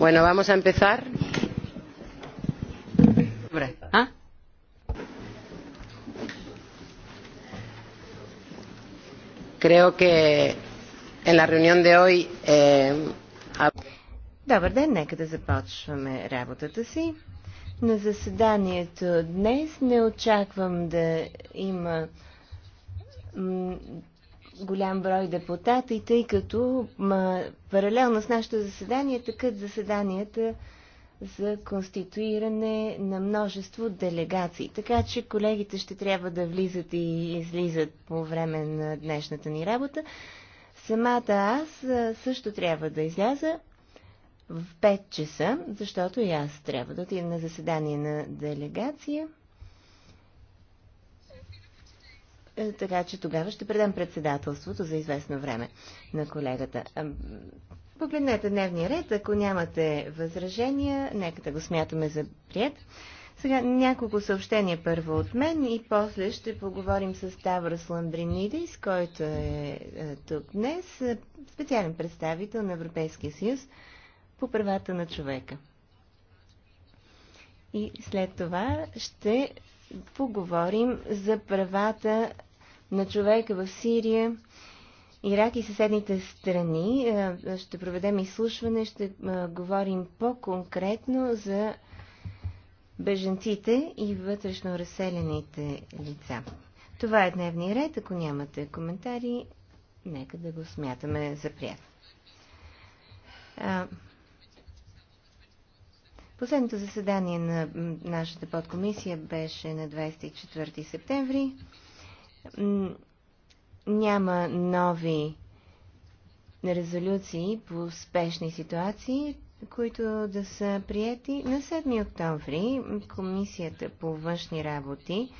Bueno, vamos a empezar. ¿Ah? Creo que en la reunión de hoy eh, Добър ден, нека да започваме работата си. На заседанието днес не очаквам да има голям брой депутати, и тъй като ма, паралелно с нашето заседание такът заседанията за конституиране на множество делегации. Така че колегите ще трябва да влизат и излизат по време на днешната ни работа. Самата аз също трябва да изляза в 5 часа, защото и аз трябва да отида на заседание на делегация. Е, така че тогава ще предам председателството за известно време на колегата. Погледнете дневния ред. Ако нямате възражения, нека да го смятаме за прият. Сега няколко съобщения първо от мен и после ще поговорим с Таврос Ламбринидис, който е, е тук днес, е, специален представител на Европейския съюз по правата на човека. И след това ще поговорим за правата на човека в Сирия, Ирак и съседните страни. Е, ще проведем изслушване, ще е, говорим по-конкретно за беженците и вътрешно разселените лица. Това е дневния ред. Ако нямате коментари, нека да го смятаме за приятно. Е, Последното заседание на нашата подкомисия беше на 24 септември. Няма нови резолюции по спешни ситуации, които да са приети. На 7 октомври Комисията по външни работи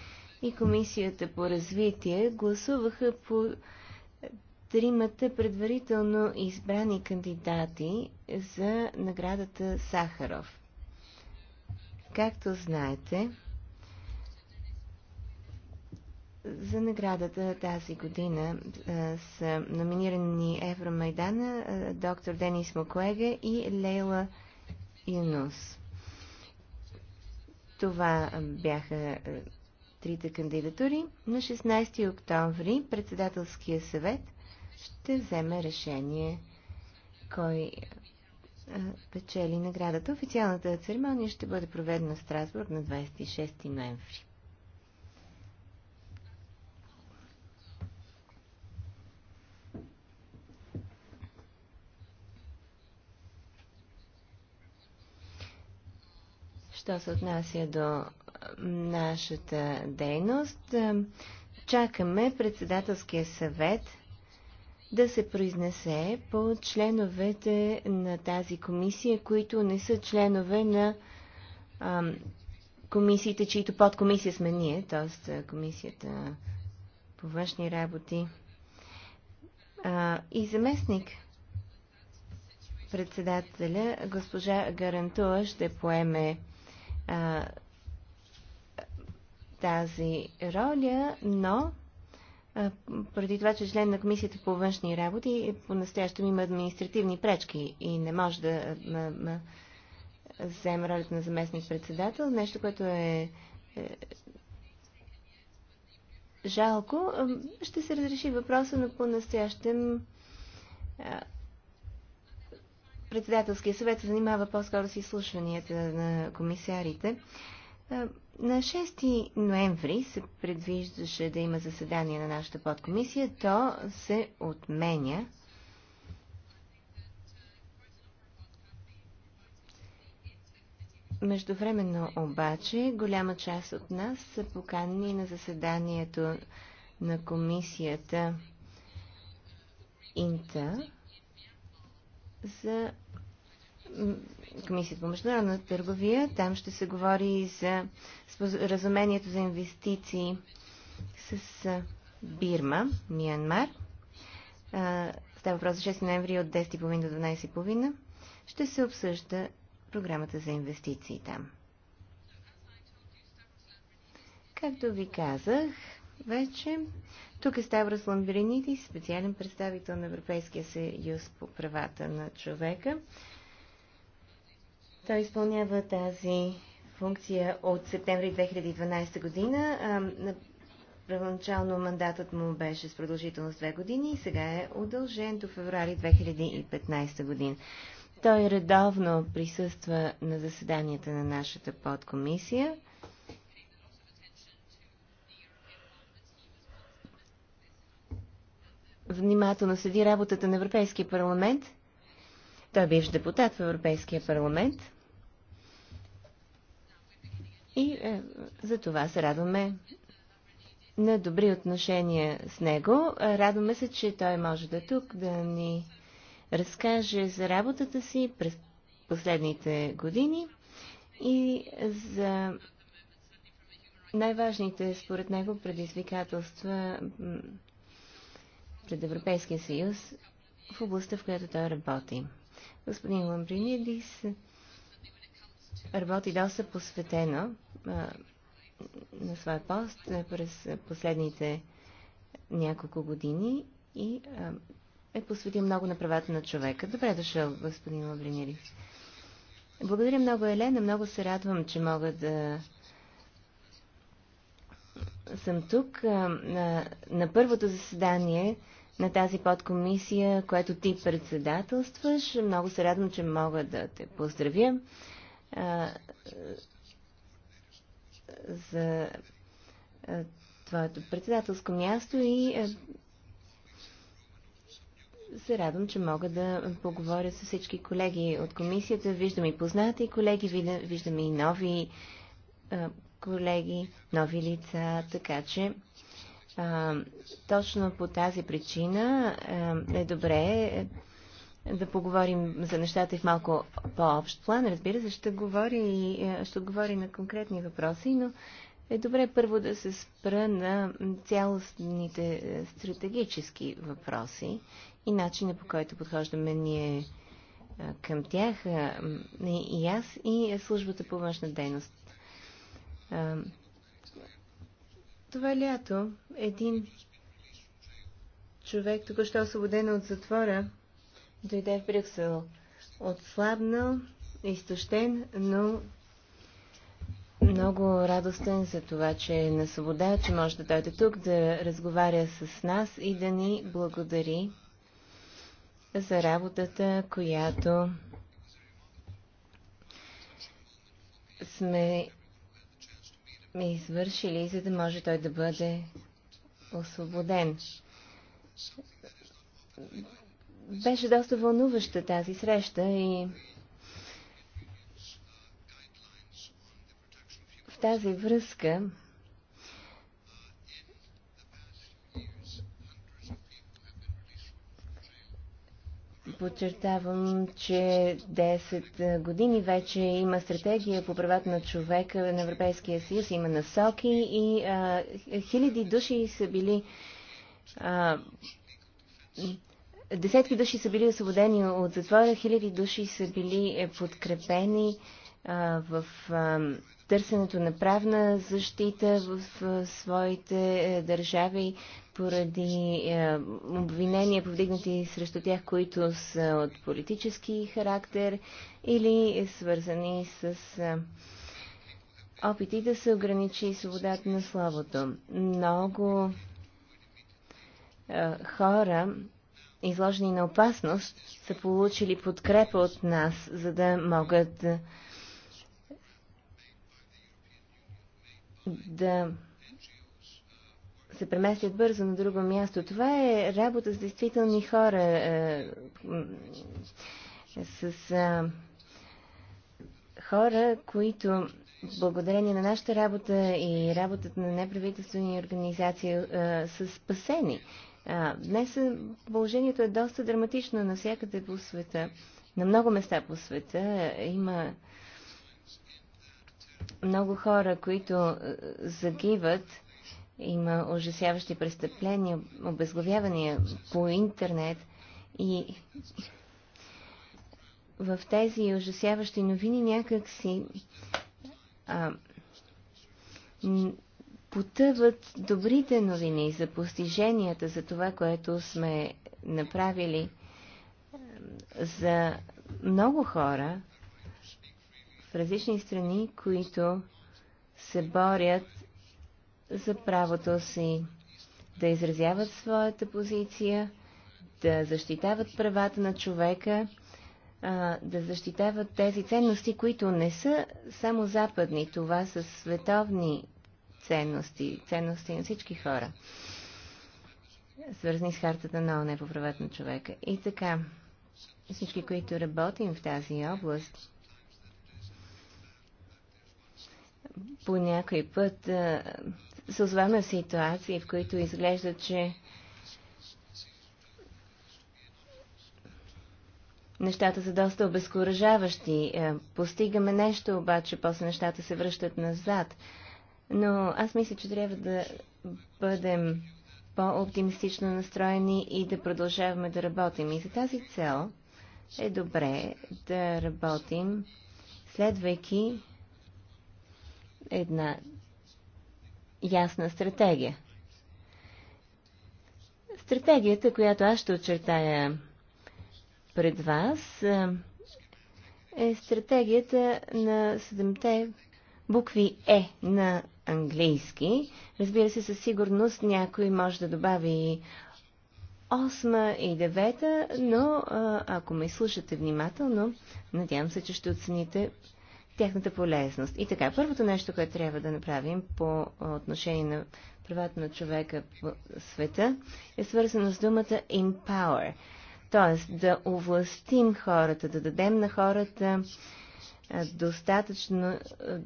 и Комисията по развитие гласуваха по тримата предварително избрани кандидати за наградата Сахаров. Както знаете, за наградата тази година са номинирани Евромайдана, Майдана, доктор Денис Макуега и Лейла Юнус. Това бяха трите кандидатури. На 16 октомври председателския съвет ще вземе решение кой печели наградата. Официалната церемония ще бъде проведена в Страсбург на 26 ноември. Що се отнася до нашата дейност, чакаме председателския съвет – да се произнесе по членовете на тази комисия, които не са членове на а, комисиите, чието подкомисия сме ние, т.е. комисията по външни работи а, и заместник председателя госпожа Гарантуа ще поеме а, тази роля, но преди това, че член на Комисията по външни работи, е, по-настоящем има административни пречки и не може да вземе ролята на заместник-председател, нещо, което е, е жалко. Ще се разреши въпроса, но по-настоящем председателския съвет се занимава по-скоро с изслушванията на комисарите. На 6 ноември се предвиждаше да има заседание на нашата подкомисия. То се отменя. Междувременно обаче голяма част от нас са поканени на заседанието на комисията Инта за Комисията по международна търговия. Там ще се говори и за разумението за инвестиции с Бирма, Миянмар. Става въпрос за 6 ноември от 10.30 до 12.30. Ще се обсъжда програмата за инвестиции там. Както ви казах, вече тук е Ставрос Ламбринидис, специален представител на Европейския съюз по правата на човека. Той изпълнява тази функция от септември 2012 година. Първоначално мандатът му беше с продължителност две години и сега е удължен до феврари 2015 година. Той редовно присъства на заседанията на нашата подкомисия. Внимателно следи работата на Европейския парламент. Той е бивш депутат в Европейския парламент – и е, за това се радваме на добри отношения с него. Радваме се, че той може да е тук да ни разкаже за работата си през последните години и за най-важните според него предизвикателства пред Европейския съюз в областта, в която той работи. Господин Ламбринидис, работи доста посветено на своя пост през последните няколко години и е посветил много на правата на човека. Добре дошъл, господин Лавринири. Благодаря много, Елена. Много се радвам, че мога да съм тук на, на първото заседание на тази подкомисия, което ти председателстваш. Много се радвам, че мога да те поздравя а, за а, твоето председателско място и а, се радвам, че мога да поговоря с всички колеги от комисията. Виждам и познати колеги, виждам и нови а, колеги, нови лица, така че а, точно по тази причина а, е добре да поговорим за нещата и в малко по-общ план. Разбира се, ще говори, и, е, ще отговори на конкретни въпроси, но е добре първо да се спра на цялостните е, стратегически въпроси и начина по който подхождаме ние е, към тях и аз и службата по външна дейност. Това лято един човек, току-що освободен от затвора, дойде в Брюксел. Отслабнал, изтощен, но много радостен за това, че е на свобода, че може да дойде тук, да разговаря с нас и да ни благодари за работата, която сме извършили, за да може той да бъде освободен беше доста вълнуваща тази среща и в тази връзка подчертавам, че 10 години вече има стратегия по правата на човека на Европейския съюз, има насоки и а, хиляди души са били а, Десетки души са били освободени от затвора, хиляди души са били е, подкрепени а, в а, търсенето на правна защита в, в своите е, държави поради а, е, обвинения, повдигнати срещу тях, които са от политически характер или свързани с а, опити да се ограничи свободата на словото. Много хора изложени на опасност, са получили подкрепа от нас, за да могат да, се преместят бързо на друго място. Това е работа с действителни хора, е, с е, хора, които благодарение на нашата работа и работата на неправителствени организации е, са спасени. А, днес положението е доста драматично навсякъде по света. На много места по света има много хора, които загиват. Има ужасяващи престъпления, обезглавявания по интернет. И в тези ужасяващи новини някак си а, потъват добрите новини за постиженията, за това, което сме направили за много хора в различни страни, които се борят за правото си да изразяват своята позиция, да защитават правата на човека, да защитават тези ценности, които не са само западни. Това са световни ценности, ценности на всички хора, свързани с хартата на ОНЕ по правата на човека. И така, всички, които работим в тази област, по някой път се озваме в ситуации, в които изглежда, че нещата са доста обезкуражаващи. Е, постигаме нещо, обаче после нещата се връщат назад но аз мисля, че трябва да бъдем по-оптимистично настроени и да продължаваме да работим. И за тази цел е добре да работим, следвайки една ясна стратегия. Стратегията, която аз ще очертая пред вас, е стратегията на седемте букви Е на английски. Разбира се, със сигурност някой може да добави осма и девета, но ако ме слушате внимателно, надявам се, че ще оцените тяхната полезност. И така, първото нещо, което трябва да направим по отношение на правата на човека по света, е свързано с думата empower. Тоест да овластим хората, да дадем на хората достатъчно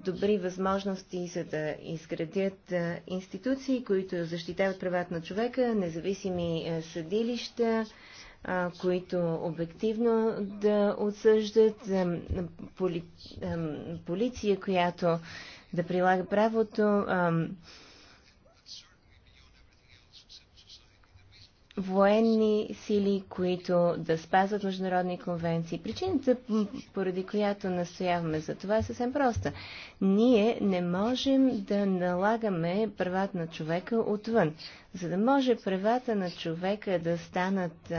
добри възможности за да изградят институции, които защитават правата на човека, независими съдилища, които обективно да отсъждат поли... полиция, която да прилага правото, военни сили, които да спазват международни конвенции. Причината, поради която настояваме за това, е съвсем проста. Ние не можем да налагаме правата на човека отвън. За да може правата на човека да станат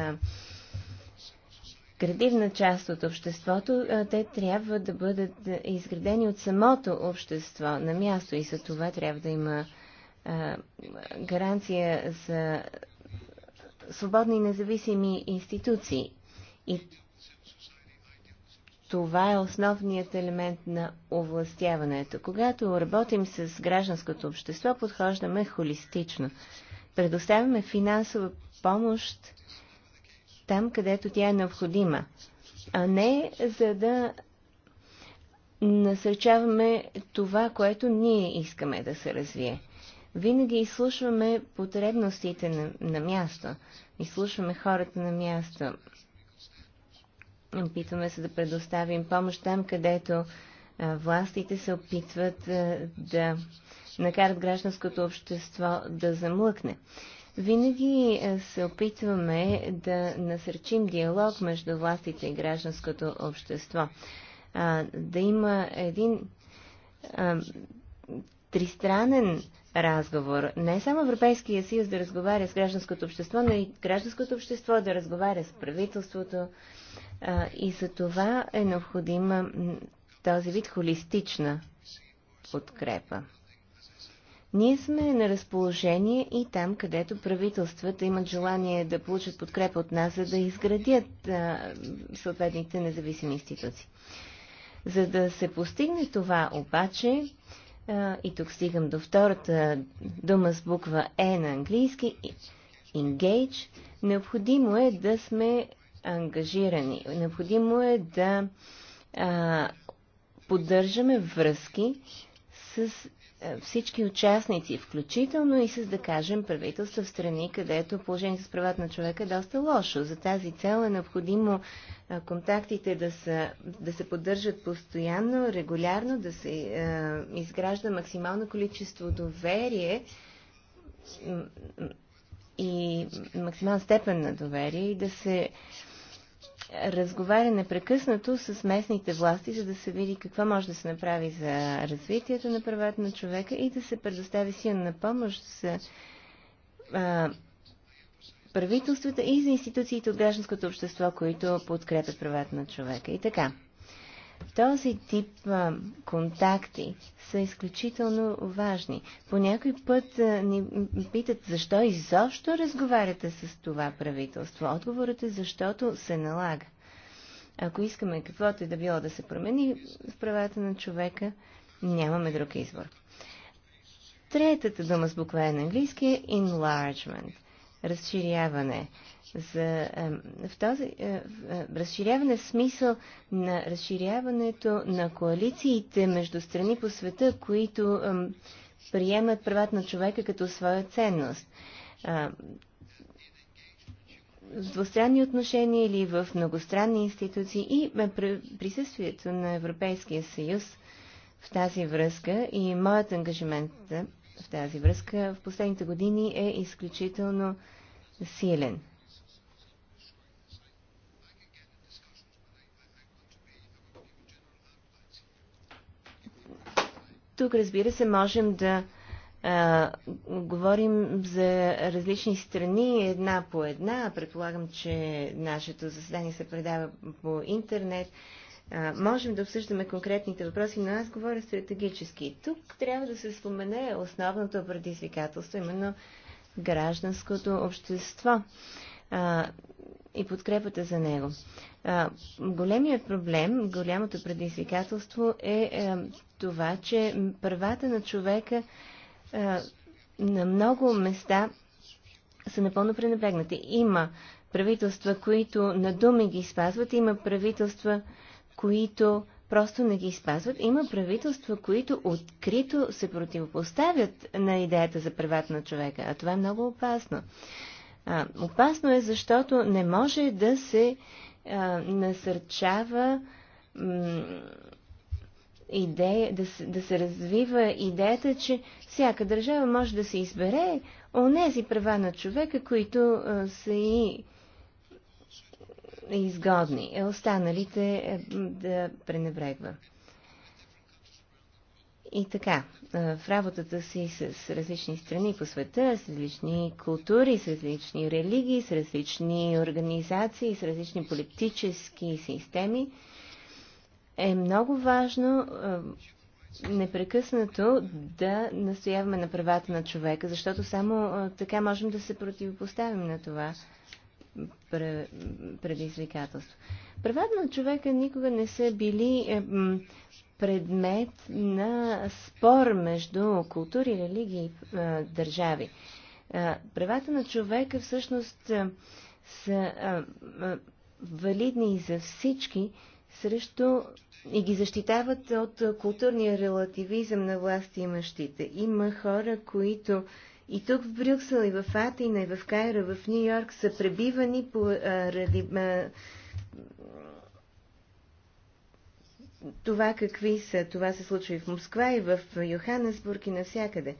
градивна част от обществото, те трябва да бъдат изградени от самото общество на място и за това трябва да има гаранция за свободни и независими институции. И това е основният елемент на овластяването. Когато работим с гражданското общество, подхождаме холистично. Предоставяме финансова помощ там, където тя е необходима, а не за да насърчаваме това, което ние искаме да се развие. Винаги изслушваме потребностите на, на място, изслушваме хората на място. Опитваме се да предоставим помощ там, където а, властите се опитват а, да накарат гражданското общество да замлъкне. Винаги се опитваме да насърчим диалог между властите и гражданското общество. А, да има един а, тристранен разговор. Не само Европейския съюз да разговаря с гражданското общество, но и гражданското общество да разговаря с правителството. И за това е необходима този вид холистична подкрепа. Ние сме на разположение и там, където правителствата имат желание да получат подкрепа от нас, за да изградят а, съответните независими институции. За да се постигне това обаче, и тук стигам до втората дума с буква Е на английски engage. Необходимо е да сме ангажирани. Необходимо е да а, поддържаме връзки с е, всички участници, включително и с, да кажем, правителства в страни, където положението с правата на човека е доста лошо. За тази цел е необходимо е, контактите да, са, да се поддържат постоянно, регулярно, да се е, изгражда максимално количество доверие и максимална степен на доверие и да се разговаря непрекъснато с местните власти, за да се види какво може да се направи за развитието на правата на човека и да се предостави силна помощ за а, правителствата и за институциите от гражданското общество, които подкрепят правата на човека. И така. Този тип а, контакти са изключително важни. По някой път а, ни питат защо изобщо разговаряте с това правителство. Отговорът е защото се налага. Ако искаме каквото и е да било да се промени в правата на човека, нямаме друг избор. Третата дума с буква е на английски е enlargement разширяване. За, в този, е, е, разширяване в е смисъл на разширяването на коалициите между страни по света, които приемат правата на човека като своя ценност. В двустранни отношения или в многостранни институции и присъствието на Европейския съюз в тази връзка и моят ангажимент в тази връзка в последните години е изключително силен. Тук, разбира се, можем да а, говорим за различни страни една по една. Предполагам, че нашето заседание се предава по интернет. А, можем да обсъждаме конкретните въпроси, но аз говоря стратегически. Тук трябва да се спомене основното предизвикателство, именно гражданското общество а, и подкрепата за него. А, големият проблем, голямото предизвикателство е а, е, това, че правата на човека а, на много места са напълно пренебрегнати. Има правителства, които на думи ги спазват, има правителства, които просто не ги спазват. Има правителства, които открито се противопоставят на идеята за правата на човека, а това е много опасно. А, опасно е, защото не може да се а, насърчава идея, да, се, да се развива идеята, че всяка държава може да се избере онези права на човека, които а, са и е изгодни, а останалите е, да пренебрегва. И така, в работата си с различни страни по света, с различни култури, с различни религии, с различни организации, с различни политически системи, е много важно непрекъснато да настояваме на правата на човека, защото само така можем да се противопоставим на това предизвикателство. Правата на човека никога не са били е, предмет на спор между култури, религии и е, държави. Е, правата на човека всъщност са валидни за всички срещу и ги защитават от културния релативизъм на власти и мъщите. Има хора, които и тук в Брюксел, и в Атина, и в Кайра, в Нью Йорк са пребивани поради това какви са. Това се случва и в Москва, и в Йоханесбург, и навсякъде.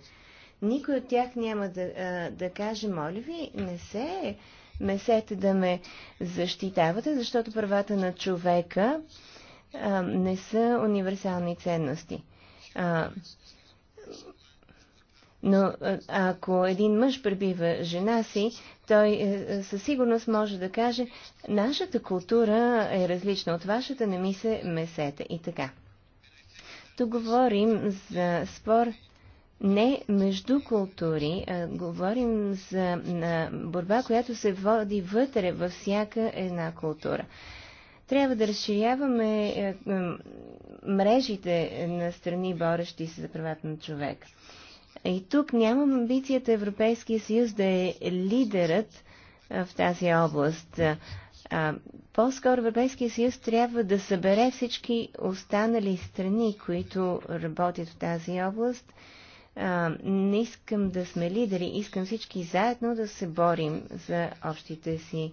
Никой от тях няма да, а, да каже, моля ви, не се месете да ме защитавате, защото правата на човека а, не са универсални ценности. А, но ако един мъж пребива жена си, той е, е, със сигурност може да каже, нашата култура е различна от вашата, не ми се месете и така. Тук говорим за спор не между култури, а говорим за борба, която се води вътре във всяка една култура трябва да разширяваме е, мрежите на страни, борещи се за правата на човек. И тук нямам амбицията Европейския съюз да е лидерът в тази област. По-скоро Европейския съюз трябва да събере всички останали страни, които работят в тази област. не искам да сме лидери, искам всички заедно да се борим за общите си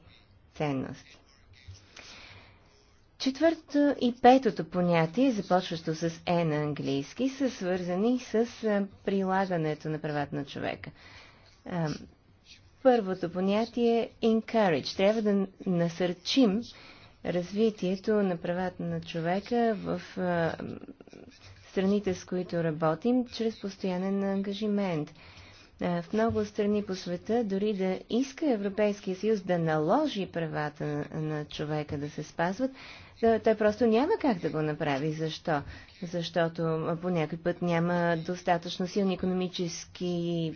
ценности. Четвъртото и петото понятие, започващо с Е на английски, са свързани с прилагането на правата на човека. Първото понятие е encourage. Трябва да насърчим развитието на правата на човека в страните, с които работим, чрез постоянен ангажимент – е, в много страни по света, дори да иска Европейския съюз да наложи правата на човека да се спазват, е, той просто няма как да го направи. Защо? Защото е, по някой път няма достатъчно силни економически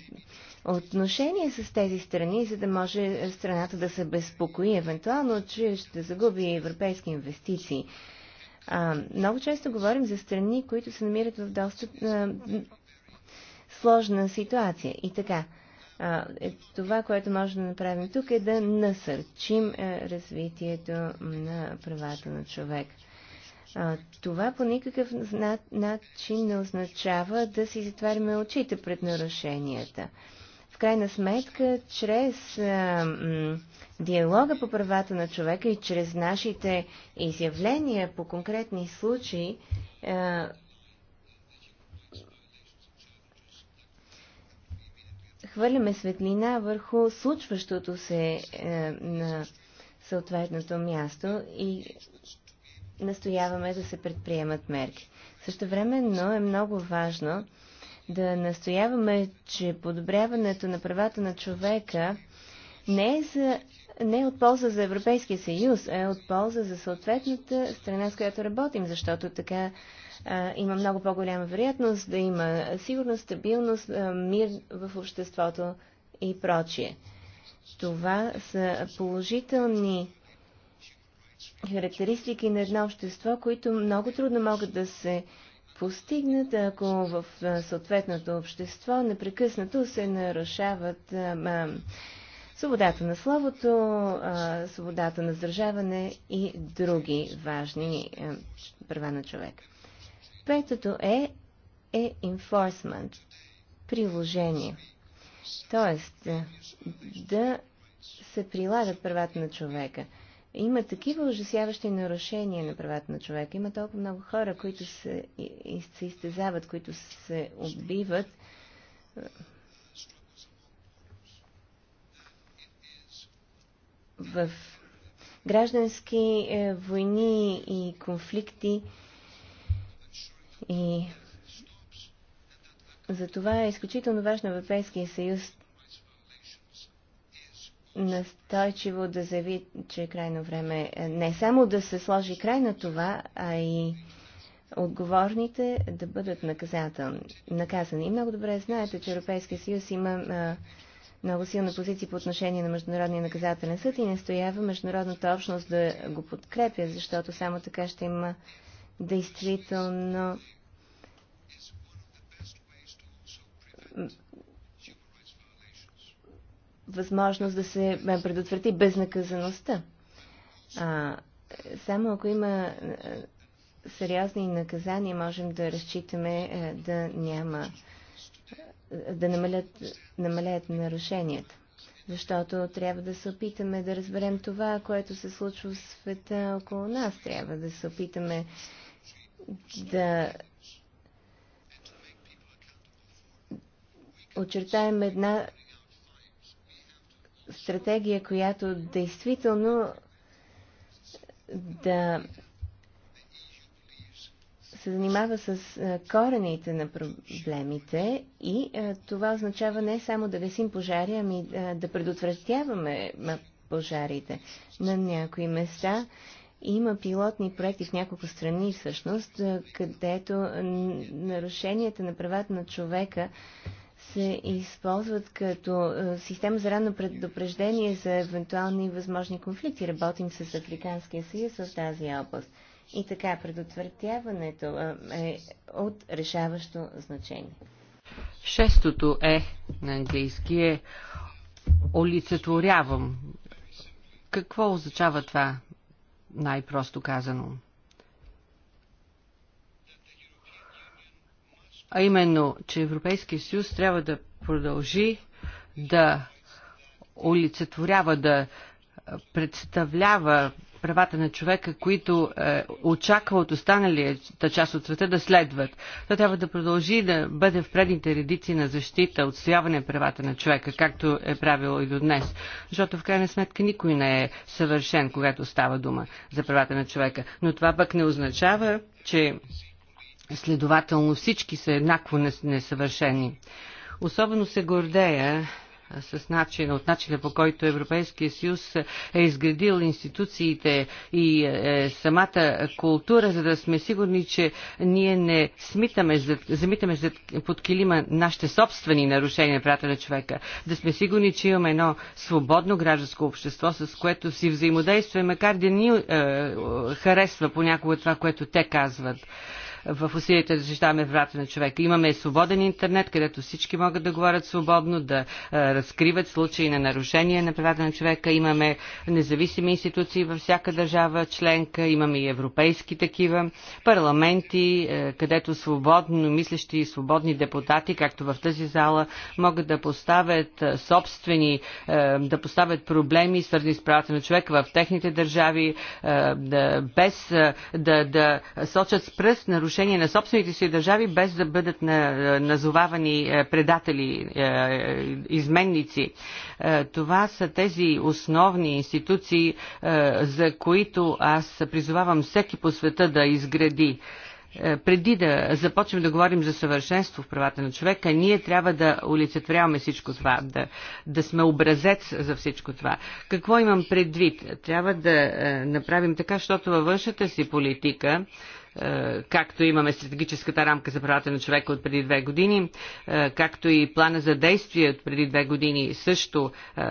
отношения с тези страни, за да може страната да се безпокои евентуално, че ще загуби европейски инвестиции. А, много често говорим за страни, които се намират в доста а, сложна ситуация. И така, а, е, това, което можем да направим тук е да насърчим е, развитието на правата на човек. А, това по никакъв на начин не означава да си затваряме очите пред нарушенията. В крайна сметка, чрез е, м, диалога по правата на човека и чрез нашите изявления по конкретни случаи, е, хвърляме светлина върху случващото се е, на съответното място и настояваме да се предприемат мерки. Също време, но е много важно да настояваме, че подобряването на правата на човека не е, за, не е от полза за Европейския съюз, а е от полза за съответната страна, с която работим, защото така има много по-голяма вероятност да има сигурност, стабилност, мир в обществото и прочие. Това са положителни характеристики на едно общество, които много трудно могат да се постигнат, ако в съответното общество непрекъснато се нарушават свободата на словото, свободата на сдържаване и други важни права на човека. Петото е е enforcement, приложение. Тоест, е, да се прилагат правата на човека. Има такива ужасяващи нарушения на правата на човека. Има толкова много хора, които се, се изтезават, които се убиват. В граждански е, войни и конфликти и затова е изключително важно Европейския съюз настойчиво да заяви, че е крайно време е, не само да се сложи край на това, а и отговорните да бъдат наказани. И много добре знаете, че Европейския съюз има а, много силна позиция по отношение на Международния наказателен съд и настоява международната общност да го подкрепя, защото само така ще има действително възможност да се предотврати безнаказаността. А, само ако има сериозни наказания, можем да разчитаме да няма да намалят, намалят нарушенията. Защото трябва да се опитаме да разберем това, което се случва в света около нас. Трябва да се опитаме да очертаем една стратегия, която действително да се занимава с корените на проблемите и това означава не само да гасим пожари, ами да предотвратяваме пожарите на някои места. Има пилотни проекти в няколко страни всъщност, където нарушенията на правата на човека се използват като е, система за ранно предупреждение за евентуални възможни конфликти. Работим с Африканския съюз в тази област. И така, предотвратяването е, е от решаващо значение. Шестото е на английски е олицетворявам. Какво означава това, най-просто казано? а именно, че Европейския съюз трябва да продължи да олицетворява, да представлява правата на човека, които е, очаква от останалията част от света да следват. То трябва да продължи да бъде в предните редици на защита, отстояване правата на човека, както е правило и до днес. Защото в крайна сметка никой не е съвършен, когато става дума за правата на човека. Но това пък не означава, че Следователно всички са еднакво несъвършени. Особено се гордея с начина, от начина по който Европейския съюз е изградил институциите и е, е, самата култура, за да сме сигурни, че ние не смитаме, зад, замитаме зад, под килима нашите собствени нарушения прата на човека. Да сме сигурни, че имаме едно свободно гражданско общество, с което си взаимодействаме, макар да ни е, е харесва понякога това, което те казват в усилията да защитаваме правата на човека. Имаме свободен интернет, където всички могат да говорят свободно, да разкриват случаи на нарушение на правата на човека. Имаме независими институции във всяка държава членка, имаме и европейски такива, парламенти, където свободно мислещи и свободни депутати, както в тази зала, могат да поставят собствени, да поставят проблеми, свързани с правата на човека в техните държави, без да, да сочат с пръст нарушения отношение на собствените си държави, без да бъдат е, назовавани е, предатели, е, изменници. Това са тези основни институции, за които аз призовавам всеки по света да изгради преди да започнем да говорим за съвършенство в правата на човека, ние трябва да олицетворяваме всичко това, да, да сме образец за всичко това. Какво имам предвид? Трябва да направим така, защото във външната си политика е, както имаме стратегическата рамка за правата на човека от преди две години, е, както и плана за действие от преди две години също е,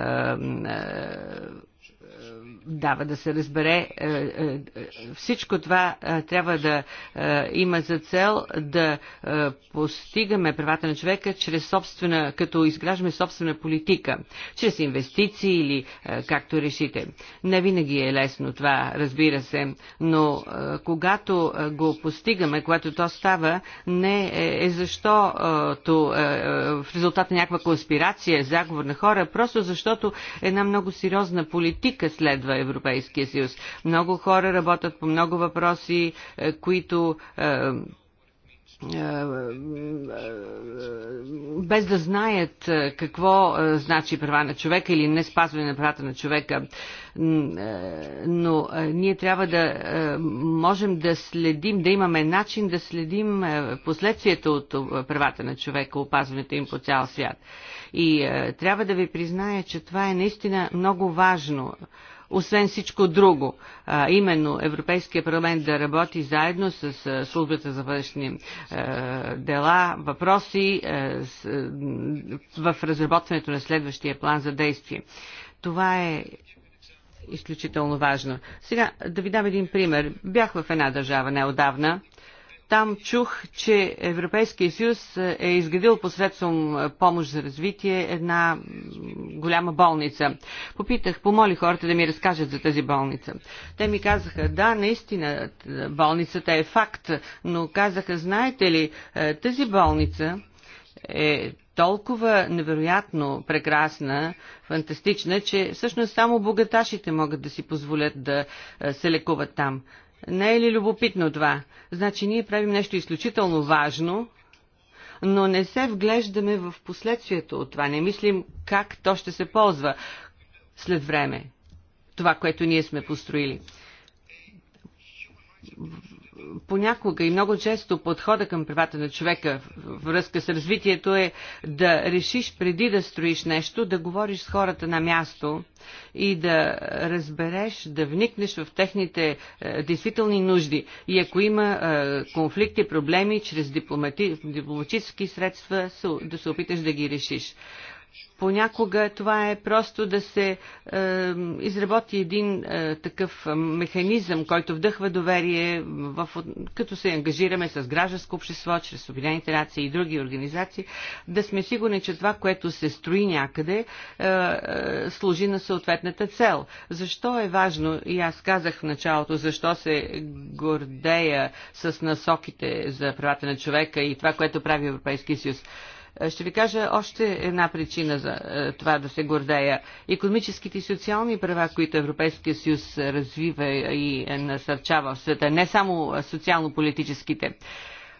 дава да се разбере. Е, е, всичко това е, трябва да има за цел да постигаме правата на човека чрез собствена, като изграждаме собствена политика, чрез инвестиции или както решите. Не винаги е лесно това, разбира се, но когато го постигаме, когато то става, не е защо в резултат на някаква конспирация, заговор на хора, просто защото една много сериозна политика следва следва Европейския съюз. Много хора работят по много въпроси, е, които е, е, без да знаят какво значи права на човека или не спазване на правата на човека. Но ние трябва да можем да следим, да имаме начин да следим последствията от правата на човека, опазването им по цял свят. И трябва да ви призная, че това е наистина много важно освен всичко друго. А, именно Европейския парламент да работи заедно с службата за външни дела, въпроси а, с, в разработването на следващия план за действие. Това е изключително важно. Сега да ви дам един пример. Бях в една държава неодавна там чух, че Европейския съюз е изградил посредством помощ за развитие една голяма болница. Попитах, помоли хората да ми разкажат за тази болница. Те ми казаха, да, наистина болницата е факт, но казаха, знаете ли, е, тази болница е толкова невероятно прекрасна, фантастична, че всъщност само богаташите могат да си позволят да е, се лекуват там. Не е ли любопитно това? Значи ние правим нещо изключително важно, но не се вглеждаме в последствието от това. Не мислим как то ще се ползва след време. Това, което ние сме построили понякога и много често подхода към правата на човека в връзка с развитието е да решиш преди да строиш нещо, да говориш с хората на място и да разбереш, да вникнеш в техните е, действителни нужди. И ако има е, конфликти, проблеми, чрез дипломати, дипломатически средства да се опиташ да ги решиш. Понякога това е просто да се е, изработи един е, такъв механизъм, който вдъхва доверие, в, като се ангажираме с гражданско общество, чрез Обединените нации и други организации, да сме сигурни, че това, което се строи някъде, е, е, служи на съответната цел. Защо е важно, и аз казах в началото, защо се гордея с насоките за правата на човека и това, което прави Европейския съюз. Е, ще ви кажа още една причина за е, това да се гордея. Економическите и социални права, които Европейския съюз развива и е, насърчава в света, не само социално-политическите.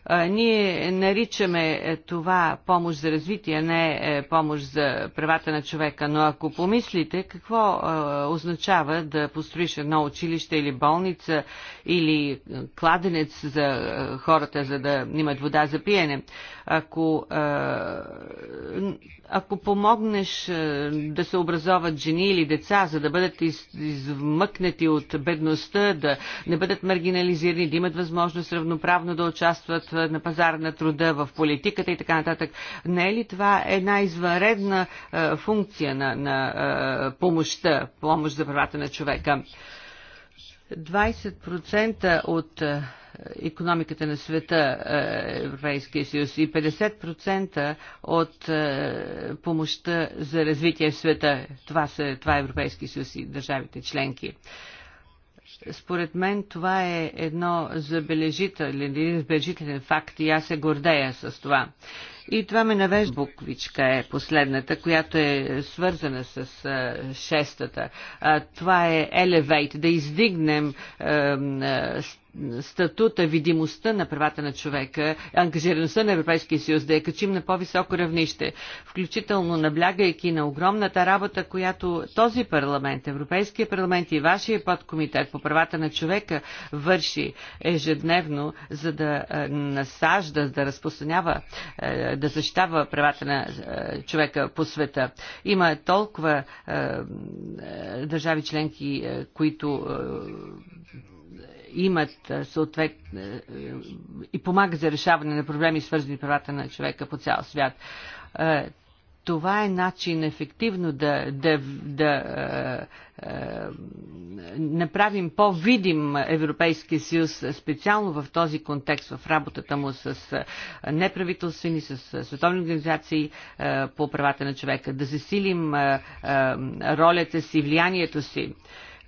Ние наричаме е, това помощ за развитие, не е, помощ за правата на човека, но ако помислите какво означава да построиш едно училище или болница или кладенец за хората, за да имат вода за пиене, ако, ако помогнеш да се образоват жени или деца, за да бъдат из, измъкнати от бедността, да не бъдат маргинализирани, да имат възможност равноправно да участват на пазара на труда, в политиката и така нататък. Не е ли това една извънредна е, функция на, на е, помощта, помощ за правата на човека? 20% от економиката на света е, Европейския съюз и 50% от е, помощта за развитие в света. Това, са, това е Европейския съюз и държавите членки. Според мен това е едно забележителен, забележителен факт и аз се гордея с това. И това ме навежда. Буквичка е последната, която е свързана с а, шестата. А, това е елевейт, да издигнем а, статута, видимостта на правата на човека, ангажираността на Европейския съюз, да я качим на по-високо равнище, включително наблягайки на огромната работа, която този парламент, Европейския парламент и вашия подкомитет по правата на човека върши ежедневно, за да е, насажда, да разпространява, е, да защитава правата на е, човека по света. Има толкова държави членки, които имат съответ и помагат за решаване на проблеми, свързани с правата на човека по цял свят. Това е начин ефективно да, да, да е, направим по-видим Европейския съюз, специално в този контекст, в работата му с неправителствени, с световни организации е, по правата на човека, да засилим е, е, ролята си, влиянието си. Е,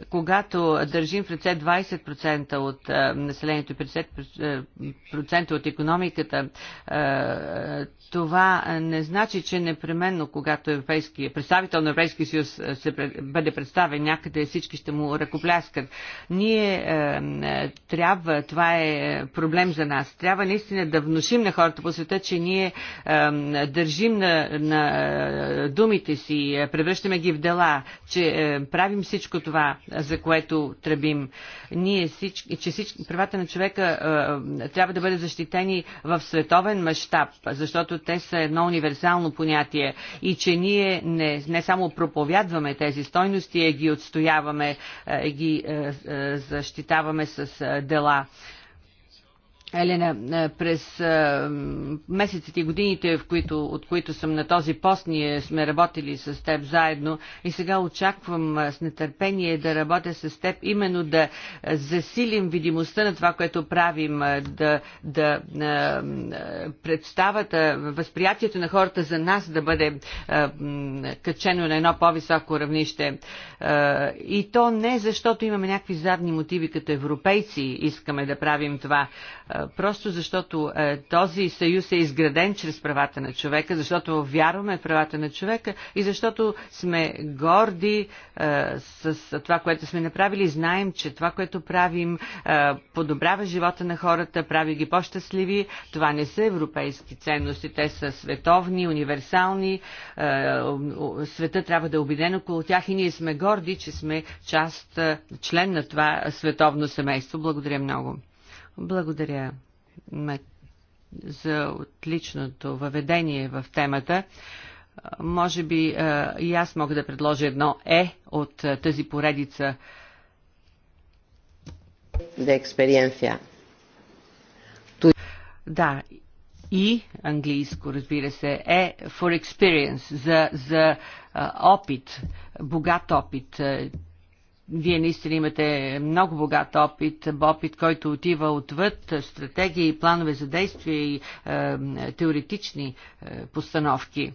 когато държим в ръце 20% от е, населението, 50% от економиката, е, това не значи, че непременно, когато европейски, представител на Европейския съюз е, се бъде представен някъде, всички ще му ръкопляскат. Ние трябва, това е проблем за нас, трябва наистина да внушим на хората по света, че ние държим на, на думите си, превръщаме ги в дела, че правим всичко това за което тръбим. Ние всички, че всички, правата на човека е, трябва да бъдат защитени в световен мащаб, защото те са едно универсално понятие и че ние не, не само проповядваме тези стойности, а ги отстояваме, е, ги е, защитаваме с дела. Елена, е, през е, месеците и годините, в които, от които съм на този пост, ние сме работили с теб заедно и сега очаквам е, с нетърпение да работя с теб, именно да засилим видимостта на това, което правим, да, да представата, възприятието на хората за нас да бъде качено на едно по-високо равнище. И то не защото имаме някакви задни мотиви като европейци, искаме да правим това просто защото е, този съюз е изграден чрез правата на човека, защото вярваме в правата на човека и защото сме горди е, с това, което сме направили знаем, че това, което правим, е, подобрява живота на хората, прави ги по-щастливи. Това не са европейски ценности, те са световни, универсални. Света трябва да е обиден около тях и ние сме горди, че сме част, член на това световно семейство. Благодаря много. Благодаря за отличното въведение в темата. Може би и аз мога да предложа едно е от тази поредица. Да, експериенция. Да, и английско, разбира се, е for experience, за, за опит, богат опит, вие наистина имате много богат опит, опит, който отива отвъд стратегии и планове за действие и е, теоретични е, постановки.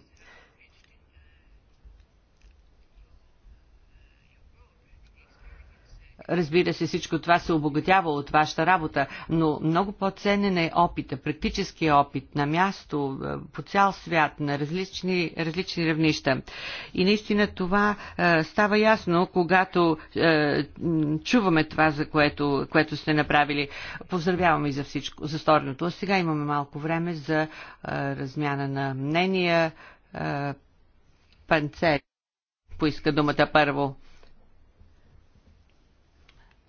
Разбира се, всичко това се обогатява от вашата работа, но много по-ценен е опита, практическия опит на място, е, по цял свят, на различни, различни равнища. И наистина това е, става ясно, когато е, чуваме това, за което, което сте направили. Поздравяваме и за всичко, за сторното. сега имаме малко време за е, размяна на мнения. Е, панцер поиска думата първо.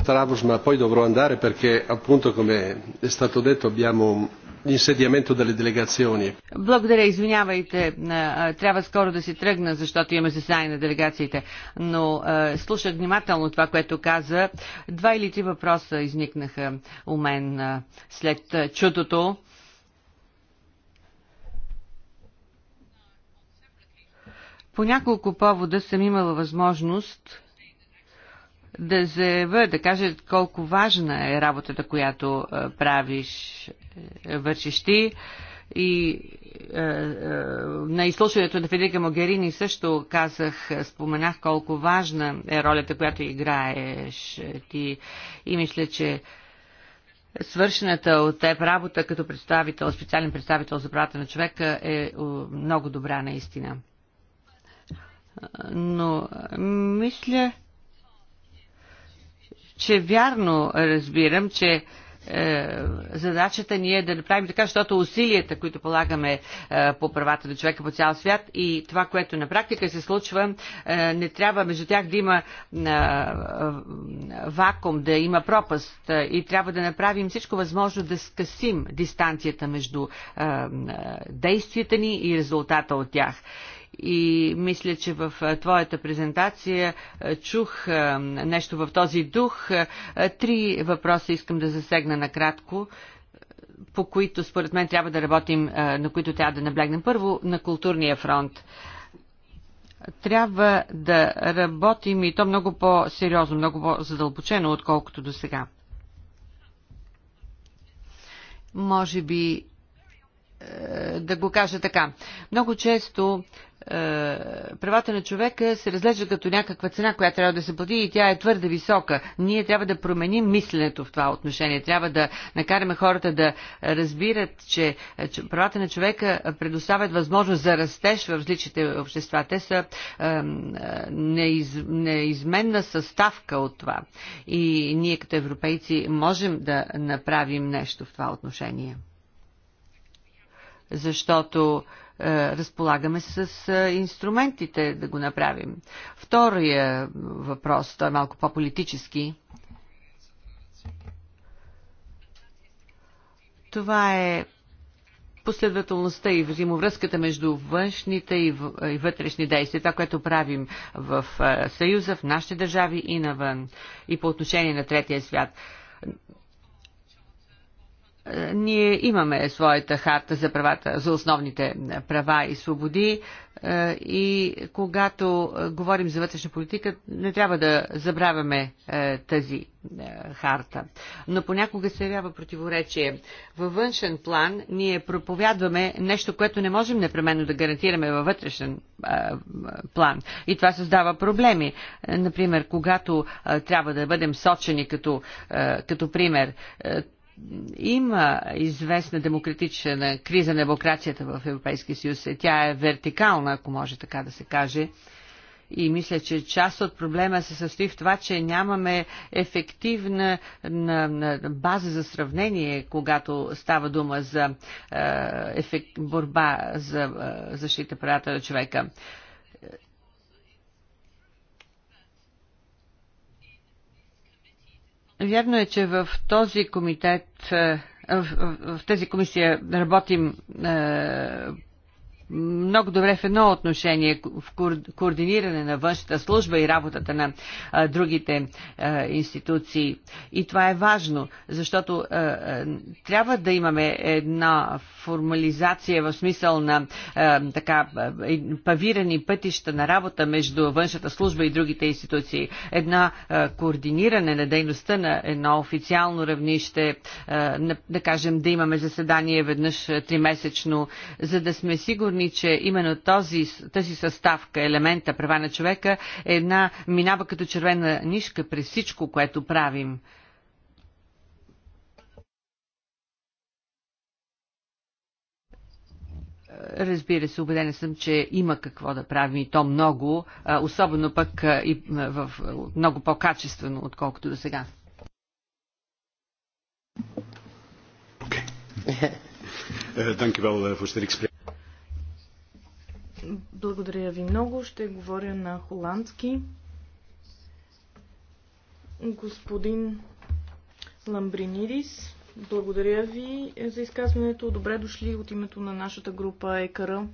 Trabus, ma poi dovrò andare perché appunto come è stato detto abbiamo l'insediamento delle delegazioni. Благодаря, извинявайте, трябва скоро да си тръгна, защото имаме заседание на делегациите, но слушах внимателно това, което каза. Два или три въпроса изникнаха у мен след чудото. По няколко повода съм имала възможност да заявя, да кажа колко важна е работата, която е, правиш, е, вършиш ти. И е, на изслушването на Федерика Могерини също казах, споменах колко важна е ролята, която играеш ти. И мисля, че свършената от теб работа като представител, специален представител за правата на човека е много добра наистина. Но мисля, че вярно разбирам, че е, задачата ни е да направим така, защото усилията, които полагаме е, по правата на човека по цял свят и това, което на практика се случва, е, не трябва между тях да има вакуум, да има пропаст и трябва да направим всичко възможно да скъсим дистанцията между действията ни и резултата от тях и мисля, че в твоята презентация чух нещо в този дух. Три въпроса искам да засегна накратко по които според мен трябва да работим, на които трябва да наблегнем. Първо, на културния фронт трябва да работим и то много по-сериозно, много по-задълбочено, отколкото до сега. Може би е, да го кажа така. Много често е, правата на човека се разглежда като някаква цена, която трябва да се плати и тя е твърде висока. Ние трябва да променим мисленето в това отношение. Трябва да накараме хората да разбират, че правата на човека предоставят възможност за растеж в различните общества. Те са е, е, неизменна съставка от това. И ние като европейци можем да направим нещо в това отношение. Защото е, разполагаме с е, инструментите да го направим. Втория въпрос, той е малко по-политически. Това е последователността и взаимовръзката между външните и вътрешни действия, това, което правим в е, Съюза, в нашите държави и навън, и по отношение на третия свят ние имаме своята харта за, правата, за основните права и свободи е, и когато е, говорим за вътрешна политика, не трябва да забравяме е, тази харта. Но понякога се явява противоречие. Във външен план ние проповядваме нещо, което не можем непременно да гарантираме във вътрешен план. И това създава проблеми. Например, когато трябва да бъдем сочени като, като пример, има известна демократична криза на демокрацията в Европейския съюз. Тя е вертикална, ако може така да се каже. И мисля, че част от проблема се състои в това, че нямаме ефективна на, на база за сравнение, когато става дума за е, ефект, борба за е, защита правата на човека. Е, Вярно е, че в този комитет, е, в, в, в тази комисия работим е, много добре в едно отношение в координиране на външната служба и работата на а, другите а, институции. И това е важно, защото а, трябва да имаме една формализация в смисъл на а, така павирани пътища на работа между външната служба и другите институции. Една а, координиране на дейността на едно официално равнище, а, на, да кажем да имаме заседание веднъж тримесечно, за да сме сигурни, сигурни, че именно този, тази съставка, елемента права на човека, е една минава като червена нишка през всичко, което правим. Разбира се, убедена съм, че има какво да правим и то много, особено пък и в много по-качествено, отколкото до сега. Okay. Uh, Благодаря ви много. Ще говоря на холандски. Господин Ламбринирис, благодаря ви за изказването. Добре дошли от името на нашата група ЕКАРА.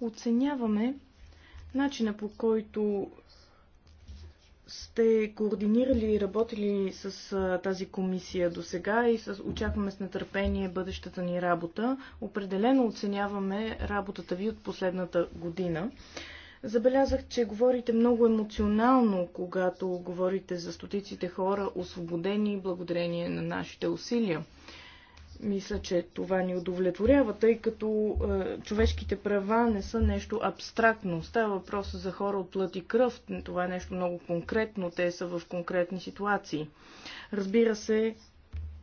Оценяваме начина по който сте координирали и работили с а, тази комисия до сега и с, очакваме с нетърпение бъдещата ни работа. Определено оценяваме работата ви от последната година. Забелязах, че говорите много емоционално, когато говорите за стотиците хора, освободени благодарение на нашите усилия. Мисля, че това ни удовлетворява, тъй като е, човешките права не са нещо абстрактно. Става въпрос за хора от плът и кръв. Това е нещо много конкретно. Те са в конкретни ситуации. Разбира се,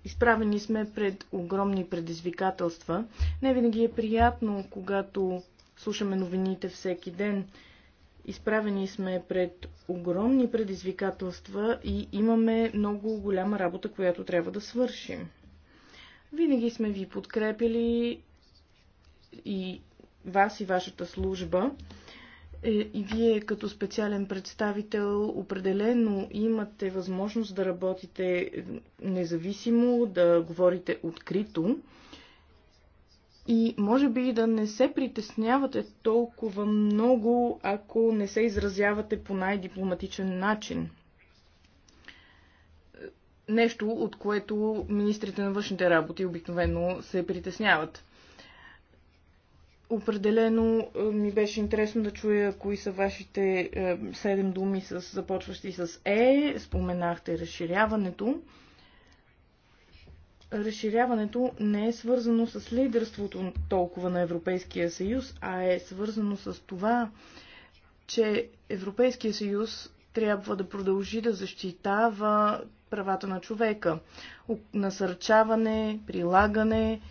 изправени сме пред огромни предизвикателства. Не винаги е приятно, когато слушаме новините всеки ден. Изправени сме пред огромни предизвикателства и имаме много голяма работа, която трябва да свършим. Винаги сме ви подкрепили и вас и вашата служба. Е, и вие като специален представител определено имате възможност да работите независимо, да говорите открито. И може би да не се притеснявате толкова много, ако не се изразявате по най-дипломатичен начин нещо, от което министрите на външните работи обикновено се притесняват. Определено е, ми беше интересно да чуя кои са вашите е, седем думи, с, започващи с Е. Споменахте разширяването. Разширяването не е свързано с лидерството толкова на Европейския съюз, а е свързано с това, че Европейския съюз трябва да продължи да защитава правата на човека. Насърчаване, прилагане.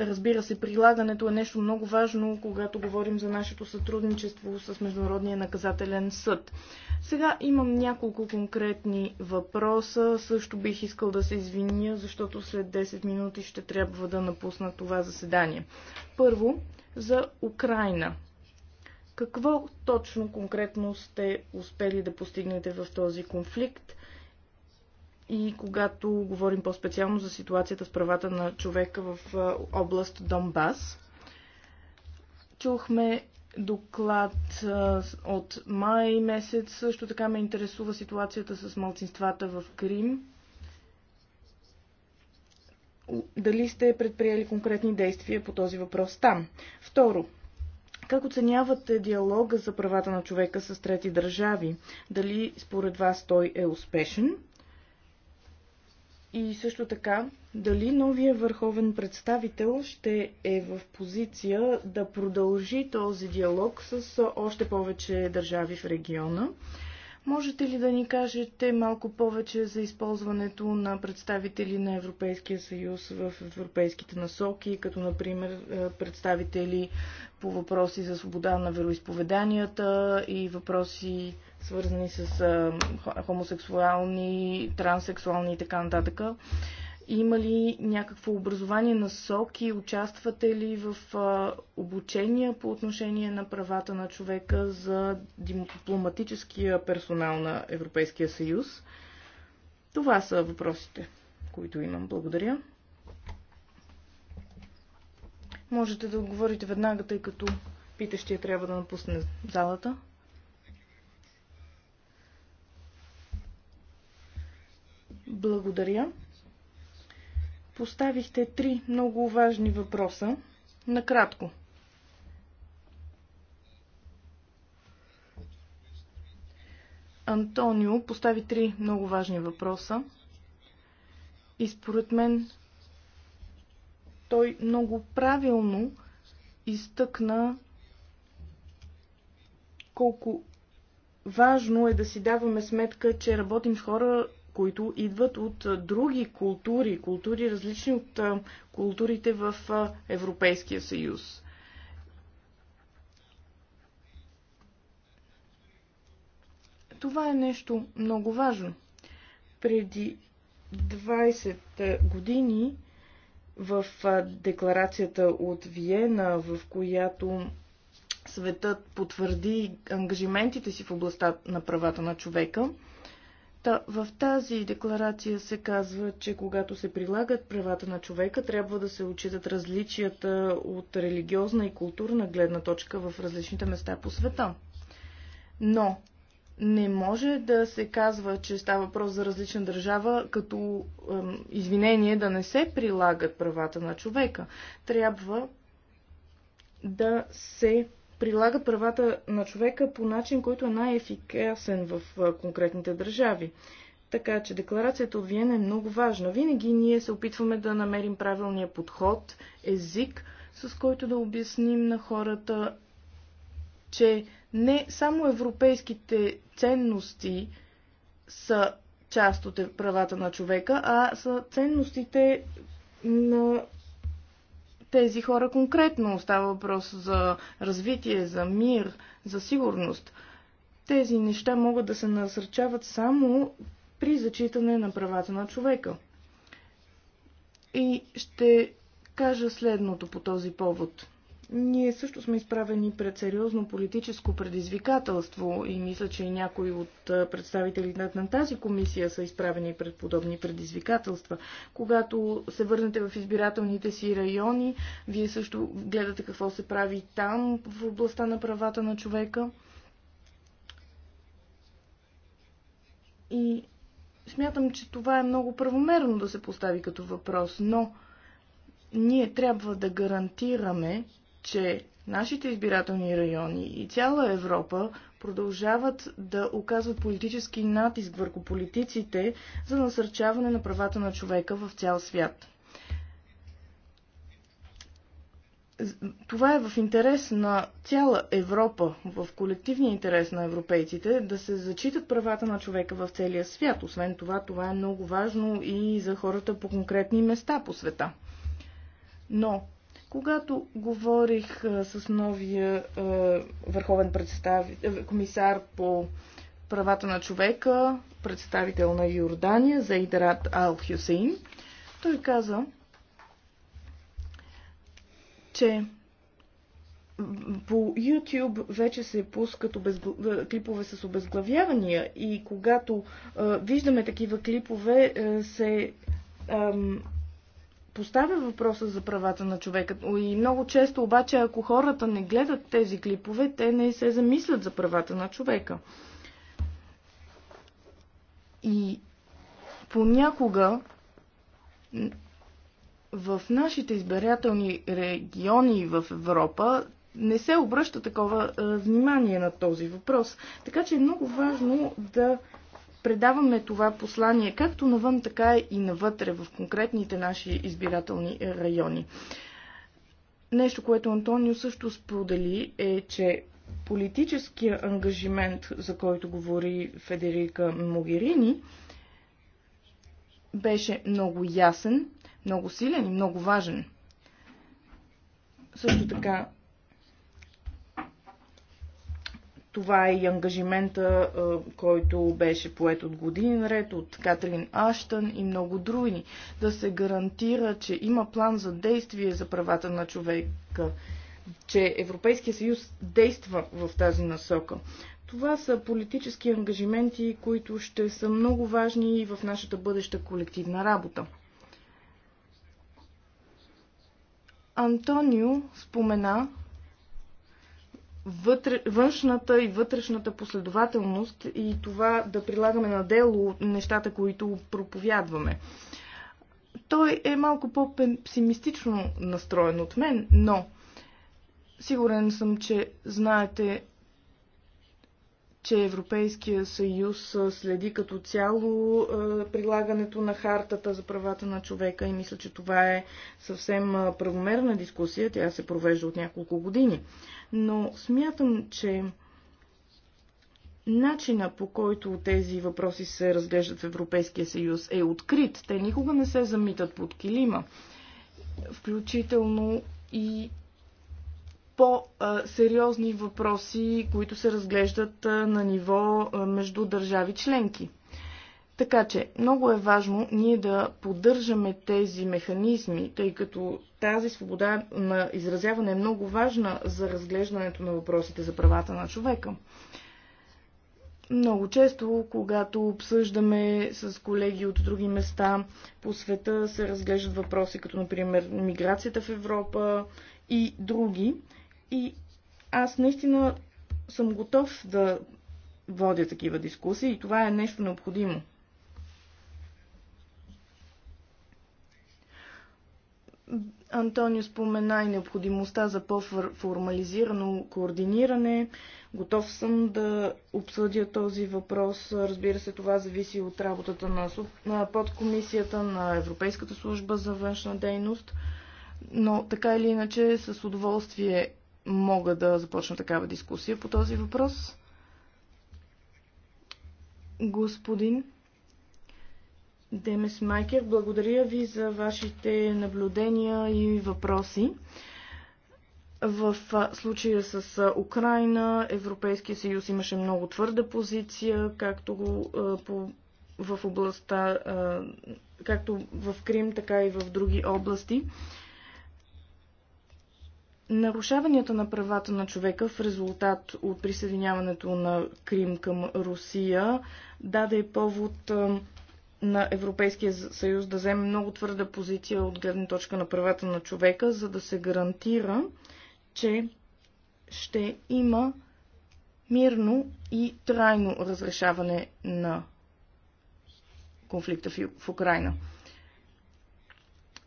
Разбира се, прилагането е нещо много важно, когато говорим за нашето сътрудничество с Международния наказателен съд. Сега имам няколко конкретни въпроса. Също бих искал да се извиня, защото след 10 минути ще трябва да напусна това заседание. Първо, за Украина. Какво точно конкретно сте успели да постигнете в този конфликт? и когато говорим по-специално за ситуацията с правата на човека в област Донбас. Чухме доклад от май месец. Също така ме интересува ситуацията с малцинствата в Крим. Дали сте предприели конкретни действия по този въпрос там? Второ, как оценявате диалога за правата на човека с трети държави? Дали според вас той е успешен? И също така, дали новия върховен представител ще е в позиция да продължи този диалог с още повече държави в региона? Можете ли да ни кажете малко повече за използването на представители на Европейския съюз в европейските насоки, като например е, представители по въпроси за свобода на вероисповеданията и въпроси свързани с е, хомосексуални, транссексуални и така нататък? Има ли някакво образование на соки? Участвате ли в обучения по отношение на правата на човека за дипломатическия персонал на Европейския съюз? Това са въпросите, които имам. Благодаря. Можете да отговорите веднага, тъй като питащия трябва да напусне залата. Благодаря. Поставихте три много важни въпроса. Накратко. Антонио постави три много важни въпроса. И според мен той много правилно изтъкна колко важно е да си даваме сметка, че работим с хора, които идват от други култури, култури различни от културите в Европейския съюз. Това е нещо много важно. Преди 20 години в декларацията от Виена, в която светът потвърди ангажиментите си в областта на правата на човека, в тази декларация се казва, че когато се прилагат правата на човека, трябва да се отчитат различията от религиозна и културна гледна точка в различните места по света. Но не може да се казва, че става въпрос за различна държава, като ем, извинение да не се прилагат правата на човека. Трябва да се прилага правата на човека по начин, който е най-ефикасен в конкретните държави. Така че декларацията от Виена е много важна. Винаги ние се опитваме да намерим правилния подход, език, с който да обясним на хората, че не само европейските ценности са част от е, правата на човека, а са ценностите на тези хора конкретно. Става въпрос за развитие, за мир, за сигурност. Тези неща могат да се насърчават само при зачитане на правата на човека. И ще кажа следното по този повод – ние също сме изправени пред сериозно политическо предизвикателство и мисля, че и някои от представителите на тази комисия са изправени пред подобни предизвикателства. Когато се върнете в избирателните си райони, вие също гледате какво се прави там в областта на правата на човека. И смятам, че това е много правомерно да се постави като въпрос, но ние трябва да гарантираме, че нашите избирателни райони и цяла Европа продължават да оказват политически натиск върху политиците за насърчаване на правата на човека в цял свят. Това е в интерес на цяла Европа, в колективния интерес на европейците, да се зачитат правата на човека в целия свят. Освен това, това е много важно и за хората по конкретни места по света. Но когато говорих с новия върховен представител, комисар по правата на човека, представител на Йордания, Заидрат Ал Хюсейн, той каза, че по YouTube вече се пускат обезгл... клипове с обезглавявания и когато е, виждаме такива клипове, е, се поставя въпроса за правата на човека. И много често обаче, ако хората не гледат тези клипове, те не се замислят за правата на човека. И понякога в нашите избирателни региони в Европа не се обръща такова внимание на този въпрос. Така че е много важно да предаваме това послание както навън, така и навътре в конкретните наши избирателни е, райони. Нещо, което Антонио също сподели е, че политическия ангажимент, за който говори Федерика Могерини, беше много ясен, много силен и много важен. Също така Това е и ангажимента, който беше поет от години наред от Катрин Аштън и много други. Да се гарантира, че има план за действие за правата на човека, че Европейския съюз действа в тази насока. Това са политически ангажименти, които ще са много важни и в нашата бъдеща колективна работа. Антонио спомена, вътре, външната и вътрешната последователност и това да прилагаме на дело нещата, които проповядваме. Той е малко по-песимистично настроен от мен, но сигурен съм, че знаете че Европейския съюз следи като цяло прилагането на хартата за правата на човека и мисля, че това е съвсем правомерна дискусия. Тя се провежда от няколко години. Но смятам, че начина по който тези въпроси се разглеждат в Европейския съюз е открит. Те никога не се замитат под килима. Включително и по-сериозни въпроси, които се разглеждат на ниво между държави членки. Така че много е важно ние да поддържаме тези механизми, тъй като тази свобода на изразяване е много важна за разглеждането на въпросите за правата на човека. Много често, когато обсъждаме с колеги от други места по света, се разглеждат въпроси като, например, миграцията в Европа и други. И аз наистина съм готов да водя такива дискусии и това е нещо необходимо. Антонио спомена и необходимостта за по-формализирано координиране. Готов съм да обсъдя този въпрос. Разбира се, това зависи от работата на, подкомисията на Европейската служба за външна дейност. Но така или иначе, с удоволствие мога да започна такава дискусия по този въпрос. Господин Демес Майкер, благодаря ви за вашите наблюдения и въпроси. В случая с Украина Европейския съюз имаше много твърда позиция, както го, по, в областта, както в Крим, така и в други области. Нарушаванията на правата на човека в резултат от присъединяването на Крим към Русия даде повод на Европейския съюз да вземе много твърда позиция от гледна точка на правата на човека, за да се гарантира, че ще има мирно и трайно разрешаване на конфликта в Украина.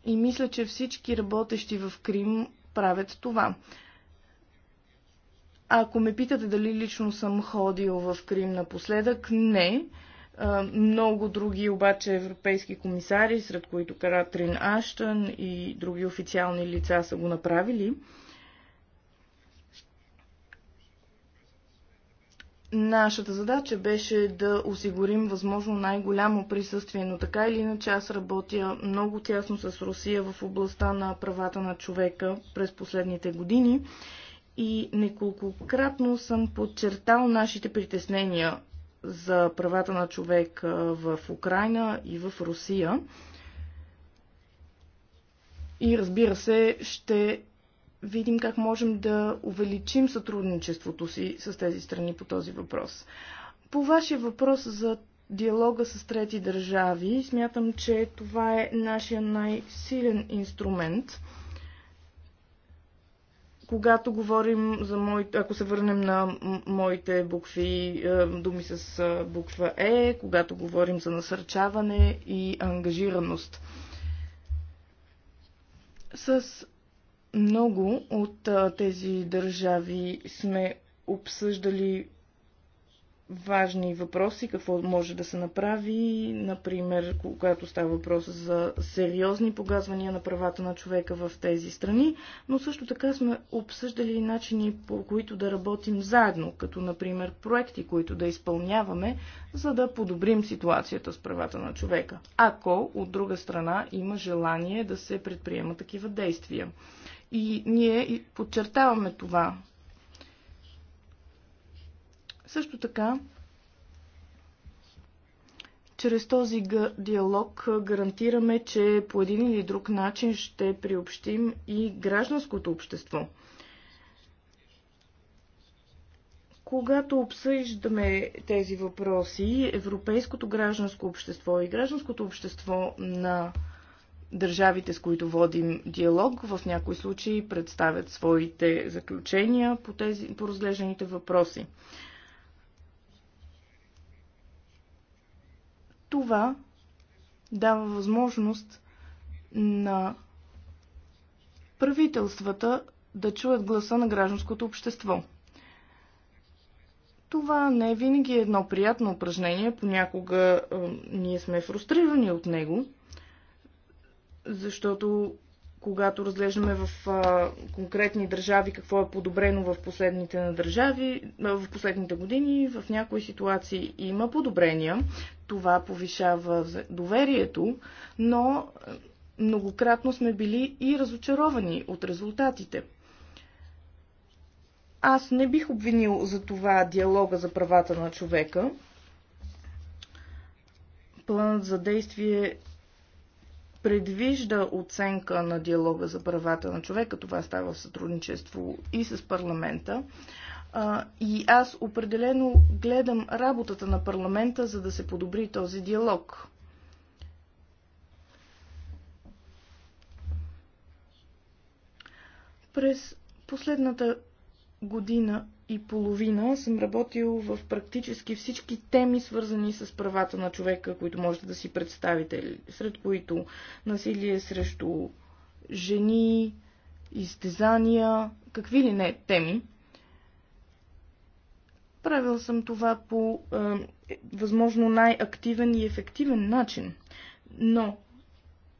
И мисля, че всички работещи в Крим правят това. Ако ме питате дали лично съм ходил в Крим напоследък, не. Много други обаче европейски комисари, сред които Каратрин Аштън и други официални лица са го направили. Нашата задача беше да осигурим възможно най-голямо присъствие, но така или иначе аз работя много тясно с Русия в областта на правата на човека през последните години и неколкократно съм подчертал нашите притеснения за правата на човек в Украина и в Русия. И разбира се, ще видим как можем да увеличим сътрудничеството си с тези страни по този въпрос. По вашия въпрос за диалога с трети държави, смятам, че това е нашия най-силен инструмент. Когато говорим за моите, ако се върнем на моите букви, е, думи с е, буква Е, когато говорим за насърчаване и ангажираност. С много от тези държави сме обсъждали важни въпроси, какво може да се направи, например, когато става въпрос за сериозни погазвания на правата на човека в тези страни, но също така сме обсъждали начини по които да работим заедно, като например проекти, които да изпълняваме, за да подобрим ситуацията с правата на човека, ако от друга страна има желание да се предприема такива действия. И ние подчертаваме това също така, чрез този диалог гарантираме, че по един или друг начин ще приобщим и гражданското общество. Когато обсъждаме тези въпроси, европейското гражданско общество и гражданското общество на държавите, с които водим диалог, в някои случаи представят своите заключения по, тези, по разглежданите въпроси. Това дава възможност на правителствата да чуят гласа на гражданското общество. Това не е винаги едно приятно упражнение, понякога е, ние сме фрустрирани от него, защото когато разглеждаме в а, конкретни държави какво е подобрено в последните, на държави, в последните години, в някои ситуации има подобрения. Това повишава доверието, но многократно сме били и разочаровани от резултатите. Аз не бих обвинил за това диалога за правата на човека. Планът за действие предвижда оценка на диалога за правата на човека. Това става в сътрудничество и с парламента. И аз определено гледам работата на парламента, за да се подобри този диалог. През последната година и половина съм работил в практически всички теми, свързани с правата на човека, които можете да си представите, сред които насилие срещу жени, изтезания, какви ли не теми. Правил съм това по е, възможно най-активен и ефективен начин, но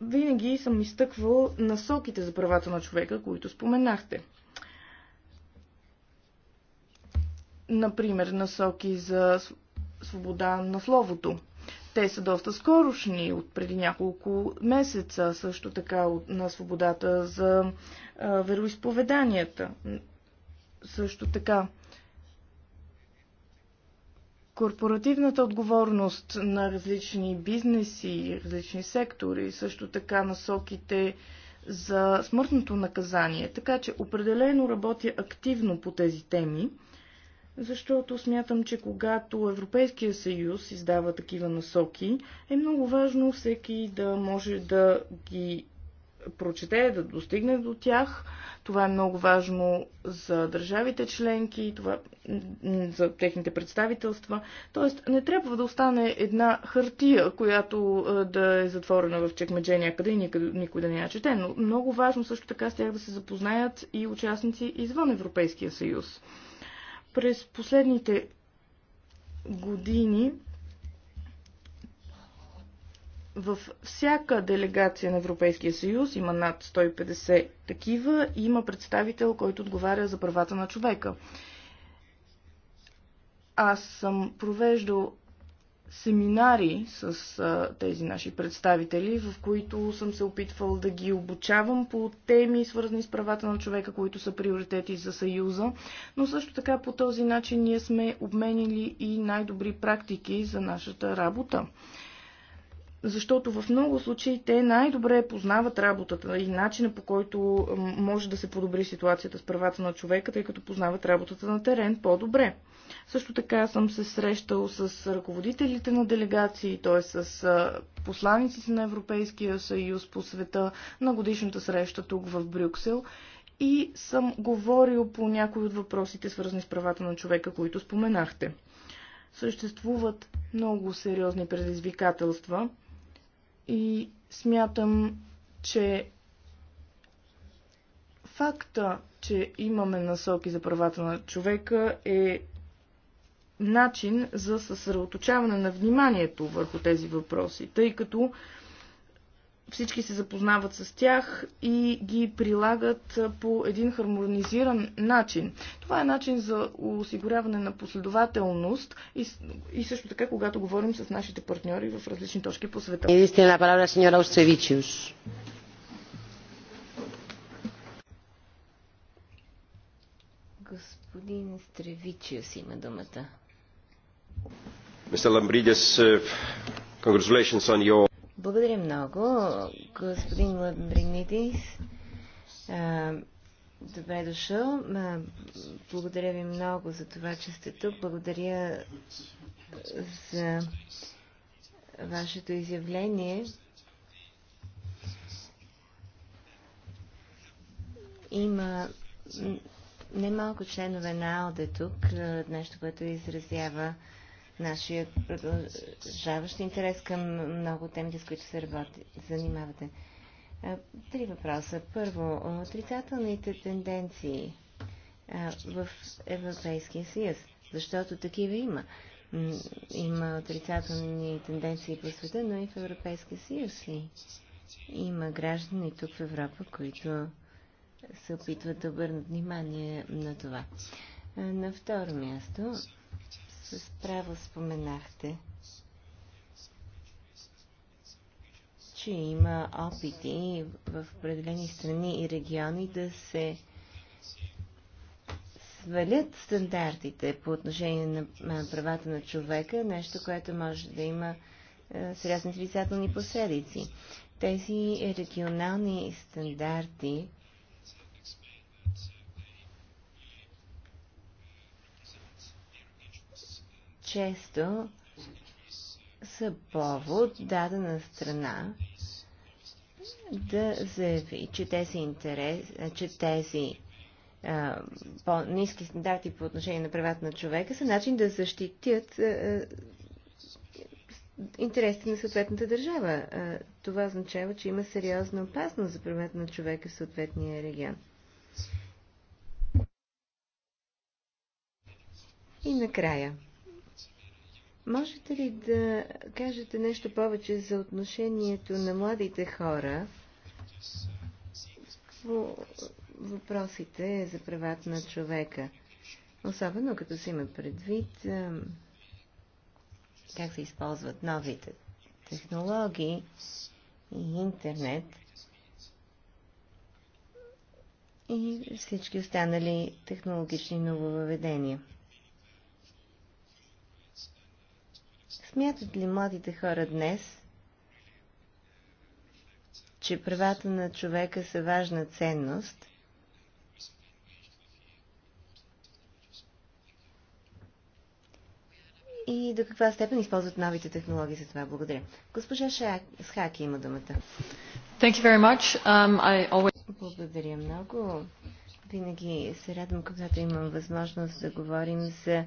винаги съм изтъквал насоките за правата на човека, които споменахте – Например, насоки за свобода на словото. Те са доста скорошни, от преди няколко месеца, също така на свободата за вероисповеданията. Също така корпоративната отговорност на различни бизнеси, различни сектори, също така насоките за смъртното наказание. Така че определено работя активно по тези теми защото смятам, че когато Европейския съюз издава такива насоки, е много важно всеки да може да ги прочете, да достигне до тях. Това е много важно за държавите членки, това, за техните представителства. Тоест, не трябва да остане една хартия, която да е затворена в чекмедже някъде и никъде, никой да не я чете. Но много важно също така с тях да се запознаят и участници извън Европейския съюз. През последните години във всяка делегация на Европейския съюз, има над 150 такива, има представител, който отговаря за правата на човека. Аз съм провеждал семинари с а, тези наши представители, в които съм се опитвал да ги обучавам по теми, свързани с правата на човека, които са приоритети за Съюза. Но също така по този начин ние сме обменили и най-добри практики за нашата работа защото в много случаи те най-добре познават работата и начина по който може да се подобри ситуацията с правата на човека, тъй като познават работата на терен по-добре. Също така съм се срещал с ръководителите на делегации, т.е. с посланиците на Европейския съюз по света на годишната среща тук в Брюксел и съм говорил по някои от въпросите, свързани с правата на човека, които споменахте. Съществуват много сериозни предизвикателства, и смятам, че факта, че имаме насоки за правата на човека е начин за съсредоточаване на вниманието върху тези въпроси, тъй като всички се запознават с тях и ги прилагат по един хармонизиран начин. Това е начин за осигуряване на последователност и, и също така, когато говорим с нашите партньори в различни точки по света. Е, сеньора Господин Стревичиус има думата. Мистер Ламбридес, uh, congratulations on your... Благодаря много, господин Лабринидис. Добре дошъл. Благодаря ви много за това, че сте тук. Благодаря за вашето изявление. Има немалко членове на АЛДЕ тук, нещо, което изразява нашия продължаващ интерес към много темите, с които се работи, занимавате. Три въпроса. Първо, отрицателните тенденции в Европейския съюз, защото такива има. Има отрицателни тенденции по света, но и в Европейския съюз. И има граждани тук в Европа, които се опитват да обърнат внимание на това. На второ място, с право споменахте, че има опити в определени страни и региони да се свалят стандартите по отношение на правата на човека, нещо, което може да има е, сериозни отрицателни последици. Тези регионални стандарти често са повод дадена страна да заяви, че тези, интерес, че тези по-низки стандарти по отношение на правата на човека са начин да защитят а, интересите на съответната държава. А, това означава, че има сериозна опасност за правата на човека в съответния регион. И накрая. Можете ли да кажете нещо повече за отношението на младите хора по въпросите за правата на човека? Особено като се има предвид как се използват новите технологии и интернет и всички останали технологични нововведения. Смятат ли младите хора днес, че правата на човека са важна ценност – и до каква степен използват новите технологии за това. Благодаря. Госпожа Схаки има думата. Thank you very much. Um, I always... Благодаря много. Винаги се радвам, когато имам възможност да говорим за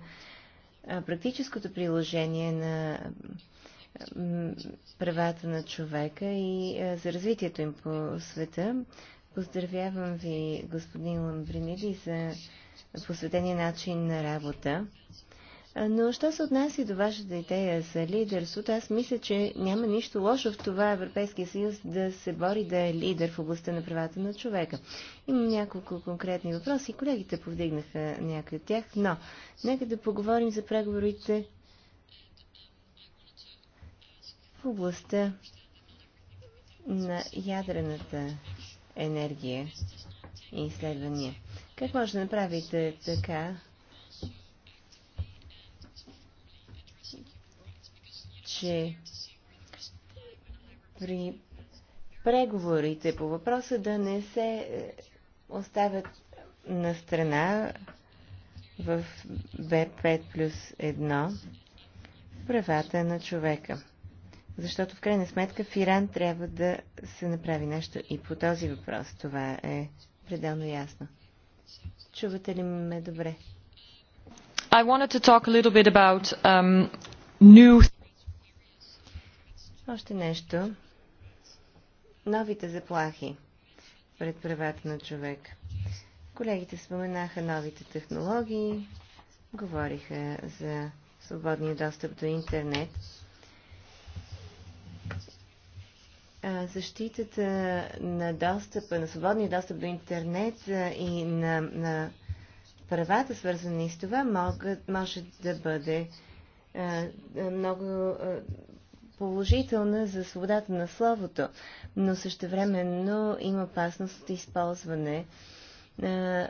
практическото приложение на правата на човека и за развитието им по света. Поздравявам ви, господин Ламбриниди, за посветения начин на работа. Но, що се отнася до вашата идея за лидерството, аз мисля, че няма нищо лошо в това Европейския съюз да се бори да е лидер в областта на правата на човека. Имам няколко конкретни въпроси, колегите повдигнаха някои от тях, но нека да поговорим за преговорите в областта на ядрената енергия и изследвания. Как може да направите така, че при преговорите по въпроса да не се е, оставят на страна в Б5 плюс 1 правата на човека. Защото в крайна сметка в Иран трябва да се направи нещо и по този въпрос. Това е пределно ясно. Чувате ли ме добре? I wanted to talk a little bit about um, new още нещо. Новите заплахи пред правата на човек. Колегите споменаха новите технологии, говориха за свободния достъп до интернет. Защитата на достъпа, на свободния достъп до интернет и на, на правата, свързани с това, могат, може да бъде много положителна за свободата на словото, но същевременно има опасност от използване на,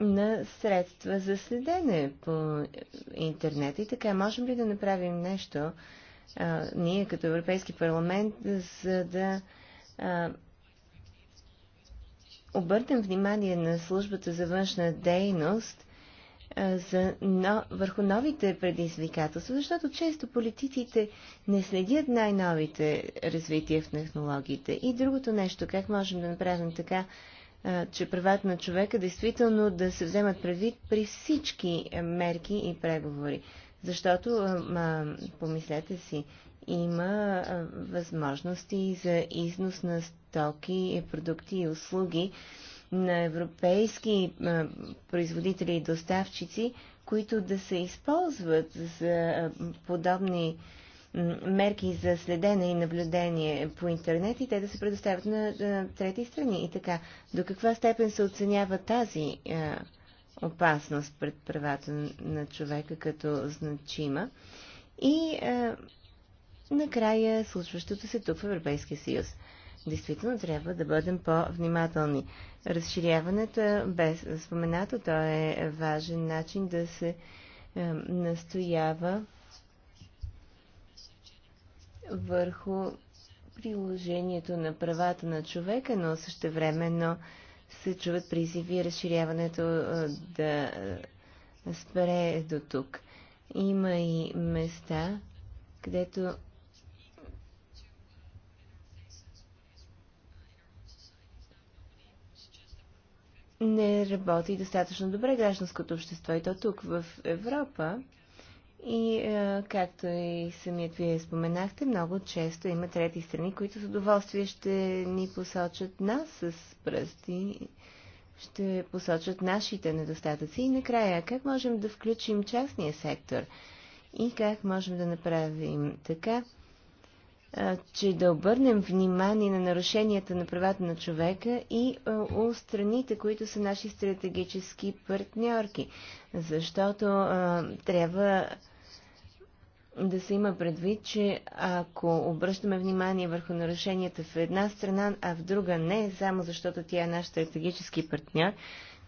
на средства за следене по интернет. И така, можем ли да направим нещо а, ние като Европейски парламент, за да а, обърнем внимание на службата за външна дейност за, но, върху новите предизвикателства, защото често политиците не следят най-новите развития в технологиите. И другото нещо, как можем да направим така, че правата на човека действително да се вземат предвид при всички мерки и преговори. Защото, а, помислете си, има възможности за износ на стоки, продукти и услуги на европейски производители и доставчици, които да се използват за подобни мерки за следене и наблюдение по интернет и те да се предоставят на, трети страни. И така, до каква степен се оценява тази опасност пред правата на човека като значима? И накрая случващото се тук в Европейския съюз. Действително трябва да бъдем по-внимателни. Разширяването, е без споменато, то е важен начин да се е, настоява върху приложението на правата на човека, но времено се чуват призиви разширяването е, да е, спре до тук. Има и места, където не работи достатъчно добре гражданското общество и то тук в Европа. И е, както и самият вие споменахте, много често има трети страни, които с удоволствие ще ни посочат нас с пръсти, ще посочат нашите недостатъци. И накрая, как можем да включим частния сектор и как можем да направим така, че да обърнем внимание на нарушенията на правата на човека и у страните, които са наши стратегически партньорки. Защото трябва да се има предвид, че ако обръщаме внимание върху нарушенията в една страна, а в друга не, само защото тя е наш стратегически партньор,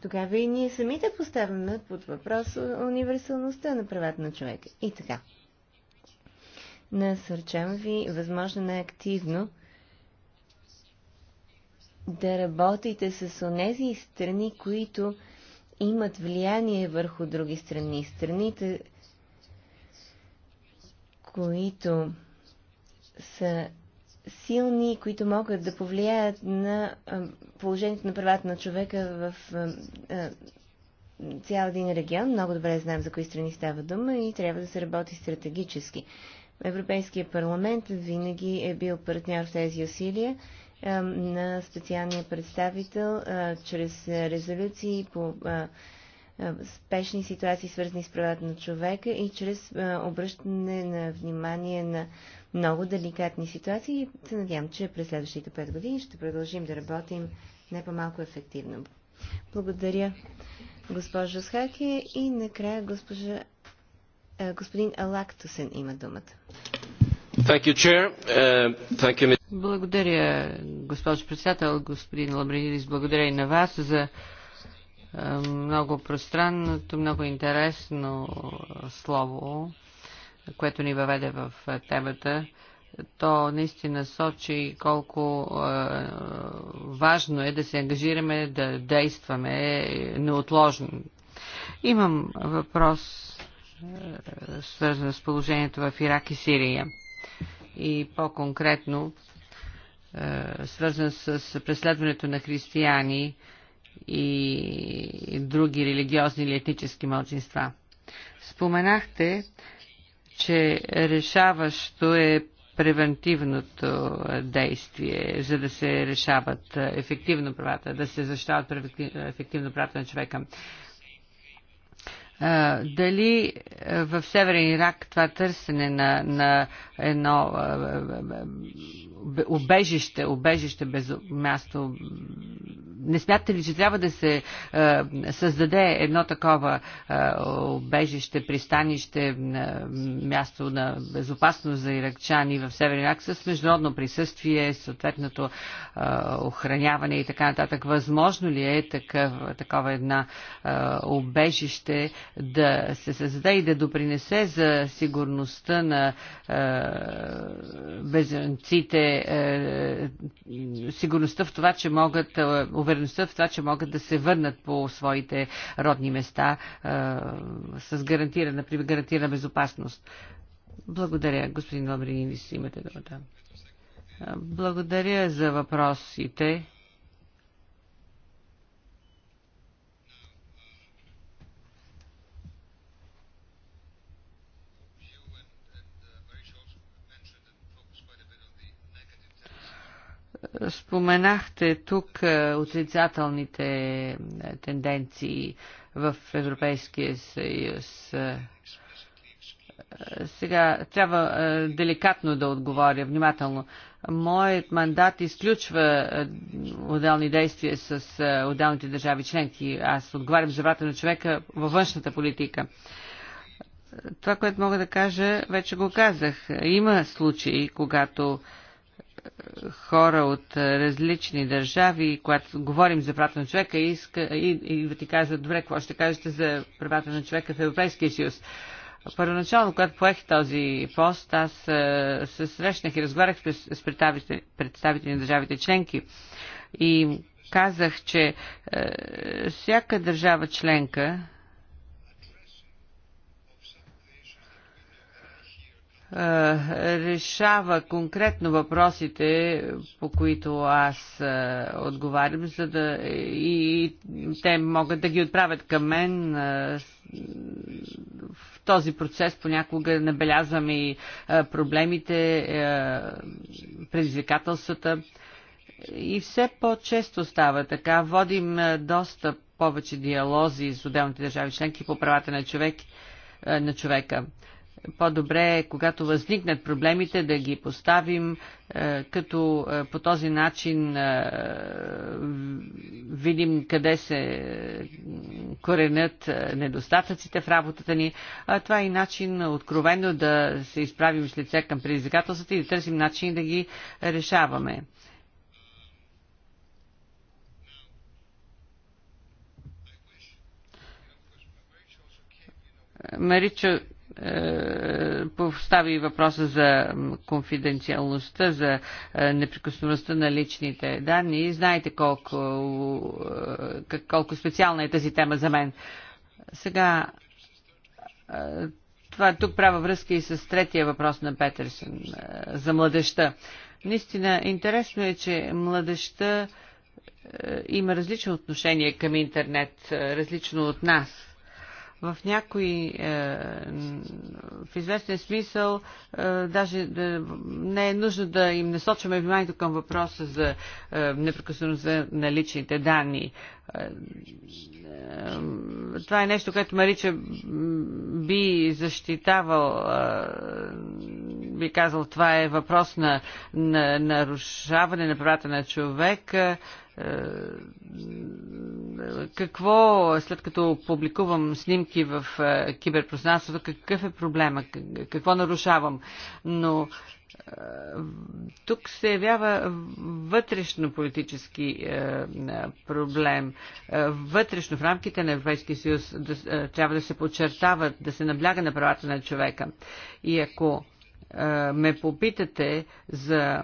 тогава и ние самите поставяме под въпрос универсалността на правата на човека. И така насърчавам ви възможно най-активно да работите с онези страни, които имат влияние върху други страни. Страните, които са силни, които могат да повлияят на положението на правата на човека в цял един регион. Много добре знаем за кои страни става дума и трябва да се работи стратегически. Европейския парламент винаги е бил партньор в тези усилия на специалния представител чрез резолюции по спешни ситуации, свързани с правата на човека и чрез обръщане на внимание на много деликатни ситуации. Се надявам, че през следващите 5 години ще продължим да работим не по-малко ефективно. Благодаря, госпожо Схаке и накрая госпожа е, господин Алактусен има думата. You, е, благодаря, госпожо председател, господин Лабринидис. Благодаря и на вас за е, много пространното, много интересно слово, което ни въведе в темата. То наистина сочи колко важно е да се ангажираме, да действаме неотложно. Имам въпрос свързано с положението в Ирак и Сирия. И по-конкретно е, свързан с преследването на християни и други религиозни или етнически младсинства. Споменахте, че решаващо е превентивното действие, за да се решават ефективно правата, да се защитават ефективно правата на човека дали в Северен Ирак това търсене на, на едно обежище, обежище без място, не смятате ли, че трябва да се създаде едно такова обежище, пристанище, място на безопасност за иракчани в Северен Ирак с международно присъствие, съответното охраняване и така нататък? Възможно ли е такъв, такова една обежище? да се създаде и да допринесе за сигурността на е, бежанците, е, сигурността в това, че могат, е, увереността в това, че могат да се върнат по своите родни места е, с гарантирана, при гарантирана безопасност. Благодаря, господин Лабринин, имате думата. Благодаря за въпросите. Споменахте тук е, отрицателните е, тенденции в Европейския съюз. Е, сега трябва деликатно да отговоря, внимателно. Моят мандат изключва отделни действия с отделните държави членки. Аз отговарям за врата на човека във външната политика. Това, което мога да кажа, вече го казах. Има случаи, когато хора от различни държави, когато говорим за правата на човека, иска, и, и ти казват, добре, какво ще кажете за правата на човека в Европейския съюз? Първоначално, когато поех този пост, аз се срещнах и разговарях с представители, представители на държавите членки и казах, че всяка държава членка Е, решава конкретно въпросите, по които аз е, отговарям, за да и те могат да ги отправят към мен. Е, в този процес понякога набелязвам и проблемите, предизвикателствата. И все по-често става така. Водим доста повече диалози с отделните държави членки по правата на човек на човека. По-добре е, когато възникнат проблемите, да ги поставим, е, като е, по този начин е, видим къде се коренят недостатъците в работата ни. А това е и начин откровено да се изправим с лице към предизвикателствата и да търсим начин да ги решаваме. Маричо е, постави въпроса за конфиденциалността, за е, неприкосновеността на личните данни. Знаете колко, е, колко специална е тази тема за мен. Сега, това тук правя връзка и с третия въпрос на Петерсен за младеща. Наистина, интересно е, че младеща има различно отношение към интернет, различно от нас в някои, е, в известен смисъл, е, даже е, не е нужно да им насочваме вниманието към въпроса за непрекъсно на личните данни. Това е нещо, което Марича би защитавал, би казал, това е въпрос на, на нарушаване на правата на човека е, какво, след като публикувам снимки в е, киберпространството, какъв е проблема, какво нарушавам. Но е, тук се явява вътрешно политически проблем. Вътрешно в рамките на Европейския съюз трябва да се подчертават, да се набляга на правата на човека. И ако ме попитате за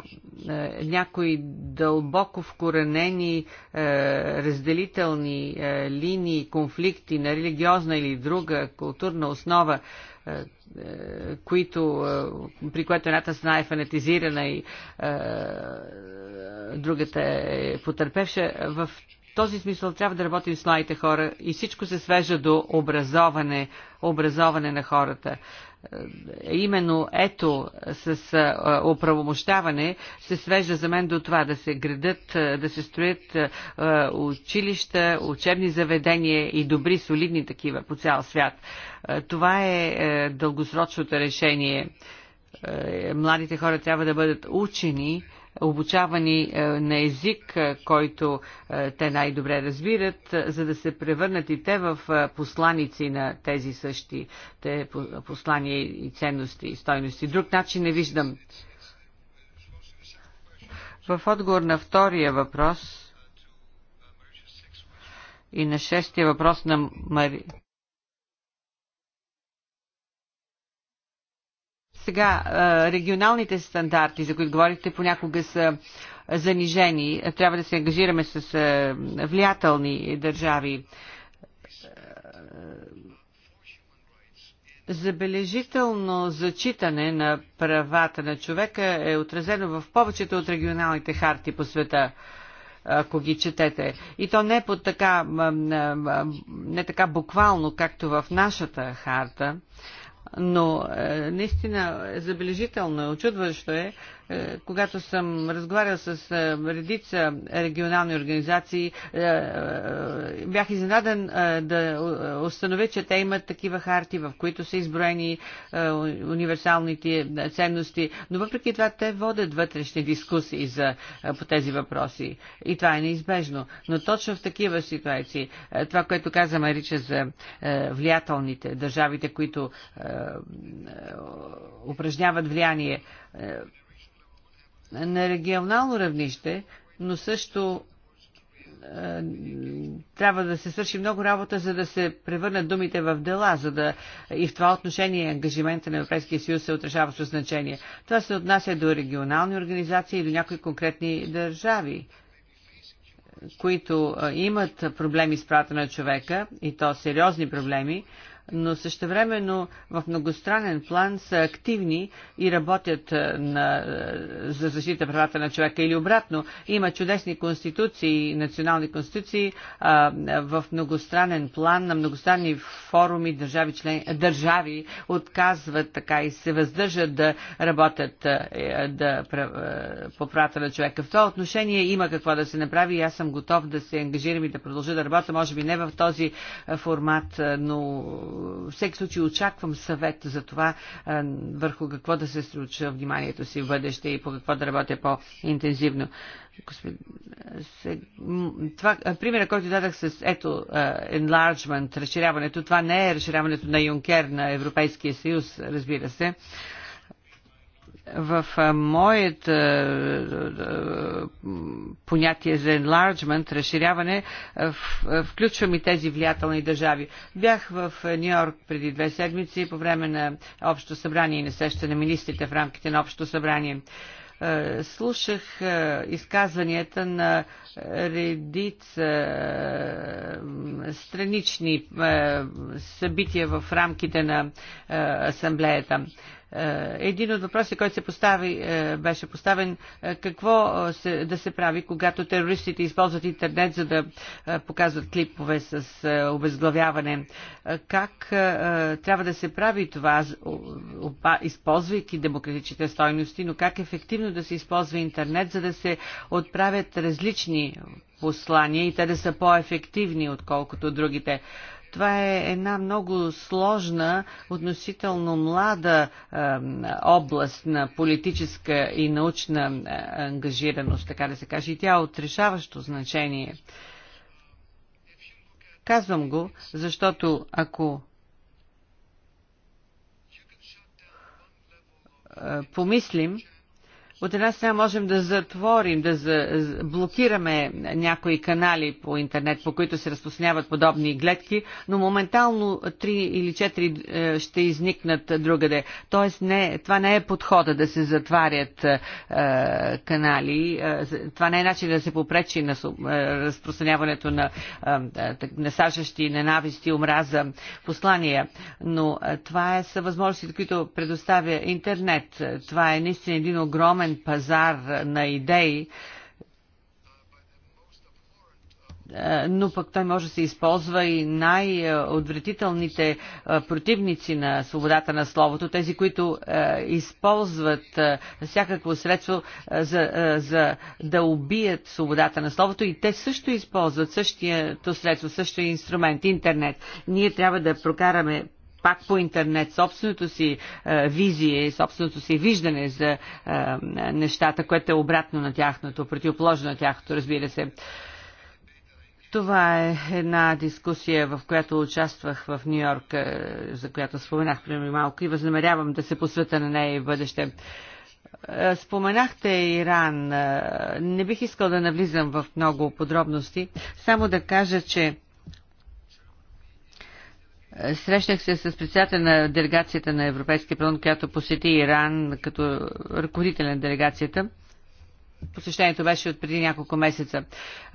някои дълбоко вкоренени разделителни линии, конфликти на религиозна или друга културна основа, които, при което едната страна е фанатизирана и другата е потърпевша, в този смисъл трябва да работим с младите хора и всичко се свежда до образоване, образоване на хората. Е, именно ето с оправомощаване се свежда за мен до това да се градат, да се строят училища, учебни заведения и добри, солидни такива по цял свят. Това е, е дългосрочното решение. Е, младите хора трябва да бъдат учени обучавани е, на език, е, който е, те най-добре разбират, за да се превърнат и те в посланици на тези същи те послания и ценности и стойности. Друг начин не виждам. В отговор на втория въпрос и на шестия въпрос на Мари... Сега, регионалните стандарти, за които говорихте, понякога са занижени. Трябва да се ангажираме с влиятелни държави. Забележително зачитане на правата на човека е отразено в повечето от регионалните харти по света ако ги четете. И то не, под така, не така буквално, както в нашата харта, но е, наистина е забележително е, очудващо е е, когато съм разговарял с е, редица регионални организации, е, бях изненадан да установя, че те имат такива харти, в които са изброени универсалните ценности, но въпреки това те водят вътрешни дискусии за, по тези въпроси. И това е неизбежно. Но точно в такива ситуации, това, което каза Марича за влиятелните държавите, които упражняват влияние, на регионално равнище, но също е, трябва да се свърши много работа, за да се превърнат думите в дела, за да и в това отношение ангажимента на Европейския съюз се отрешава с значение. Това се отнася до регионални организации и до някои конкретни държави, които е, имат проблеми с правата на човека, и то сериозни проблеми, но същевременно в многостранен план са активни и работят е, на, е, за защита правата на човека. Или обратно, има чудесни конституции, национални конституции а, е, в многостранен план, на многостранни форуми държави, член, държави отказват така и се въздържат да работят да, по правата на човека. В това отношение има какво да се направи и аз съм готов да се ангажирам и да продължа да работя, може би не в този формат, но всеки случай очаквам съвет за това е, върху какво да се случва вниманието си в бъдеще и по какво да работя по-интензивно. Е, е, примера, който дадах с ето enlargement, разширяването, това не е разширяването на Юнкер, на Европейския съюз, разбира се в моят понятие за enlargement, разширяване, включвам и тези влиятелни държави. Бях в Нью Йорк преди две седмици по време на общо събрание и на среща на министрите в рамките на общо събрание. Слушах изказванията на редица странични събития в рамките на асамблеята. Е, един от въпросите, който се постави, е, беше поставен е, какво се, да се прави, когато терористите използват интернет, за да показват клипове с обезглавяване. Как трябва да се прави това, използвайки демократичните стойности, но как ефективно да се използва интернет, за да се отправят различни послания и те да са по-ефективни, отколкото другите. Това е една много сложна, относително млада е, област на политическа и научна ангажираност, така да се каже, и тя е от решаващо значение. Казвам го, защото ако помислим, от една страна можем да затворим, да за, блокираме някои канали по интернет, по които се разпространяват подобни гледки, но моментално три или четири е, ще изникнат другаде. Тоест не, това не е подхода да се затварят е, канали, е, това не е начин да се попречи на е, разпространяването на е, насажащи ненависти, омраза послания, но това е са възможности, които предоставя интернет. Това е наистина един огромен отворен пазар на идеи, но пък той може да се използва и най-отвратителните е, противници на свободата на словото, тези, които е, използват е, всякакво средство за, за да убият свободата на словото и те също използват същието средство, същия инструмент, интернет. Ние трябва да прокараме пак по интернет собственото си е, визие, собственото си виждане за е, нещата, което е обратно на тяхното, противоположно на тяхното, разбира се. Това е една дискусия, в която участвах в Нью Йорк, е, за която споменах преди малко и възнамерявам да се посвета на нея и в бъдеще. Е, споменахте Иран. Е, не бих искал да навлизам в много подробности. Само да кажа, че Срещнах се с председателя на делегацията на Европейския парламент, която посети Иран като ръководител на делегацията. Посещението беше от преди няколко месеца.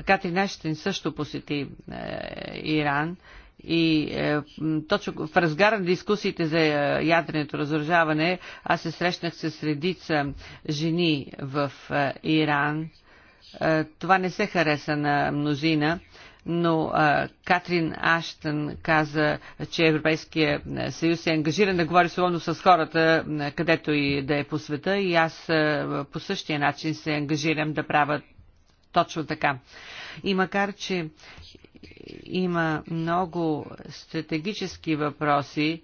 Катрин Аштин също посети е, Иран и е, точно в разгара на дискусиите за е, ядреното разоръжаване аз се срещнах с редица жени в е, Иран. Е, това не се хареса на мнозина но а, Катрин Аштън каза, че Европейския съюз е ангажиран да говори словно с хората, където и да е по света и аз а, по същия начин се ангажирам да правя точно така. И макар, че има много стратегически въпроси,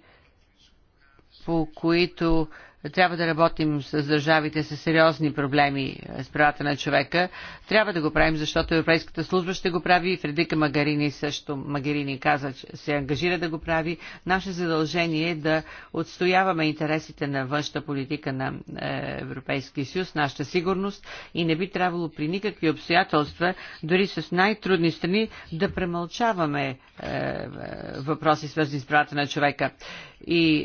по които а, трябва да работим с държавите с сериозни проблеми е, с правата на човека. Трябва да го правим, защото Европейската служба ще го прави и Фредика Магарини също. Магарини каза, че се ангажира да го прави. Наше задължение е да отстояваме интересите на външната политика на е, Европейския съюз, нашата сигурност и не би трябвало при никакви обстоятелства, дори с най-трудни страни, да премълчаваме е, въпроси свързани с правата на човека. И е,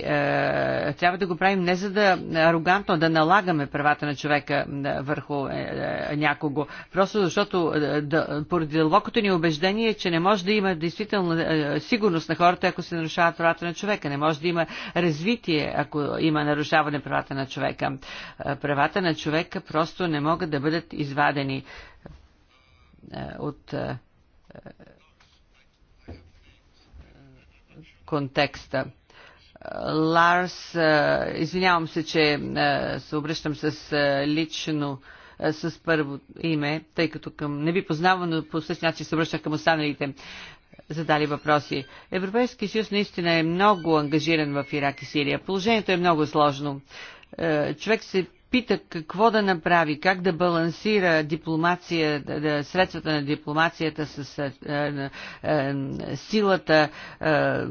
трябва да го правим не за да арогантно да налагаме правата на човека върху е, е, някого. Просто защото е, да, поради дълбокото ни убеждение, че не може да има действително сигурност на хората, ако се нарушават правата на човека. Не може да има развитие, ако има нарушаване правата на човека. Правата на човека просто не могат да бъдат извадени от контекста. Ларс, извинявам се, че се обръщам с лично с първо име, тъй като към, не ви познавам, но по същия начин се обръщах към останалите задали въпроси. Европейски съюз наистина е много ангажиран в Ирак и Сирия. Положението е много сложно. Е, човек се пита какво да направи, как да балансира дипломация, да, средствата на дипломацията с а, а, силата, а,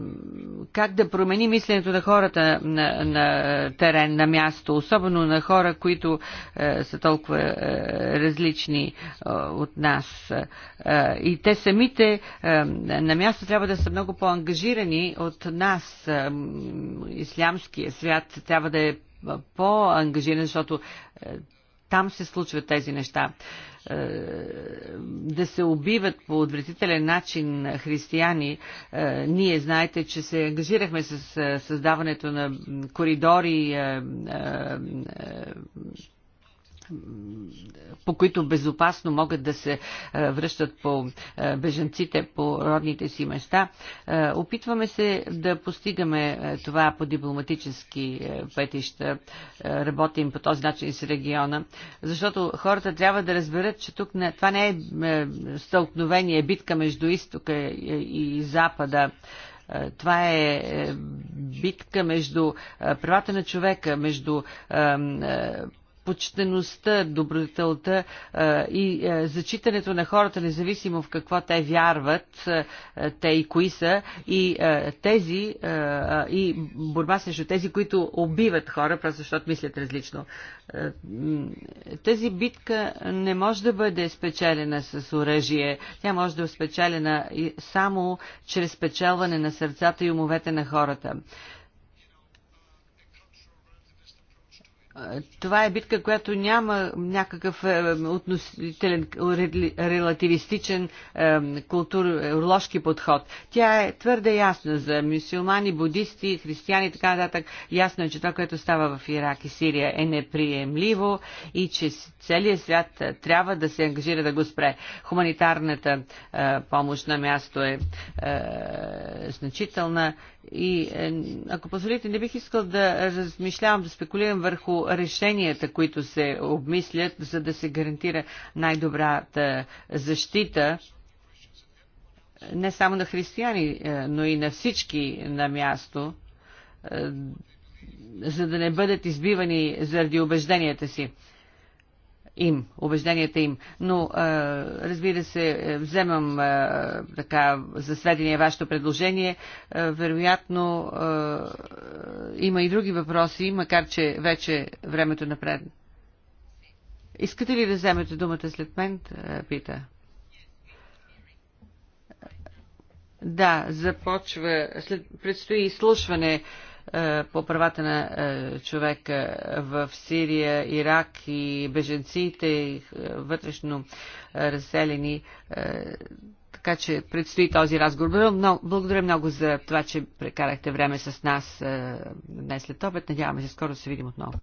как да промени мисленето на хората на, на терен, на място, особено на хора, които а, са толкова а, различни а, от нас. А, и те самите а, на място трябва да са много по-ангажирани от нас. ислямския свят трябва да е по-ангажирани, защото е, там се случват тези неща. Е, да се убиват по отвратителен начин християни, е, ние знаете, че се ангажирахме с създаването на коридори, по които безопасно могат да се е, връщат по е, бежанците по родните си места. Е, опитваме се да постигаме това по дипломатически пътища. Работим по този начин с региона, защото хората трябва да разберат, че тук не, това не е стълкновение, битка между изтока и запада. Това е битка между правата на човека, между почтеността, добротелта и зачитането на хората, независимо в какво те вярват, те и кои са, и тези, и борба срещу тези, които убиват хора, просто защото мислят различно. Тази битка не може да бъде спечелена с оръжие. Тя може да е спечелена само чрез спечелване на сърцата и умовете на хората. това е битка, която няма някакъв е, относителен, релативистичен е, културологски е, подход. Тя е твърде ясна за мюсюлмани, будисти, християни и така нататък. Ясно е, че това, което става в Ирак и Сирия е неприемливо и че целият свят трябва да се ангажира да го спре. Хуманитарната помощ на място е значителна и е, ако позволите, не бих искал да размишлявам, да спекулирам върху решенията, които се обмислят, за да се гарантира най-добрата защита е, не само на християни, е, но и на всички на място, за да не бъдат избивани заради убежденията си им, убежденията им. Но, а, разбира се, вземам а, така за сведение вашето предложение. А, вероятно, а, има и други въпроси, макар че вече времето е напред. Искате ли да вземете думата след мен? пита. Да, започва. След, предстои изслушване е, по правата на е, човека в Сирия, Ирак и беженците, и е, вътрешно разселени. Така че предстои този разговор. Благодаря много за това, че прекарахте време с нас днес след обед. Надяваме се скоро да се видим отново.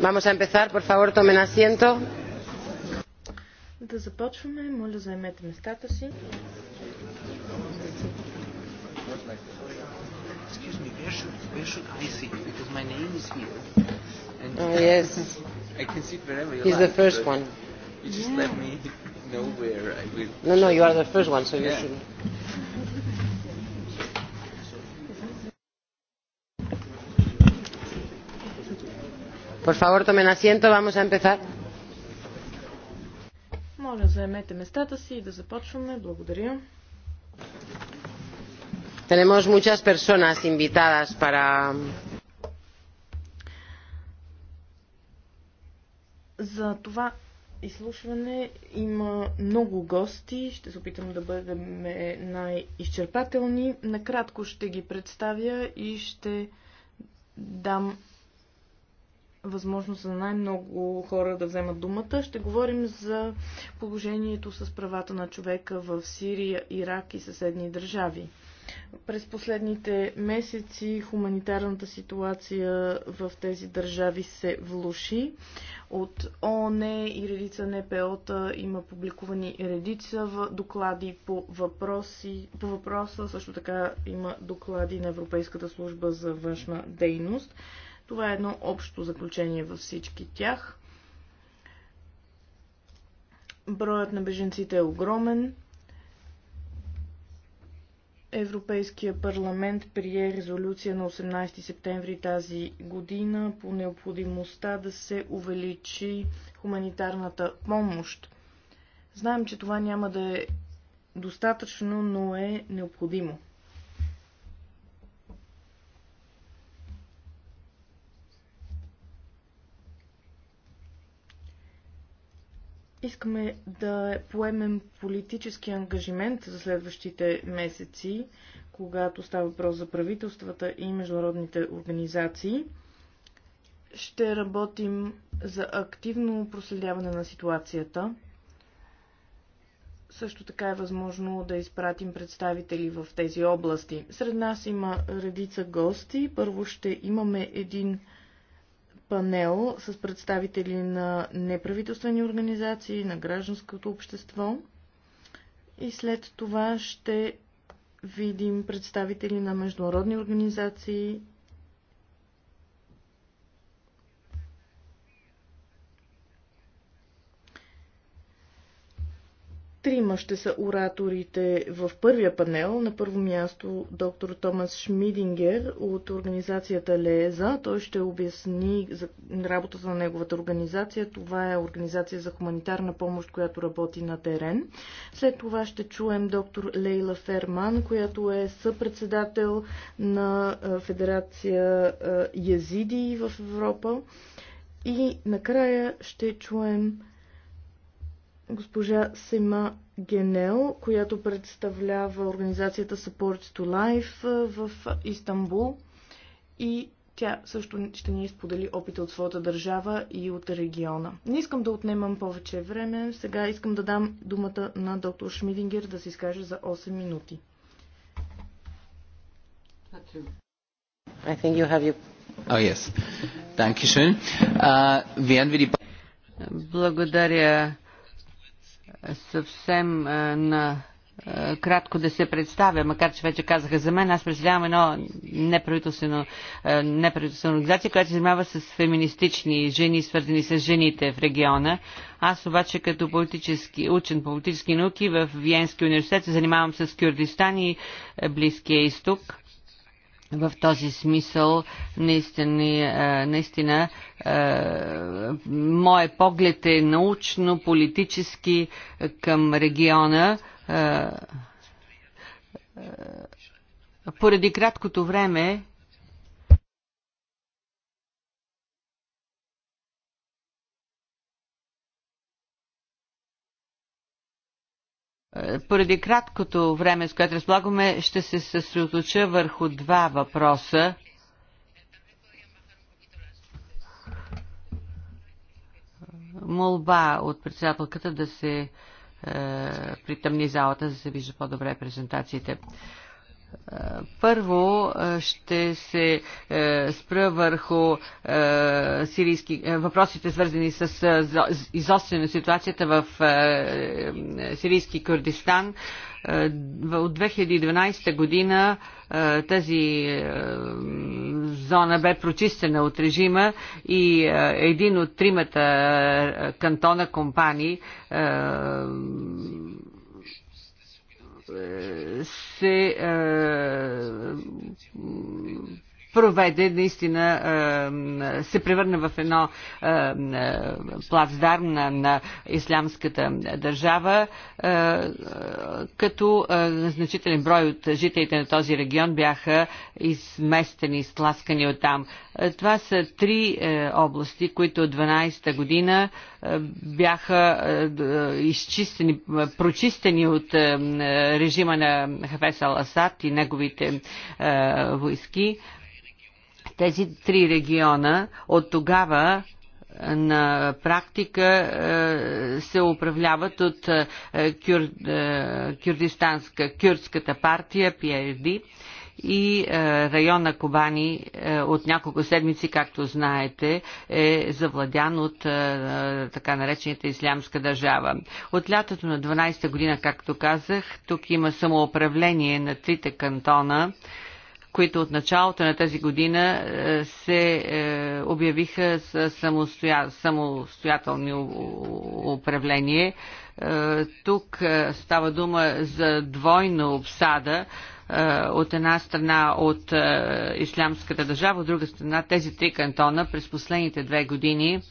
Vamos a empezar, por favor, tomen asiento. Да започваме. Моля, заемете местата си. oh, yes. I can sit wherever you He's the first one. You just yeah. left me where I will... No, no, you are the first one, so yeah. you should... Por favor, tomen asiento, vamos a empezar. Моля, заемете местата си и да започваме. Благодаря. Tenemos muchas personas invitadas para За това изслушване има много гости. Ще се опитам да бъдем най-изчерпателни. Накратко ще ги представя и ще дам възможност за най-много хора да вземат думата. Ще говорим за положението с правата на човека в Сирия, Ирак и съседни държави. През последните месеци хуманитарната ситуация в тези държави се влуши. От ООН и редица НПО-та има публикувани редица в доклади по, въпроси, по въпроса. Също така има доклади на Европейската служба за външна дейност. Това е едно общо заключение във всички тях. Броят на беженците е огромен. Европейския парламент прие резолюция на 18 септември тази година по необходимостта да се увеличи хуманитарната помощ. Знаем, че това няма да е достатъчно, но е необходимо. Искаме да поемем политически ангажимент за следващите месеци, когато става въпрос за правителствата и международните организации. Ще работим за активно проследяване на ситуацията. Също така е възможно да изпратим представители в тези области. Сред нас има редица гости. Първо ще имаме един панел с представители на неправителствени организации, на гражданското общество. И след това ще видим представители на международни организации Трима ще са ораторите в първия панел. На първо място доктор Томас Шмидингер от организацията ЛЕЗА. Той ще обясни за работата на неговата организация. Това е организация за хуманитарна помощ, която работи на терен. След това ще чуем доктор Лейла Ферман, която е съпредседател на Федерация Язиди в Европа. И накрая ще чуем госпожа Сема Генел, която представлява организацията Support to Life в Истанбул и тя също ще ни сподели опита от своята държава и от региона. Не искам да отнемам повече време. Сега искам да дам думата на доктор Шмидингер да се изкаже за 8 минути. I think you have your... Oh, yes. Uh, Благодаря съвсем на кратко да се представя, макар че вече казаха за мен, аз представлявам едно неправителствено, неправителствено организация, която се занимава с феминистични жени, свързани с жените в региона. Аз обаче като политически, учен по политически науки в Виенския университет се занимавам с Кюрдистан и Близкия изток в този смисъл наистина, наистина мое поглед е научно-политически към региона. Поради краткото време Поради краткото време, с което разполагаме, ще се съсредоточа върху два въпроса. Молба от председателката да се е, притъмни залата, за да се вижда по-добре презентациите. Е, първо ще се спра върху сирийски, въпросите свързани с изострена ситуацията в сирийски Курдистан. От 2012 година тази зона бе прочистена от режима и един от тримата кантона компании се е, проведе наистина е, се превърна в едно е, е, плацдарм на, на ислямската държава, като значителен брой от жителите на този регион бяха изместени, изтласкани от там. Това са три области, които от 12-та година бяха изчистени, прочистени от режима на Хафес Ал-Асад и неговите войски тези три региона. От тогава е, на практика е, се управляват от е, кюр, кюрдистанска, кюрдската партия PRD и района Кобани от няколко седмици, както знаете, е завладян от така наречената ислямска държава. От лятото на 12-та година, както казах, тук има самоуправление на трите кантона, които от началото на тази година е, се е, обявиха с самостоя... самостоятелни управление. Е, тук става дума за двойна обсада от една страна от Ислямската държава, от друга страна тези три кантона през последните две години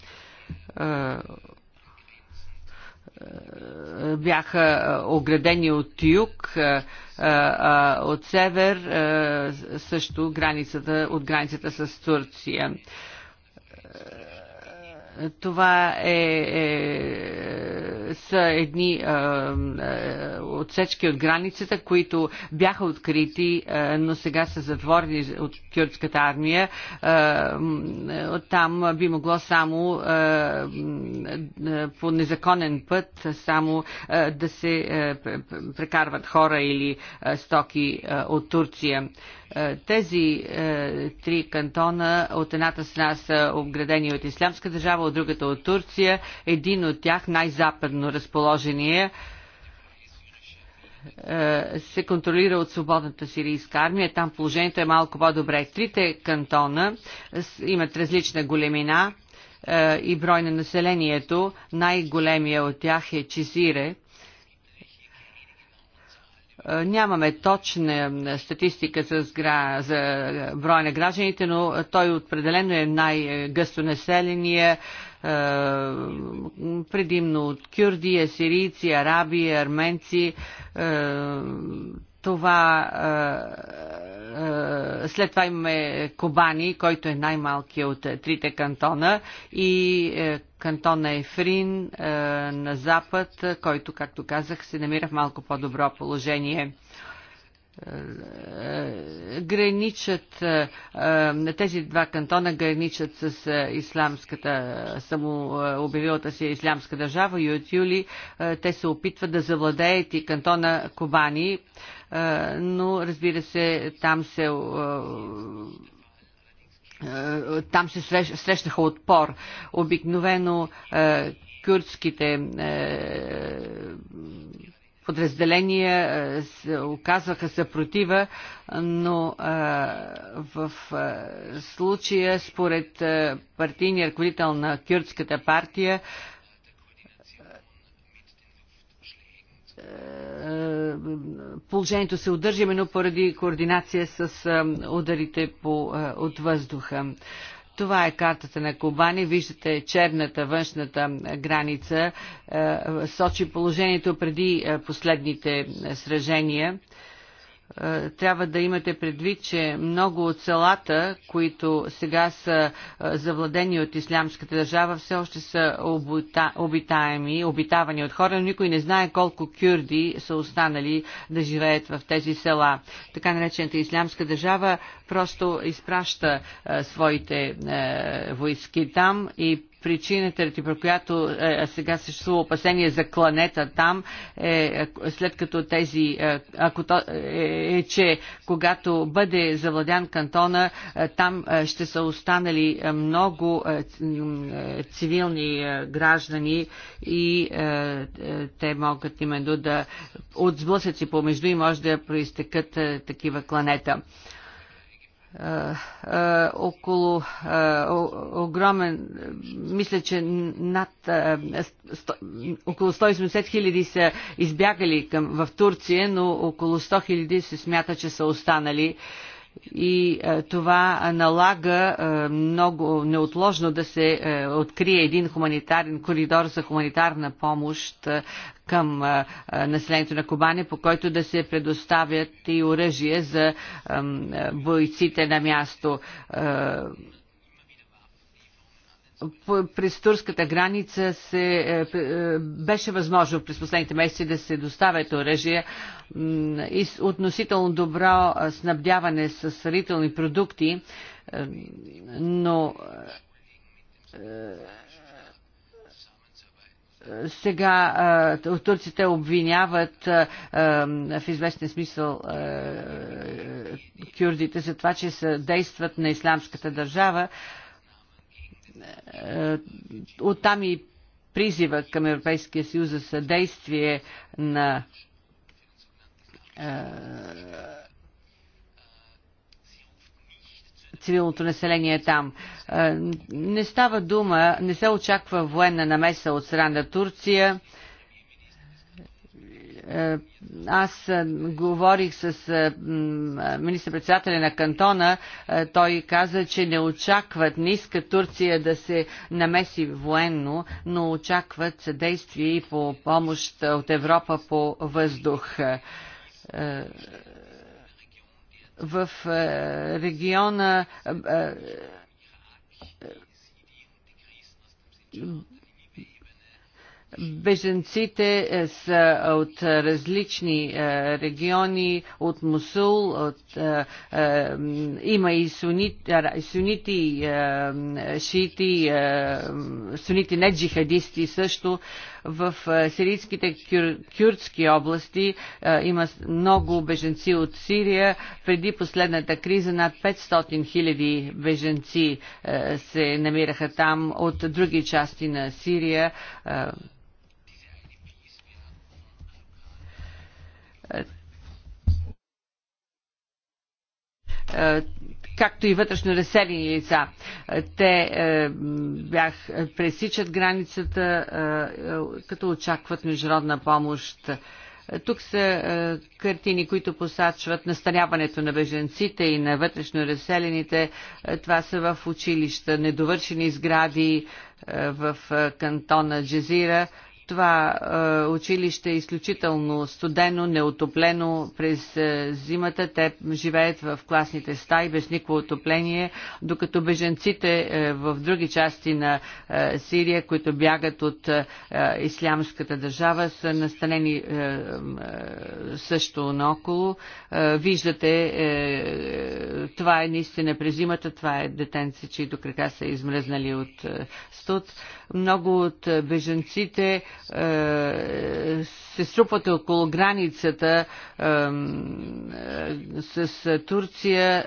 бяха оградени от юг, от север, също границата, от границата с Турция. Това е, е са едни е, е, отсечки от границата, които бяха открити, е, но сега са затворени от кюрдската армия. Е, там би могло само е, е, по незаконен път само е, да се е, прекарват хора или е, стоки е, от Турция. Е, тези е, три кантона от едната страна са обградени от Ислямска държава, от другата от Турция. Един от тях, най-западно разположение се контролира от свободната сирийска армия. Там положението е малко по-добре. Трите кантона имат различна големина е, и брой на населението. Най-големия от тях е Чизире – е, нямаме точна статистика за, сгра... за броя на гражданите, но той определено е най-гъсто населения, е, предимно от кюрди, асирийци, араби, арменци. Е, това след това имаме Кобани, който е най-малкият от трите кантона и кантона Ефрин на запад, който, както казах, се намира в малко по-добро положение. Е, граничат на е, е, тези два кантона граничат с исламската самообявилата обявилата си ислямска държава и от юли те се опитват да завладеят и кантона Кобани но разбира се там се там се срещнаха отпор. Обикновено кюрдските е, подразделения се оказваха съпротива, но е, в е, случая, според е, партийния ръководител на Кюрдската партия, положението се удържа именно поради координация с ударите по, от въздуха. Това е картата на Кубани. Виждате черната външната граница. Е, сочи положението преди е, последните е, сражения е, трябва да имате предвид, че много от селата, които сега са е, завладени от ислямската държава, все още са обитаеми, обитавани от хора, но никой не знае колко кюрди са останали да живеят в тези села. Така наречената ислямска държава просто изпраща е, своите войски там и причината, по която е, е, сега съществува опасение за кланета там, е, е след като тези, ако то, е, че когато бъде завладян кантона, там ще са останали много цивилни граждани и е, те могат именно да от сблъсъци помежду и може да проистекат такива кланета. Е, е, около е, огромен, мисля, че над около 180 хиляди са избягали към, в Турция, но около 100 хиляди се смята, че са останали и е, това е, налага е, много неотложно да се открие един хуманитарен коридор за хуманитарна помощ към населението на Кубани, по който да се предоставят и оръжие за бойците на място през турската граница се, е, е, беше възможно през последните месеци да се доставят оръжия и относително добро снабдяване с рителни продукти, е, но сега турците обвиняват в известен смисъл кюрдите за това, че действат на исламската държава. Е, оттам и призива към Европейския съюз за съдействие на е, цивилното население там. Е, не става дума, не се очаква военна намеса от страна на Турция е, аз е, говорих с е, министър-председателя на кантона. Той каза, че не очакват, не иска Турция да се намеси военно, но очакват съдействие и по помощ от Европа по въздух в региона Беженците е, са от различни е, региони, от Мусул, от, е, има и сунити, сунити шиити, сунити не джихадисти също. В сирийските кюр, кюрдски области има много беженци от Сирия. Преди последната криза над 500 хиляди беженци се намираха там от други части на Сирия. както и вътрешно разселени лица. Те е, бях, пресичат границата, е, като очакват международна помощ. Тук са е, картини, които посачват настаняването на беженците и на вътрешно разселените. Това са в училища, недовършени сгради в кантона Джезира това е, училище е изключително студено, неотоплено през е, зимата. Те живеят в класните стаи без никакво отопление, докато беженците е, в други части на е, Сирия, които бягат от е, ислямската държава, са настанени е, е, също наоколо. Е, виждате, е, е, това е наистина през зимата, това е детенци, чието крака са измръзнали от е, студ. Много от е, беженците е, се струпват около границата е, с Турция,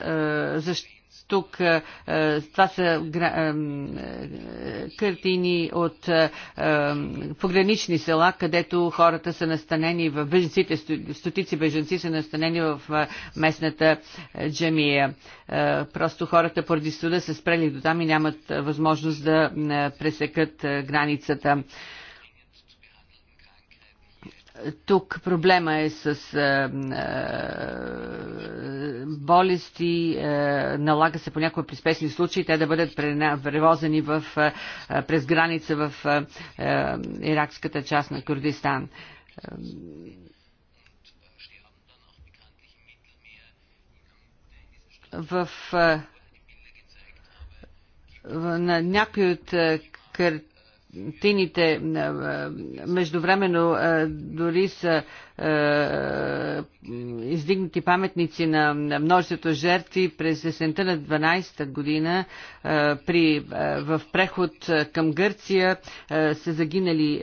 е, защото тук това са картини от погранични села, където хората са настанени в беженците, стотици беженци са настанени в местната джамия. Просто хората поради студа са спрели до там и нямат възможност да пресекат границата. Тук проблема е с е, е, болести, е, налага се понякога при спешни случаи те да бъдат превозени в, е, през граница в е, е, иракската част на Курдистан. В, е, в на някои от е, карти тините е, междувременно е, дори са е, издигнати паметници на множеството жертви през есента на 12-та година при, в преход към Гърция са загинали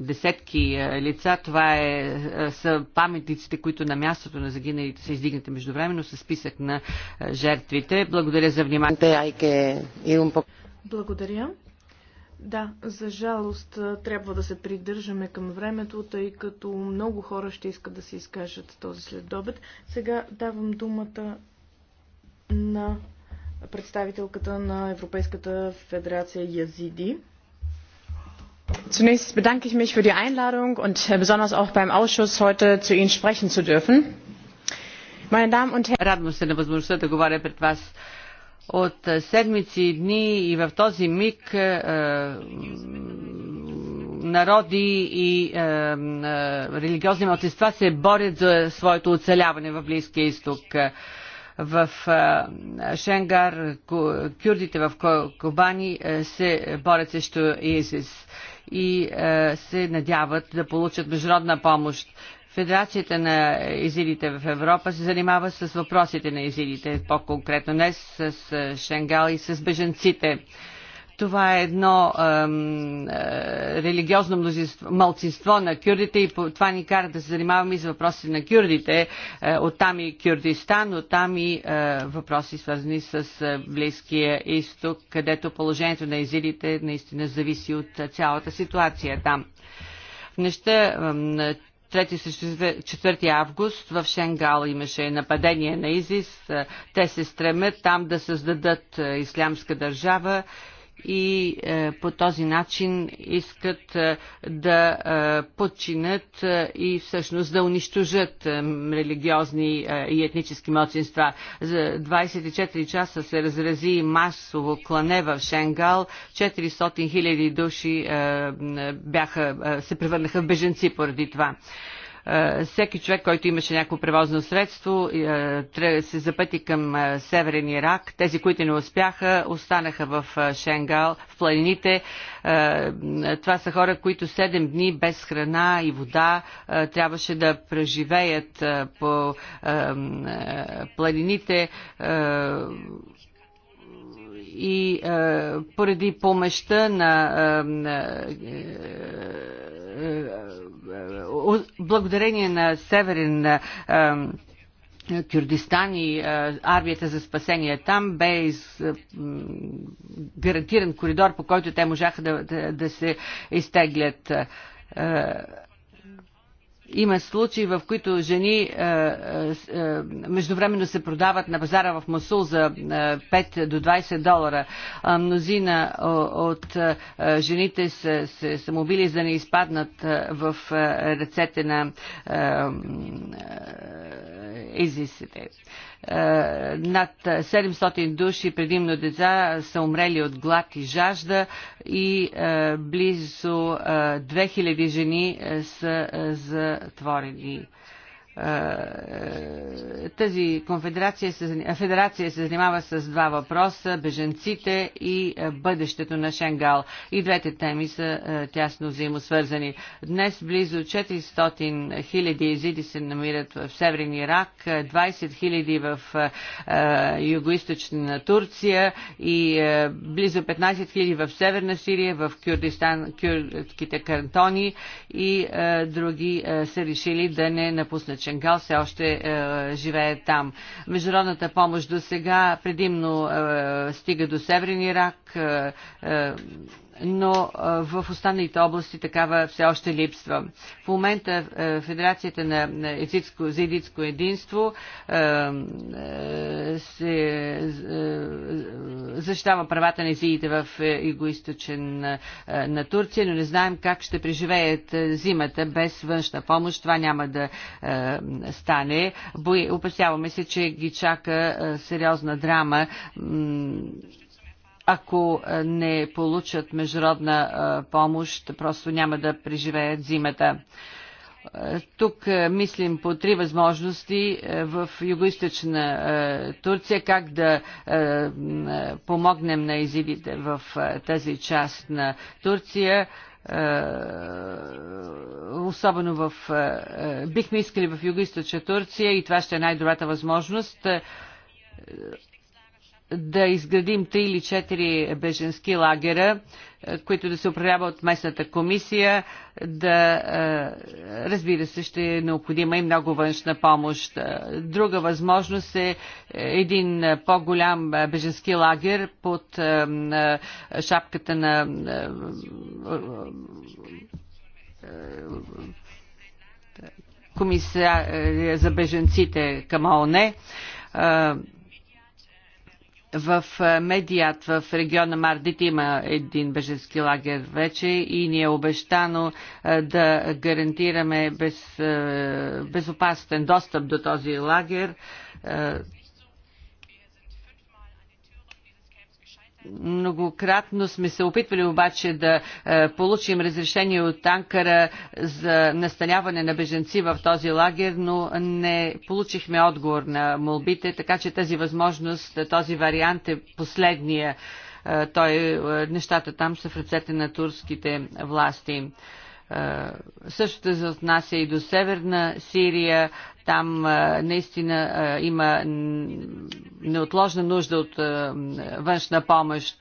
десетки лица. Това е, са паметниците, които на мястото на загиналите са издигнати междувременно с списък на жертвите. Благодаря за вниманието. Благодаря. Да, за жалост трябва да се придържаме към времето, тъй като много хора ще искат да се изкажат този следобед. Сега давам думата на представителката на Европейската федерация Язиди. Zunächst bedanke ich mich für die Einladung und äh, besonders auch beim Ausschuss heute zu Ihnen sprechen zu dürfen. Meine Damen und Herren, от е, седмици и дни и в този миг е, е, народи и религиозни младсинства се борят за своето оцеляване в Близкия изток. В Шенгар кюрдите в Кобани се борят срещу ИСИС и се надяват да получат международна помощ. Федерацията на езидите в Европа се занимава с въпросите на езидите, по-конкретно не с е, Шенгал и с беженците. Това е едно ем, е, религиозно мълцинство на кюрдите и това ни кара да се занимаваме и с въпросите на кюрдите. Е, оттам и Кюрдистан, оттам и е, въпроси свързани с е, Близкия изток, където положението на езидите наистина зависи от е, цялата ситуация там. В неща е, 3-4 август в Шенгал имаше нападение на ИЗИС. Те се стремят там да създадат е, ислямска държава и е, по този начин искат е, да е, подчинят е, и всъщност да унищожат е, религиозни е, и етнически младсинства. За 24 часа се разрази масово клане в Шенгал. 400 хиляди души е, е, бяха, е, се превърнаха в беженци поради това. Е, всеки човек, който имаше някакво превозно средство, е, се запъти към е, Северен Ирак. Тези, които не успяха, останаха в Шенгал, в планините. Това са хора, които 7 дни без храна и вода трябваше да преживеят по планините и е, поради помощта на е, е, благодарение на Северен Кюрдистан и армията за спасение там бе из, гарантиран коридор, по който те можаха да, да, да се изтеглят има случаи, в които жени е, е, е, междувременно се продават на пазара в Масул за 5 до 20 долара. А мнозина от жените са се самобили за да не изпаднат в ръцете на изисите над 700 души, предимно деца, са умрели от глад и жажда и близо 2000 жени са за са творени е, тази конфедерация се, федерация се занимава с два въпроса беженците и е, бъдещето на Шенгал. И двете теми са е, тясно взаимосвързани. Днес близо 400 000 езиди се намират в Северен Ирак, 20 000 в югоисточна Турция и близо 15 000 в Северна Сирия, в Кюрдистан, кюрдските кантони и други са решили да не напуснат Ченгал все още е, живее там. Международната помощ до сега предимно е, стига до Северен Ирак. Е, е, но в останалите области такава все още липсва. В момента Федерацията на езицко, за едицко единство се защитава правата на езиите в югоисточен на Турция, но не знаем как ще преживеят зимата без външна помощ. Това няма да стане. Опасяваме се, че ги чака сериозна драма ако не получат международна помощ, просто няма да преживеят зимата. Тук мислим по три възможности в югоисточна Турция, как да помогнем на езидите в тази част на Турция особено в... Бихме искали в югоистична Турция и това ще е най-добрата възможност да изградим три или четири беженски лагера, е, които да се управлява от местната комисия, да е, разбира се ще е необходима и много външна помощ. Е, друга възможност е един по-голям беженски лагер под шапката на комисия за беженците към ОНЕ в е, Медиат, в региона Мардит има един бежански лагер вече и ни е обещано е, да гарантираме без, е, безопасен достъп до този лагер Многократно сме се опитвали обаче да е, получим разрешение от Анкара за настаняване на беженци в този лагер, но не получихме отговор на молбите, така че тази възможност, този вариант е последния. Е, той, е, нещата там са в ръцете на турските власти. Същото се отнася и до Северна Сирия. Там наистина има неотложна нужда от външна помощ.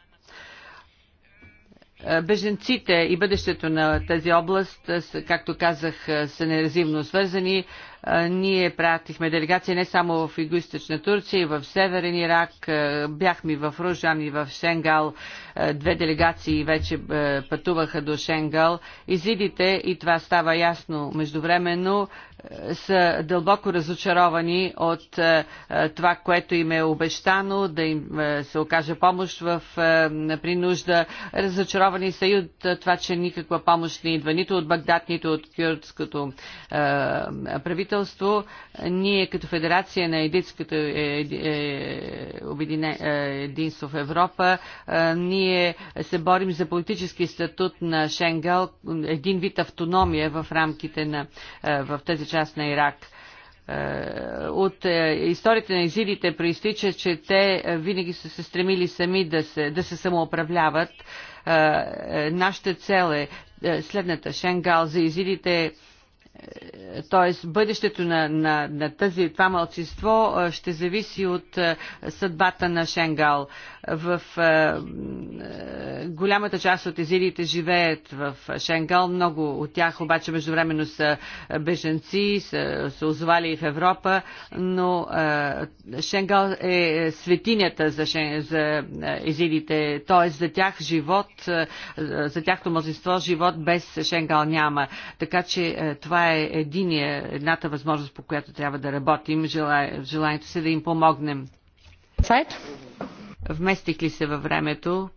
Беженците и бъдещето на тази област, както казах, са неразивно свързани. Ние пратихме делегация не само в Игоистична Турция, и в Северен Ирак. Бяхме в Ружан и в Шенгал две делегации вече е, пътуваха до Шенгъл Изидите, и това става ясно междувременно, е, са дълбоко разочаровани от е, това, което им е обещано, да им се окаже помощ в принужда. Разочаровани са и от това, че никаква помощ не идва нито от Багдад, нито от кюрдското правителство. Ние като Федерация на едитското единство в Европа, ние ние се борим за политически статут на Шенгел, един вид автономия в рамките на, е, в тази част на Ирак е, от е, историята на езидите проистича, че те винаги са се стремили сами да се, да се самоуправляват. Нашата цел е следната. Шенгал за езидите е т.е. бъдещето на, на, на тази, това мълчество ще зависи от съдбата на Шенгал. В е, голямата част от езидите живеят в Шенгал, много от тях обаче междувременно са беженци, са, са озвали в Европа, но е, Шенгал е светинята за, шен, за езидите, т.е. за тях живот, за тяхто мълчество живот без Шенгал няма. Така че това е това е единия, едната възможност, по която трябва да работим, желая, желанието си е да им помогнем. Сайт? Вместих ли се във времето?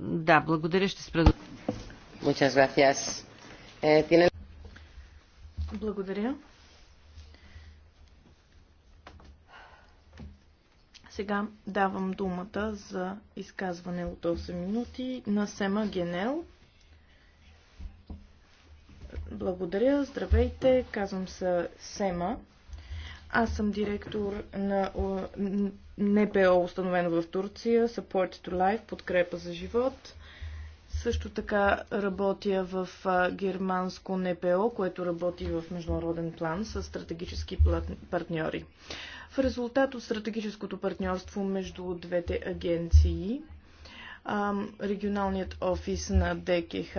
Да, благодаря, ще спра. Eh, благодаря. Сега давам думата за изказване от 8 минути на Сема Генел, благодаря, здравейте, казвам се Сема. Аз съм директор на НПО, установено в Турция, Support to Life, подкрепа за живот. Също така работя в германско НПО, което работи в международен план с стратегически партньори. В резултат от стратегическото партньорство между двете агенции, регионалният офис на ДКХ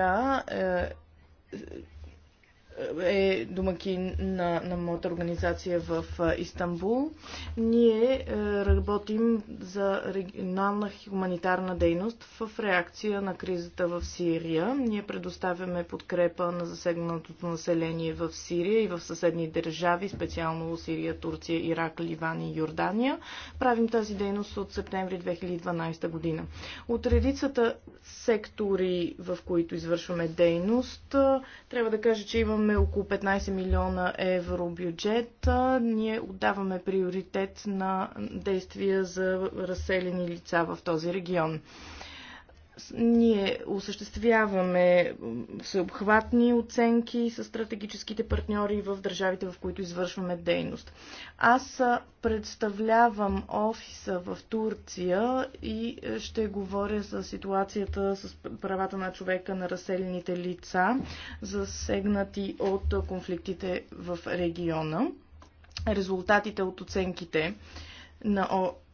е е домакин на, на моята организация в Истанбул. Ние е, работим за регионална хуманитарна дейност в реакция на кризата в Сирия. Ние предоставяме подкрепа на засегнатото население в Сирия и в съседни държави, специално Сирия, Турция, Ирак, Ливан и Йордания. Правим тази дейност от септември 2012 година. От редицата сектори, в които извършваме дейност, е, трябва да кажа, че имаме имаме около 15 милиона евро бюджет. Ние отдаваме приоритет на действия за разселени лица в този регион. Ние осъществяваме всеобхватни оценки с стратегическите партньори в държавите, в които извършваме дейност. Аз представлявам офиса в Турция и е, ще говоря за ситуацията с правата на човека на разселените лица, засегнати от конфликтите в региона. Резултатите от оценките на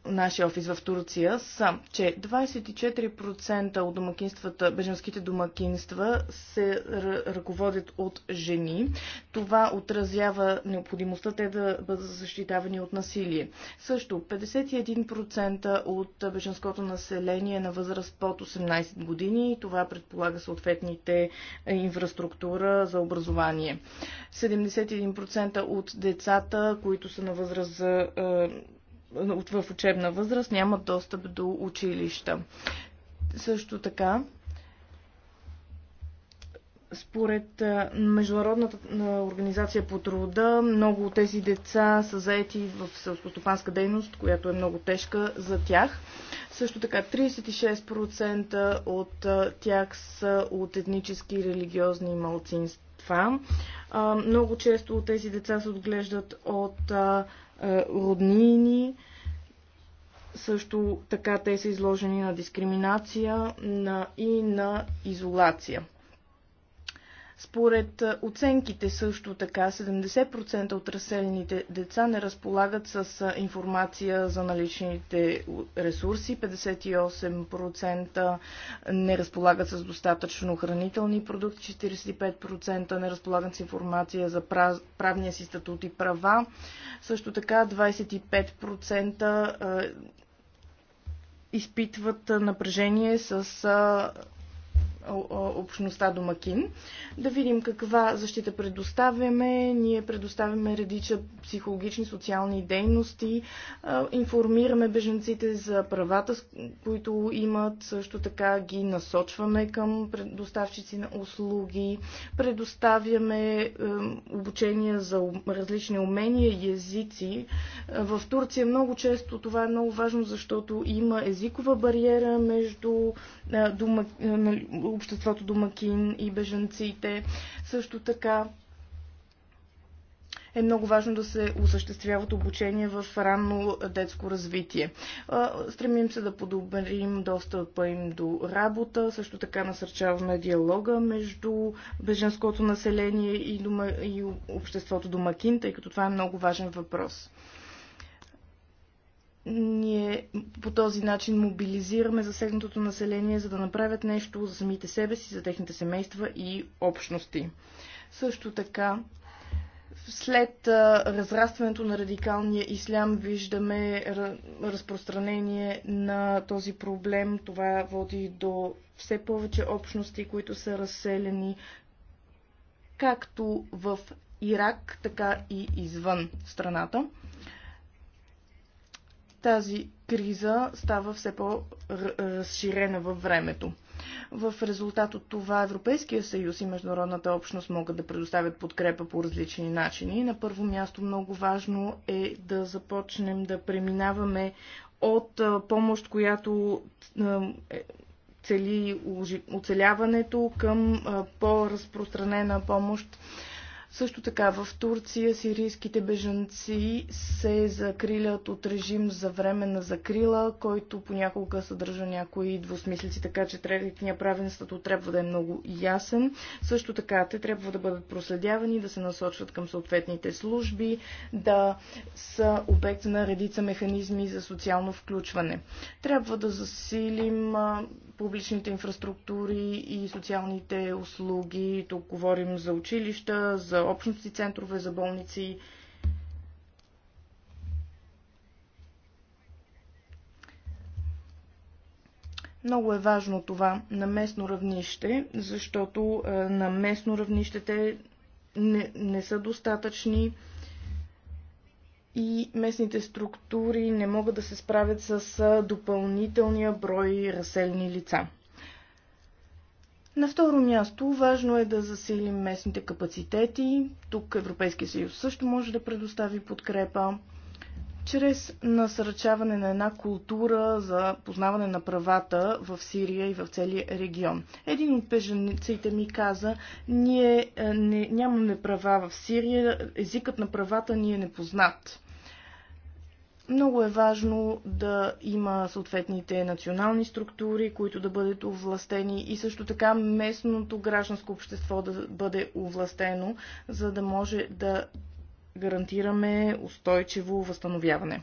нашия офис в Турция са, че 24% от домакинствата, беженските домакинства се ръководят от жени. Това отразява необходимостта те да бъдат защитавани от насилие. Също 51% от беженското население е на възраст под 18 години и това предполага съответните инфраструктура за образование. 71% от децата, които са на възраст за е, в учебна възраст нямат достъп до училища. Също така, според Международната организация по труда, много от тези деца са заети в селскостопанска дейност, която е много тежка за тях. Също така 36% от тях са от етнически и религиозни малцинства. Много често тези деца се отглеждат от роднини. Е, също така те са изложени на дискриминация и на изолация. Според оценките също така 70% от разселените деца не разполагат с информация за наличните ресурси, 58% не разполагат с достатъчно хранителни продукти, 45% не разполагат с информация за правния си статут и права. Също така 25% изпитват напрежение с общността домакин. Да видим каква защита предоставяме. Ние предоставяме редича психологични, социални дейности. Информираме беженците за правата, които имат. Също така ги насочваме към доставчици на услуги. Предоставяме обучение за различни умения и езици. В Турция много често това е много важно, защото има езикова бариера между обществото домакин и бежанците. Също така е много важно да се осъществяват обучение в ранно детско развитие. Стремим се да подобрим достъпа им до работа, също така насърчаваме диалога между беженското население и, дома, и обществото домакин, тъй като това е много важен въпрос ние по този начин мобилизираме засегнатото население, за да направят нещо за самите себе си, за техните семейства и общности. Също така, след разрастването на радикалния ислям виждаме разпространение на този проблем. Това води до все повече общности, които са разселени както в Ирак, така и извън страната. Тази криза става все по-разширена във времето. В резултат от това Европейския съюз и международната общност могат да предоставят подкрепа по различни начини. На първо място много важно е да започнем да преминаваме от помощ, която е, цели оцеляването към по-разпространена помощ също така в Турция сирийските бежанци се закрилят от режим за време на закрила, който понякога съдържа някои двусмислици, така че техния правен статут трябва да е много ясен. Също така те трябва да бъдат проследявани, да се насочват към съответните служби, да са обект на редица механизми за социално включване. Трябва да засилим публичните инфраструктури и социалните услуги. Тук говорим за училища, за за общности центрове, за болници. Много е важно това на местно равнище, защото е, на местно равнище те не, не са достатъчни и местните структури не могат да се справят с е, допълнителния брой разселени лица. На второ място, важно е да засилим местните капацитети. Тук Европейския съюз също може да предостави подкрепа чрез насърчаване на една култура за познаване на правата в Сирия и в целия регион. Един от беженците ми каза, ние е, не, нямаме права в Сирия, езикът на правата ни е непознат. Много е важно да има съответните национални структури, които да бъдат овластени и също така местното гражданско общество да бъде овластено, за да може да гарантираме устойчиво възстановяване.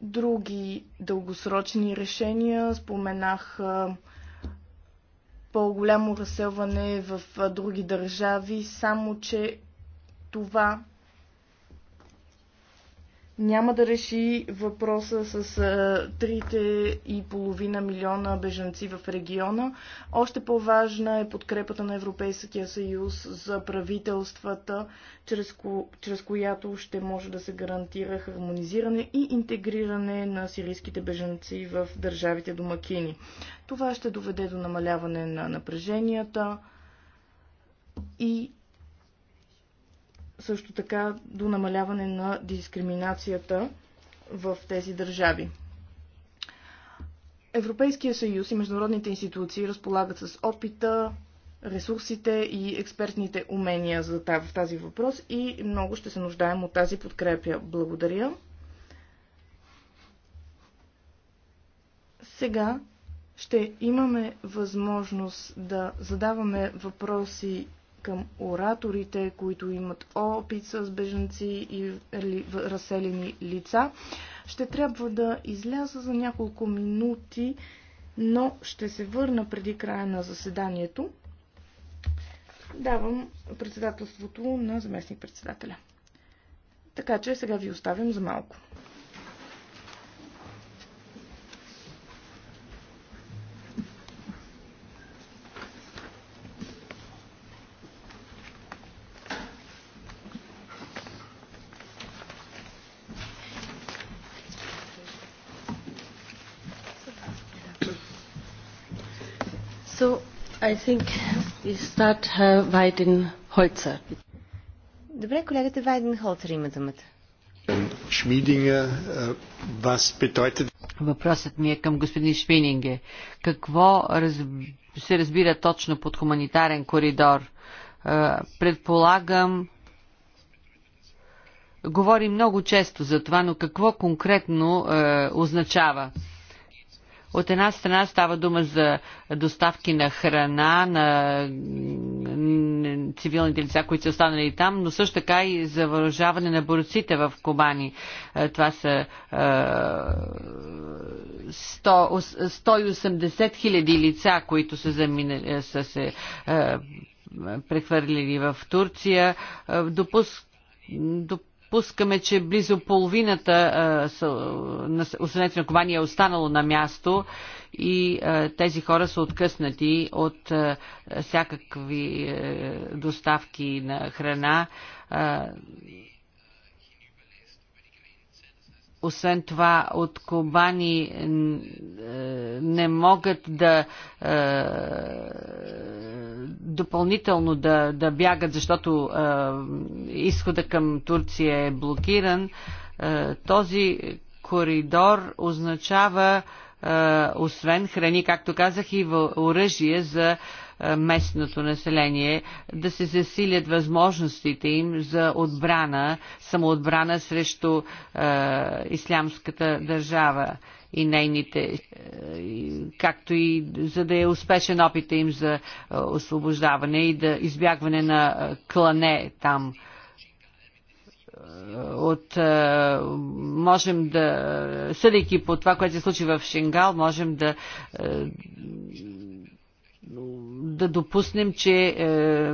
Други дългосрочни решения споменах по-голямо разселване в други държави, само че това няма да реши въпроса с 3,5 милиона бежанци в региона. Още по-важна е подкрепата на Европейския съюз за правителствата, чрез, ко... чрез която ще може да се гарантира хармонизиране и интегриране на сирийските бежанци в държавите домакини. Това ще доведе до намаляване на напреженията и също така до намаляване на дискриминацията в тези държави. Европейския съюз и международните институции разполагат с опита, ресурсите и експертните умения за в тази въпрос и много ще се нуждаем от тази подкрепя. Благодаря. Сега ще имаме възможност да задаваме въпроси към ораторите, които имат опит с беженци и разселени лица. Ще трябва да изляза за няколко минути, но ще се върна преди края на заседанието. Давам председателството на заместник-председателя. Така че сега ви оставям за малко. Uh, Добре, колегата Вайден Холцер има думата. Е, Въпросът ми е към господин Шмининге. Какво раз... се разбира точно под хуманитарен коридор? Е, предполагам, говори много често за това, но какво конкретно е, означава? От една страна става дума за доставки на храна, на цивилните лица, които са останали там, но също така и за въоръжаване на борците в Кобани. Е, това са 180 е, хиляди лица, които са, заминали, е, са се прехвърлили в Турция. Допуск, допуск Пускаме, че близо половината населението на Кубани е останало на място и а, тези хора са откъснати от а, всякакви а, е, доставки на храна. А, освен това от Кобани е, не могат да е, допълнително да, да бягат, защото е, изхода към Турция е блокиран. този коридор означава освен храни, както казах, и оръжие за е, местното население, да се засилят възможностите им за отбрана, самоотбрана срещу е, ислямската държава и нейните, е, както и за да е успешен опита им за освобождаване и да избягване на клане там от, можем да, съдейки по това, което се случи в Шенгал, можем да да допуснем, че е,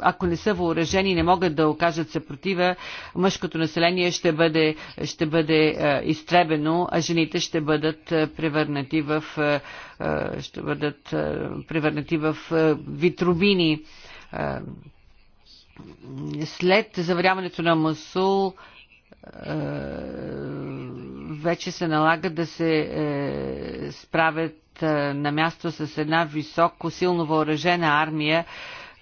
ако не са въоръжени, не могат да окажат съпротива, мъжкото население ще бъде, ще бъде е, изтребено, а жените ще бъдат е, превърнати в, ще бъдат, превърнати в витрубини. след заваряването на Масул, вече се налага да се справят е, на място с една високо, силно въоръжена армия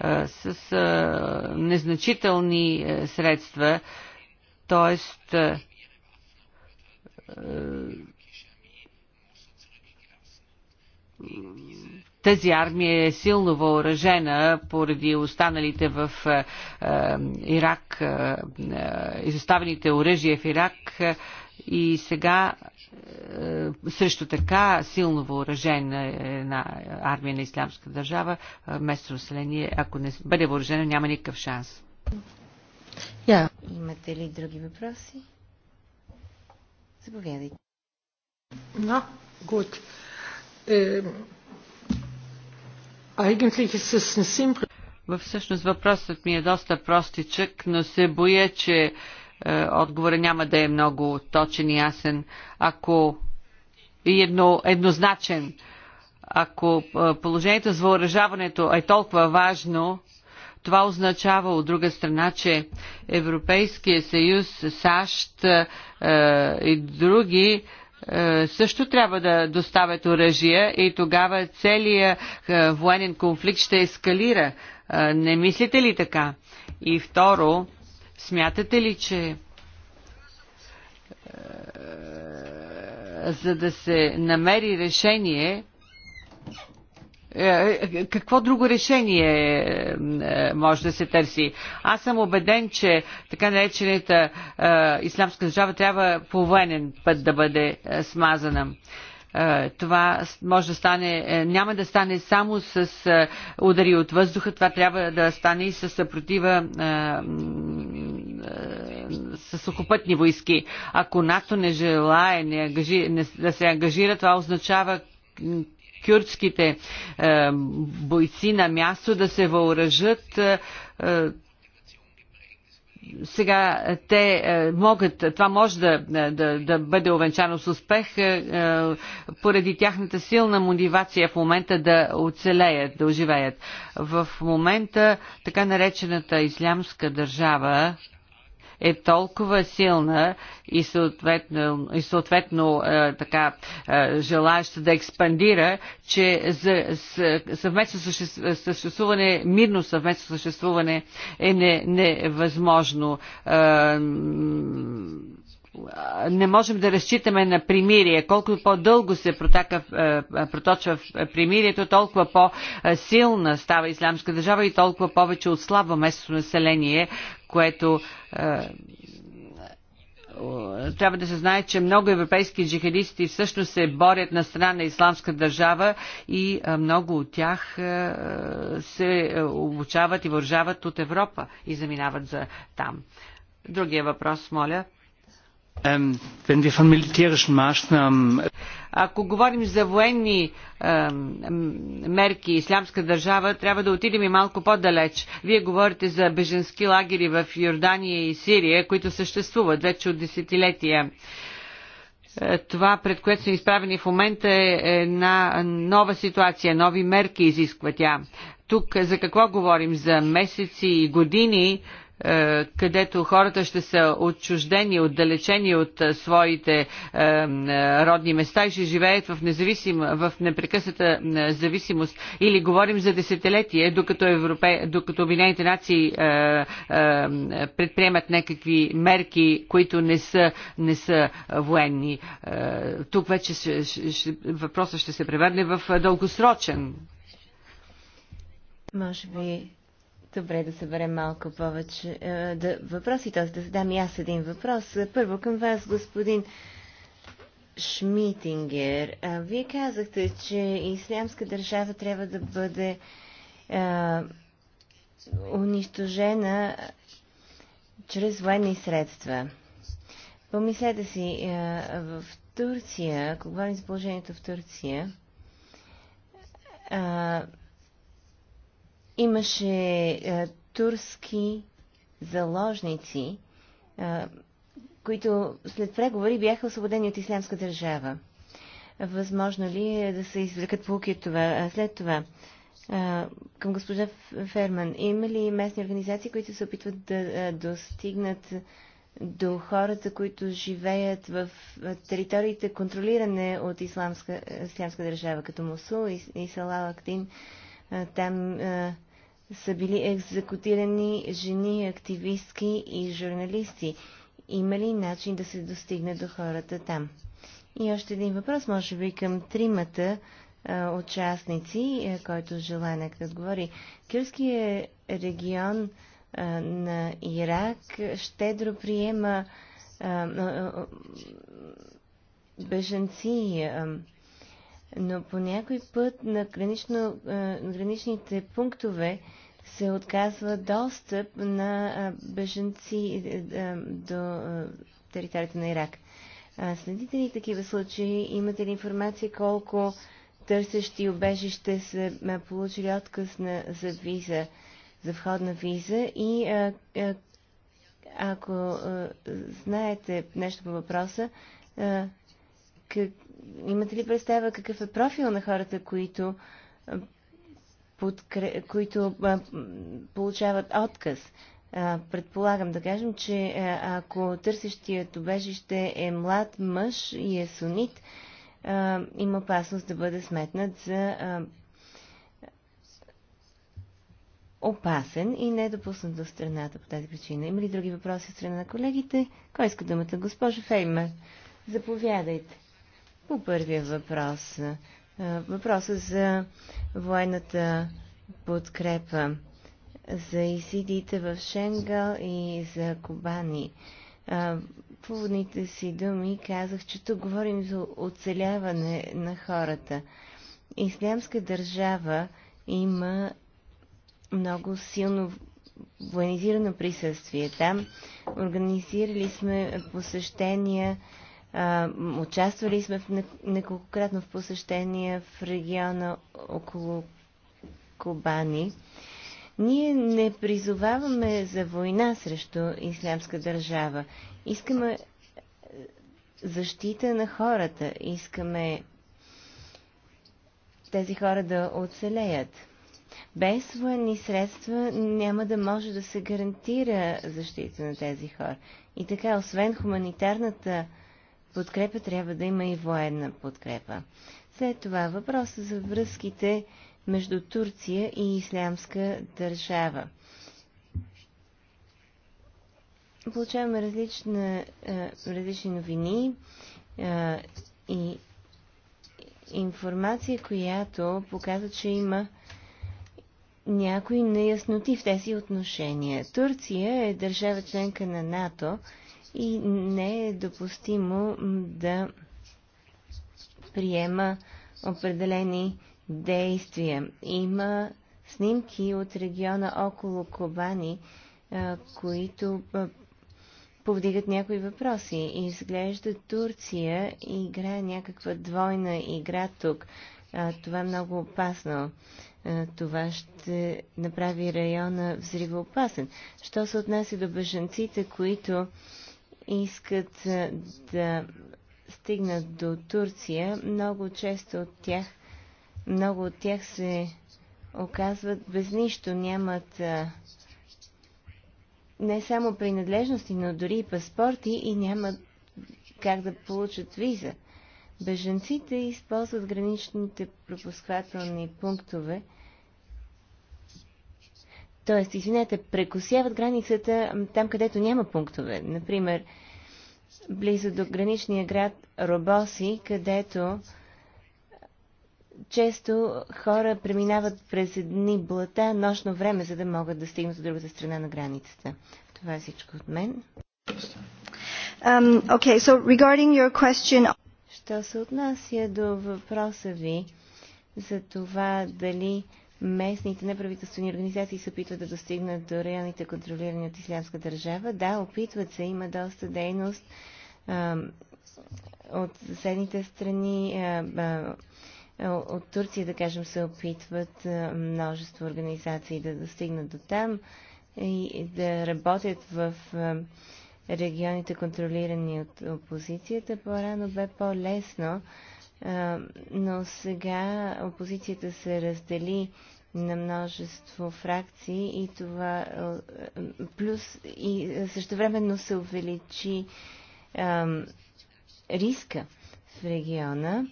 е, с е, незначителни средства, т.е. тази армия е силно въоръжена поради останалите в Ирак, изоставените оръжия в Ирак и сега е, срещу така силно въоръжена е на армия на Исламска държава, е, местно население, ако не бъде въоръжено, няма никакъв шанс. Yeah. Имате ли други въпроси? Заповядайте. No, gut. Äh, eigentlich ist es ein simpel. Всъщност въпросът ми е доста простичък, но се боя, че е, отговора няма да е много точен и ясен, ако и едно, еднозначен. Ако е, положението с въоръжаването е толкова важно, това означава от друга страна, че Европейския съюз, САЩ е, и други е, също трябва да доставят оръжия и тогава целият е, военен конфликт ще ескалира. Е, не мислите ли така? И второ, Смятате ли, че е, за да се намери решение, е, е, какво друго решение може да се търси? Аз съм убеден, че така наречената исламска държава трябва по военен път да бъде смазана. Е, това може да стане, е, няма да стане само с е, удари от въздуха, това трябва да стане и с съпротива с сухопътни войски. Ако НАТО не желае не ангажи, не, да се ангажира, това означава кюрдските е, бойци на място да се въоръжат е, сега е, те е, могат, това може да, е, да, да бъде овенчано с успех поради тяхната силна мотивация в момента да оцелеят, да оживеят. В момента така наречената ислямска държава е толкова силна и съответно, и съответно е, така е, желаща да експандира, че за съвместно съществуване, мирно съвместно съществуване е невъзможно. не е, не можем да разчитаме на примирие. Колкото по-дълго се протака, е, проточва примирието, толкова по-силна става исламска държава и толкова повече отслабва местното население, което е, трябва да се знае, че много европейски джихадисти всъщност се борят на страна на исламска държава и е, много от тях се обучават и вържават от Европа и заминават за там. Другия въпрос, моля. Ähm, Ако говорим за военни мерки Ислямска държава, трябва да отидем и малко по-далеч. Вие говорите за беженски лагери в Йордания и Сирия, които съществуват вече от десетилетия. Е, това, пред което сме изправени в момента, е една нова ситуация, нови мерки изисква тя. Тук за какво говорим? За месеци и години е, където хората ще са отчуждени, отдалечени от е, своите е, родни места и ще живеят в, независим, в непрекъсната зависимост. Или говорим за десетилетие, докато, Европе, докато Обединените нации предприемат някакви мерки, които не са, не са военни. Тук вече ще, ще, въпросът ще се превърне в дългосрочен. Може би Добре да съберем малко повече е, да, въпроси, т.е. да задам и аз един въпрос. Първо към вас, господин Шмитингер. Вие казахте, че Ислямска държава трябва да бъде а, е, унищожена чрез военни средства. Помислете си, а, е, в Турция, ако говорим за положението в Турция, а, Имаше а, е, турски заложници, а, е, които след преговори бяха освободени от Ислямска държава. Възможно ли е да се извлекат полуки от това? А е, след това, а, към госпожа Ферман, има ли местни организации, които се опитват да а, достигнат до хората, които живеят в териториите, контролиране от исламска, държава, като Мусул и, и Салал Актин? Там а, са били екзекутирани жени, активистки и журналисти. Има ли начин да се достигне до хората там? И още един въпрос, може би към тримата а, участници, а, който желая да отговори. Кюрският е регион а, на Ирак щедро приема а, а, беженци. А, но по някой път на гранично, граничните пунктове се отказва достъп на беженци е, е, до територията на Ирак. Следите ли такива случаи? Имате ли информация колко търсещи обежище са получили отказ на, за виза, за входна виза? И а, а, ако а, знаете нещо по въпроса, а, как, имате ли представа какъв е профил на хората, които, подкре... които а, получават отказ? А, предполагам да кажем, че ако търсещият обежище е млад мъж и е сунит, а, има опасност да бъде сметнат за а, опасен и недопуснат до страната по тази причина. Има ли други въпроси от страна на колегите? Кой иска думата? Госпожо Фейма, заповядайте. По първия въпрос, въпроса за военната подкрепа за изидите в Шенгал и за Кобани. Поводните си думи казах, че тук говорим за оцеляване на хората. Ислямска държава има много силно военизирано присъствие там. Организирали сме посещения а, участвали сме в неколкократно в посещения в региона около Кобани. Ние не призоваваме за война срещу ислямска държава. Искаме защита на хората. Искаме тези хора да оцелеят. Без военни средства няма да може да се гарантира защита на тези хора. И така, освен хуманитарната подкрепа, трябва да има и военна подкрепа. След това въпроса за връзките между Турция и Ислямска държава. Получаваме различна, е, различни новини е, и информация, която показва, че има някои неясноти в тези отношения. Турция е държава членка на НАТО и не е допустимо да приема определени действия. Има снимки от региона около Кобани, които повдигат някои въпроси. Изглежда Турция играе някаква двойна игра тук. Това е много опасно. Това ще направи района взривоопасен. Що се отнася до бежанците, които искат да стигнат до Турция, много често от тях, много от тях се оказват без нищо, нямат не само принадлежности, но дори и паспорти и нямат как да получат виза. Беженците използват граничните пропускателни пунктове – т.е. извинете, прекосяват границата там, където няма пунктове. Например, близо до граничния град Робоси, където често хора преминават през едни блата нощно време, за да могат да стигнат от другата страна на границата. Това е всичко от мен. Um, okay, so regarding your question... Що се отнася до въпроса ви за това дали местните неправителствени организации се опитват да достигнат до районите, контролирани от Ислямска държава. Да, опитват се, има доста дейност а, от съседните страни. А, а, от Турция, да кажем, се опитват множество организации да достигнат до там и да работят в регионите, контролирани от опозицията. По-рано бе по-лесно но сега опозицията се раздели на множество фракции и това плюс и същевременно се увеличи риска в региона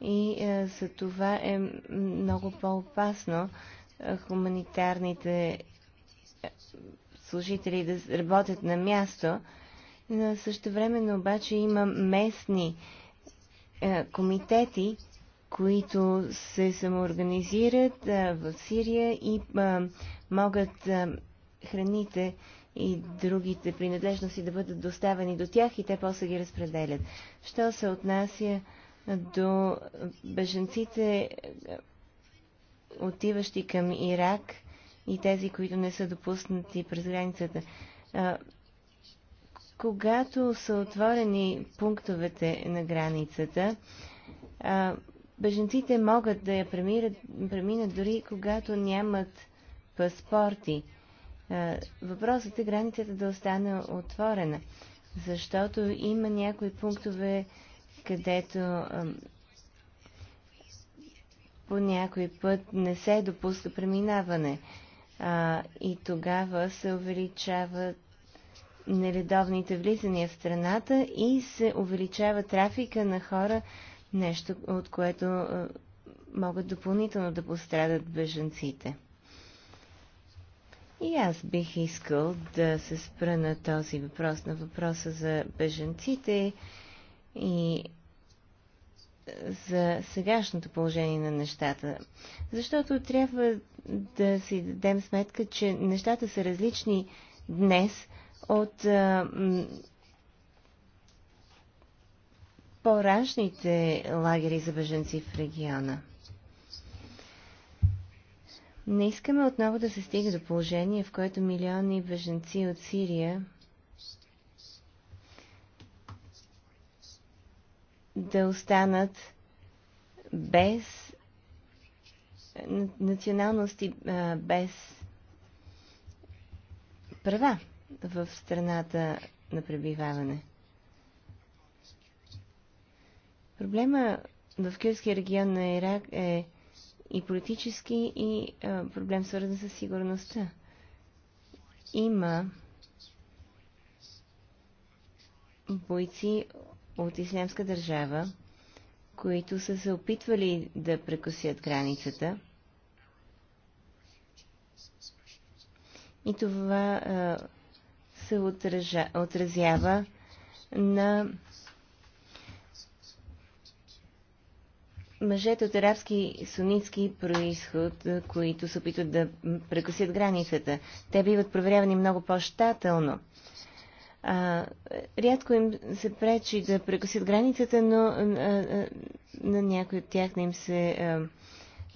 и за това е много по-опасно хуманитарните служители да работят на място. Същевременно обаче има местни е, комитети, които се самоорганизират е, в Сирия и е, могат храните и другите принадлежности да бъдат доставени до тях и те после ги разпределят. Що се отнася до беженците, отиващи към Ирак и тези, които не са допуснати през границата когато са отворени пунктовете на границата, а, беженците могат да я преминат, преминат дори когато нямат паспорти. А, въпросът е границата да остане отворена, защото има някои пунктове, където а, по някой път не се допуска преминаване. А, и тогава се увеличават нередовните влизания в страната и се увеличава трафика на хора, нещо от което могат допълнително да пострадат бежанците. И аз бих искал да се спра на този въпрос, на въпроса за бежанците и за сегашното положение на нещата. Защото трябва да си дадем сметка, че нещата са различни днес – от по ражните лагери за беженци в региона. Не искаме отново да се стига до положение, в което милиони беженци от Сирия да останат без националности, без права в страната на пребиваване. Проблема в Кюрския регион на Ирак е и политически, и а, проблем свързан с сигурността. Има бойци от Ислямска държава, които са се опитвали да прекусят границата. И това а, се отража, отразява на мъжете от арабски сунитски происход, които се опитват да прекусят границата. Те биват проверявани много по-щателно. А, рядко им се пречи да прекусят границата, но а, а, на някои от тях не им се а,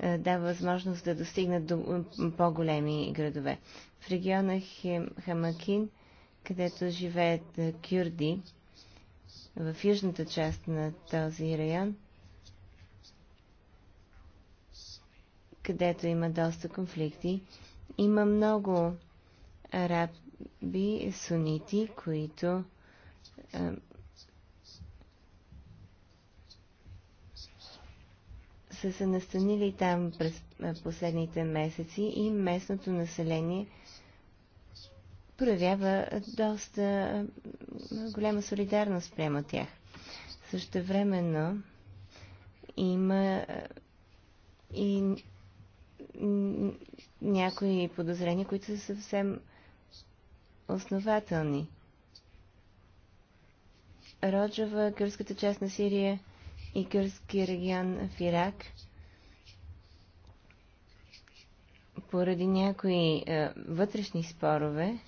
а, дава възможност да достигнат до по-големи градове. В региона Хем, Хамакин където живеят кюрди в южната част на този район, където има доста конфликти. Има много араби, сунити, които са се настанили там през последните месеци и местното население – проявява доста голяма солидарност прямо тях. Също времено има и някои подозрения, които са съвсем основателни. Роджава, кърската част на Сирия и кърския регион в Ирак, поради някои е, вътрешни спорове,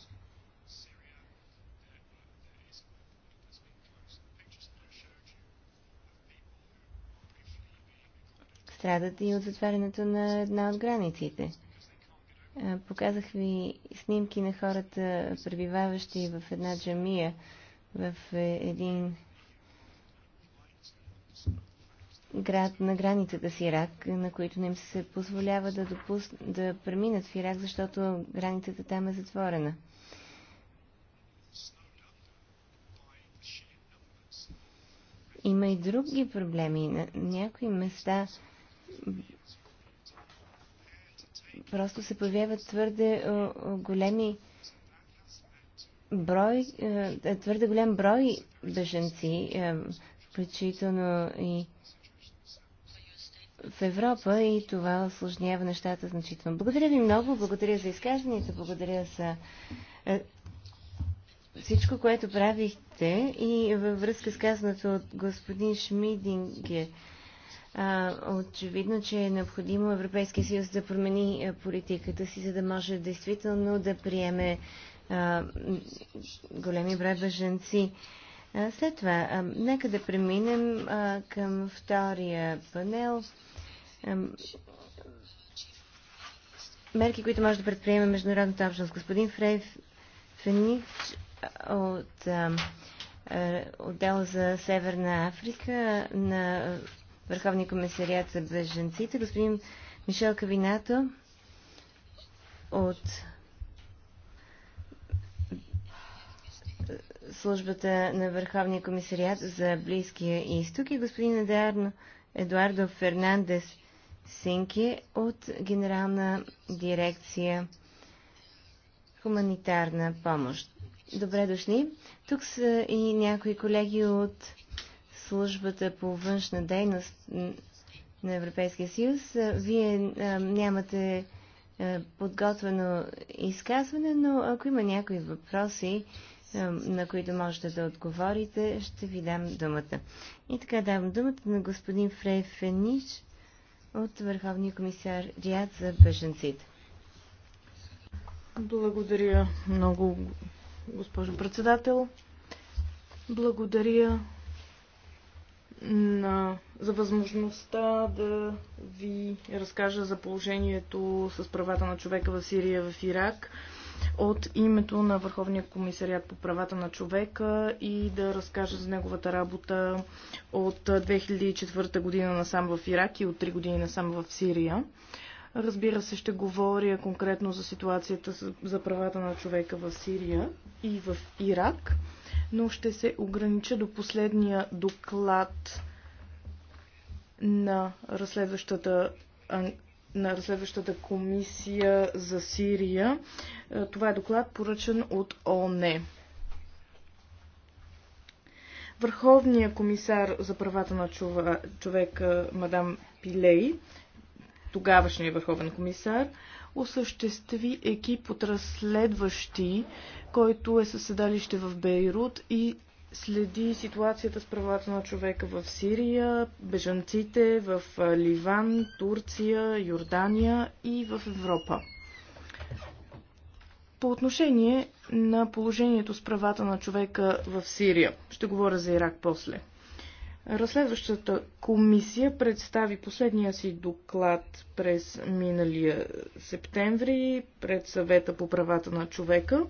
страдат и от затварянето на една от границите. Показах ви снимки на хората, пребиваващи в една джамия, в е, един град на границата с Ирак, на които не им се позволява да, допус... да преминат в Ирак, защото границата там е затворена. Има и други проблеми. На някои места просто се появяват твърде е, е, големи брой, е, твърде голям брой беженци, включително и в Европа и това осложнява нещата значително. Благодаря ви много, благодаря за изказването, благодаря за всичко, което правихте и във връзка с казаното от господин Шмидингер очевидно, че е необходимо Европейския съюз да промени политиката си, за да може действително да приеме големи брой бъженци. След това, нека да преминем към втория панел. мерки, които може да предприеме международната общност. Господин Фрей Фенич от отдел за Северна Африка на Върховния комисариат за беженците, господин Мишел Кавинато от службата на Върховния комисариат за Близкия изток и господин Едарно Едуардо Фернандес Синки от Генерална дирекция Хуманитарна помощ. Добре дошли. Тук са и някои колеги от службата по външна дейност на Европейския съюз. Вие е, нямате е, подготвено изказване, но ако има някои въпроси, е, на които можете да отговорите, ще ви дам думата. И така давам думата на господин Фрей Фенич от Върховния комисар Риад за беженците. Благодаря много, госпожо председател. Благодаря на, за възможността да ви разкажа за положението с правата на човека в Сирия в Ирак от името на Върховния комисариат по правата на човека и да разкажа за неговата работа от 2004 година насам в Ирак и от 3 години насам в Сирия. Разбира се, ще говоря конкретно за ситуацията за правата на човека в Сирия и в Ирак но ще се огранича до последния доклад на разследващата на разследващата комисия за Сирия. Е, това е доклад поръчен от ОНЕ. Върховният комисар за правата на човека, мадам Пилей, тогавашния върховен комисар, осъществи екип от разследващи, който е със седалище в Бейрут и следи ситуацията с правата на човека в Сирия, бежанците в Ливан, Турция, Йордания и в Европа. По отношение на положението с правата на човека в Сирия, ще говоря за Ирак после. Разследващата комисия представи последния си доклад през миналия септември пред съвета по правата на човека.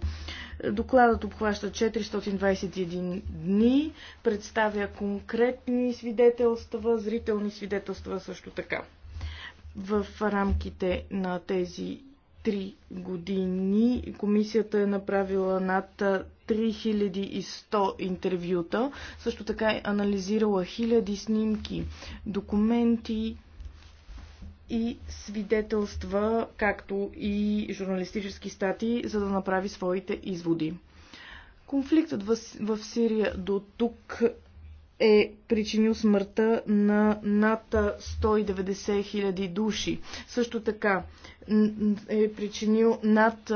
Докладът обхваща 421 дни, представя конкретни свидетелства, зрителни свидетелства също така. В рамките на тези 3 години комисията е направила над 3100 интервюта, също така е анализирала хиляди снимки, документи и свидетелства, както и журналистически статии, за да направи своите изводи. Конфликтът в, в Сирия до тук е причинил смъртта на над 190 000 души. Също така е причинил над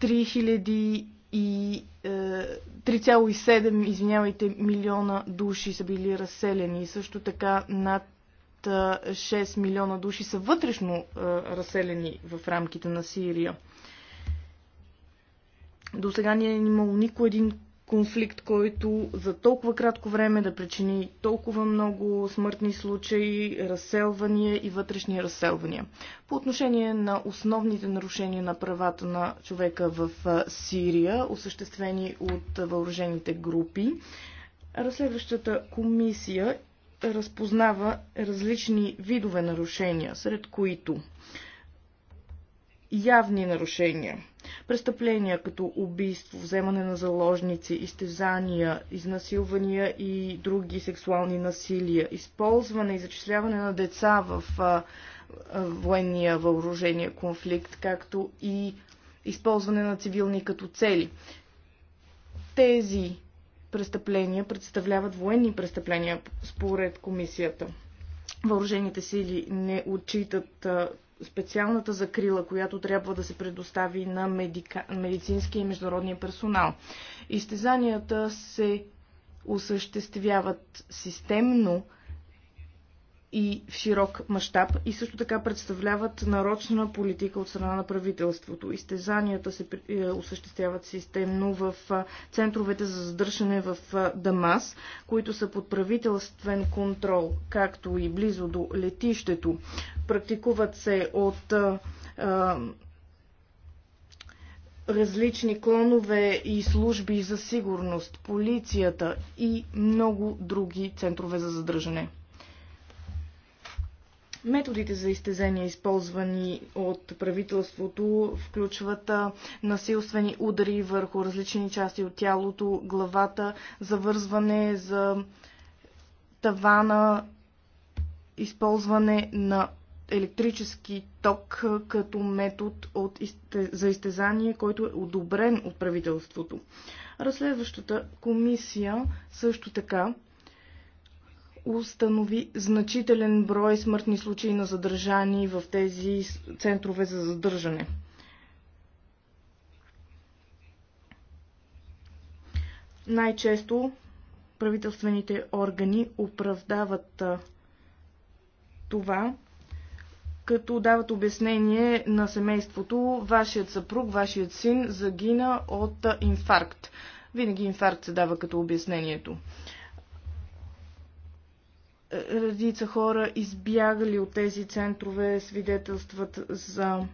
3,7 е, извинявайте, милиона души са били разселени. Също така над 6 милиона души са вътрешно разселени в рамките на Сирия. До сега не е имало никой един конфликт, който за толкова кратко време да причини толкова много смъртни случаи, разселвания и вътрешни разселвания. По отношение на основните нарушения на правата на човека в Сирия, осъществени от въоръжените групи, разследващата комисия разпознава различни видове нарушения, сред които явни нарушения – Престъпления като убийство, вземане на заложници, изтезания, изнасилвания и други сексуални насилия, използване и зачисляване на деца в военния въоружения, конфликт, както и използване на цивилни като цели. Тези престъпления представляват военни престъпления според комисията. Въоръжените сили не отчитат специалната закрила, която трябва да се предостави на медика... медицинския и международния персонал. Изтезанията се осъществяват системно и в широк мащаб и също така представляват нарочна политика от страна на правителството. Изтезанията се е, осъществяват системно в центровете за задържане в Дамас, които са под правителствен контрол, както и близо до летището. Практикуват се от различни клонове и служби за сигурност, полицията и много други центрове за задържане. Методите за изтезения, използвани от правителството, включват насилствени удари върху различни части от тялото, главата, завързване за тавана, използване на електрически ток като метод от, за изтезание, който е одобрен от правителството. Разследващата комисия също така установи значителен брой смъртни случаи на задържани в тези центрове за задържане. Най-често правителствените органи оправдават това, като дават обяснение на семейството, вашият съпруг, вашият син загина от инфаркт. Винаги инфаркт се дава като обяснението. Редица хора, избягали от тези центрове, свидетелстват за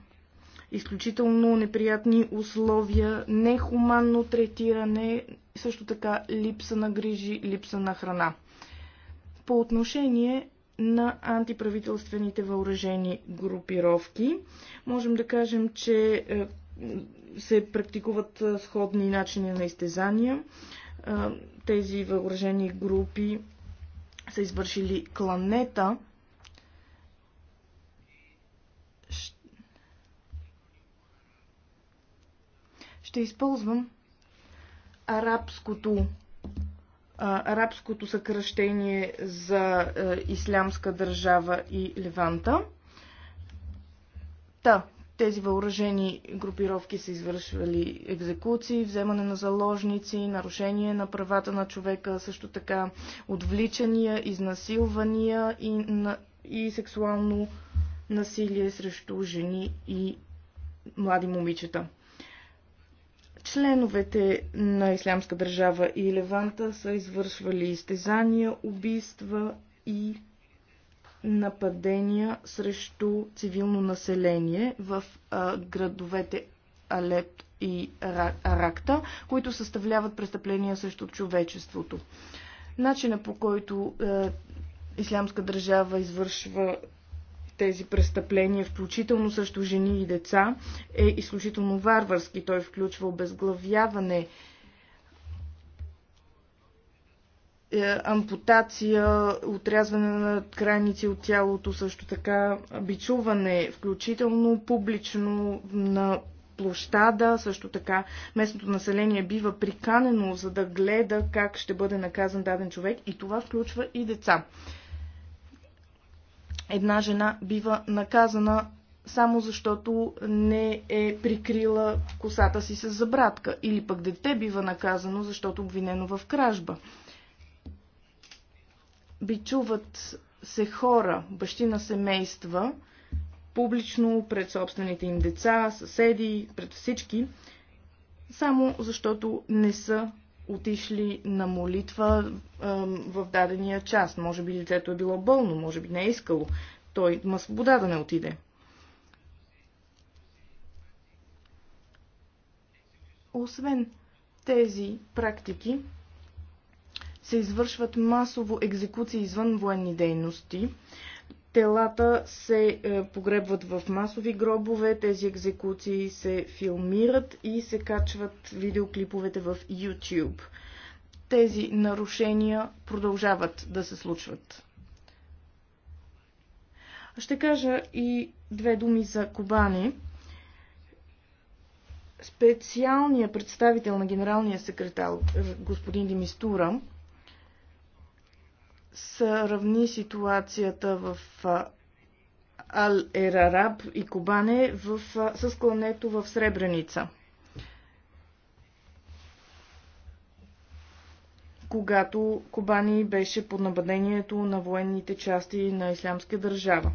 изключително неприятни условия, нехуманно третиране, също така липса на грижи, липса на храна. По отношение на антиправителствените въоръжени групировки, можем да кажем, че е, се практикуват е, сходни начини на изтезания. Е, тези въоръжени групи са извършили кланета, ще използвам арабското, арабското съкръщение за Ислямска държава и Леванта. Та, тези въоръжени групировки са извършвали екзекуции, вземане на заложници, нарушение на правата на човека, също така отвличания, изнасилвания и, на, и сексуално насилие срещу жени и млади момичета. Членовете на Ислямска държава и Леванта са извършвали изтезания, убийства и нападения срещу цивилно население в а, градовете Алеп и Ракта, които съставляват престъпления срещу човечеството. Начина по който е, Ислямска държава извършва тези престъпления, включително срещу жени и деца, е изключително варварски. Той включва обезглавяване, Е, ампутация, отрязване на крайници от тялото, също така бичуване, включително публично на площада, също така местното население бива приканено, за да гледа как ще бъде наказан даден човек и това включва и деца. Една жена бива наказана само защото не е прикрила косата си с забратка или пък дете бива наказано, защото обвинено в кражба бичуват се хора, бащи на семейства, публично, пред собствените им деца, съседи, пред всички, само защото не са отишли на молитва в дадения час. Може би лицето е било болно, може би не е искало. Той има свобода да не отиде. Освен тези практики, се извършват масово екзекуции извън военни дейности. Телата се е, погребват в масови гробове, тези екзекуции се филмират и се качват видеоклиповете в YouTube. Тези нарушения продължават да се случват. Ще кажа и две думи за Кобани. Специалният представител на генералния секретар е, господин Димистура сравни ситуацията в Ал-Ерараб и Кобане в, с клането в Сребреница. когато Кобани беше под нападението на военните части на Ислямска държава.